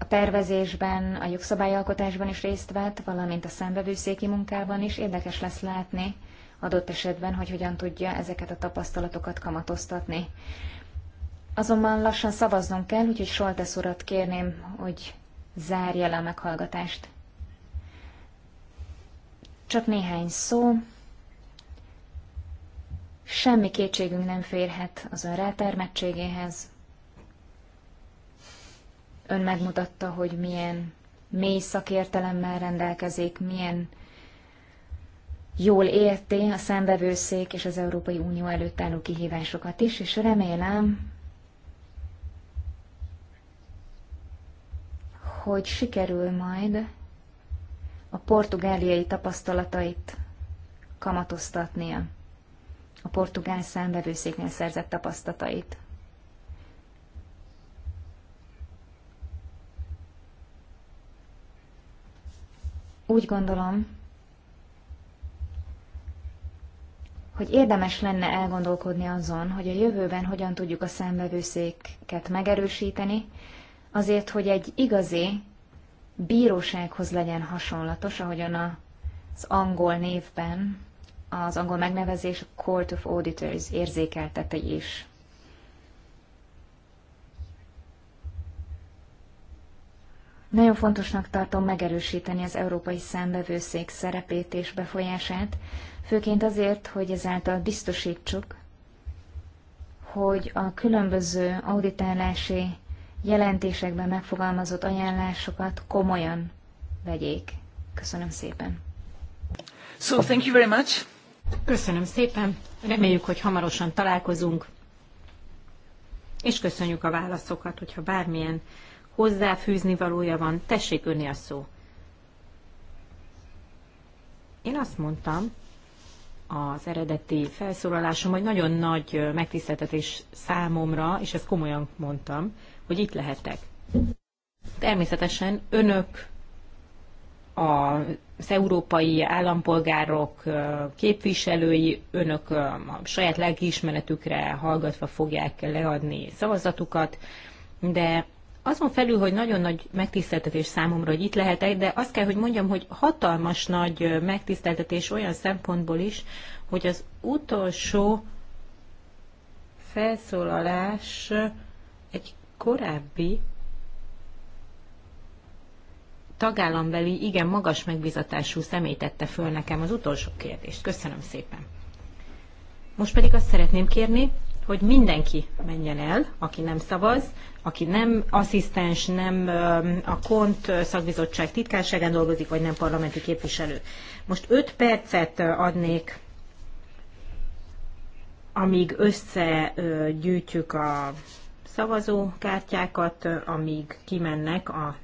a tervezésben, a jogszabályalkotásban is részt vett, valamint a szembevőszéki munkában is. Érdekes lesz látni adott esetben, hogy hogyan tudja ezeket a tapasztalatokat kamatoztatni. Azonban lassan szavaznunk kell, úgyhogy Soltesz urat kérném, hogy zárja le a meghallgatást. Csak néhány szó. Semmi kétségünk nem férhet az ön rátermettségéhez, Ön megmutatta, hogy milyen mély szakértelemmel rendelkezik, milyen jól érti a szembevőszék és az Európai Unió előtt álló kihívásokat is, és remélem, hogy sikerül majd a portugáliai tapasztalatait kamatoztatnia, a portugál számbevőszéknél szerzett tapasztalatait. Úgy gondolom, hogy érdemes lenne elgondolkodni azon, hogy a jövőben hogyan tudjuk a számvevőszéket megerősíteni, azért, hogy egy igazi bírósághoz legyen hasonlatos, ahogyan az angol névben az angol megnevezés a Court of Auditors érzékeltetés. is. Nagyon fontosnak tartom megerősíteni az európai számbevőszék szerepét és befolyását, főként azért, hogy ezáltal biztosítsuk, hogy a különböző auditálási jelentésekben megfogalmazott ajánlásokat komolyan vegyék. Köszönöm szépen. So, thank you very much. Köszönöm szépen. Reméljük, hogy hamarosan találkozunk. És köszönjük a válaszokat, hogyha bármilyen hozzáfűzni valója van. Tessék önni a szó. Én azt mondtam az eredeti felszólalásom, hogy nagyon nagy megtiszteltetés számomra, és ezt komolyan mondtam, hogy itt lehetek. Természetesen önök az európai állampolgárok képviselői, önök a saját lelkiismeretükre hallgatva fogják leadni szavazatukat, de azon felül, hogy nagyon nagy megtiszteltetés számomra, hogy itt lehetek, de azt kell, hogy mondjam, hogy hatalmas nagy megtiszteltetés olyan szempontból is, hogy az utolsó felszólalás egy korábbi tagállambeli, igen magas megbizatású személy tette föl nekem az utolsó kérdést. Köszönöm szépen. Most pedig azt szeretném kérni, hogy mindenki menjen el, aki nem szavaz, aki nem asszisztens, nem a KONT szakbizottság titkárságán dolgozik, vagy nem parlamenti képviselő. Most 5 percet adnék, amíg összegyűjtjük a szavazókártyákat, amíg kimennek a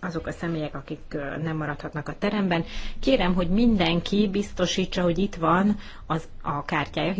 azok a személyek, akik nem maradhatnak a teremben. Kérem, hogy mindenki biztosítsa, hogy itt van az, a kártyája.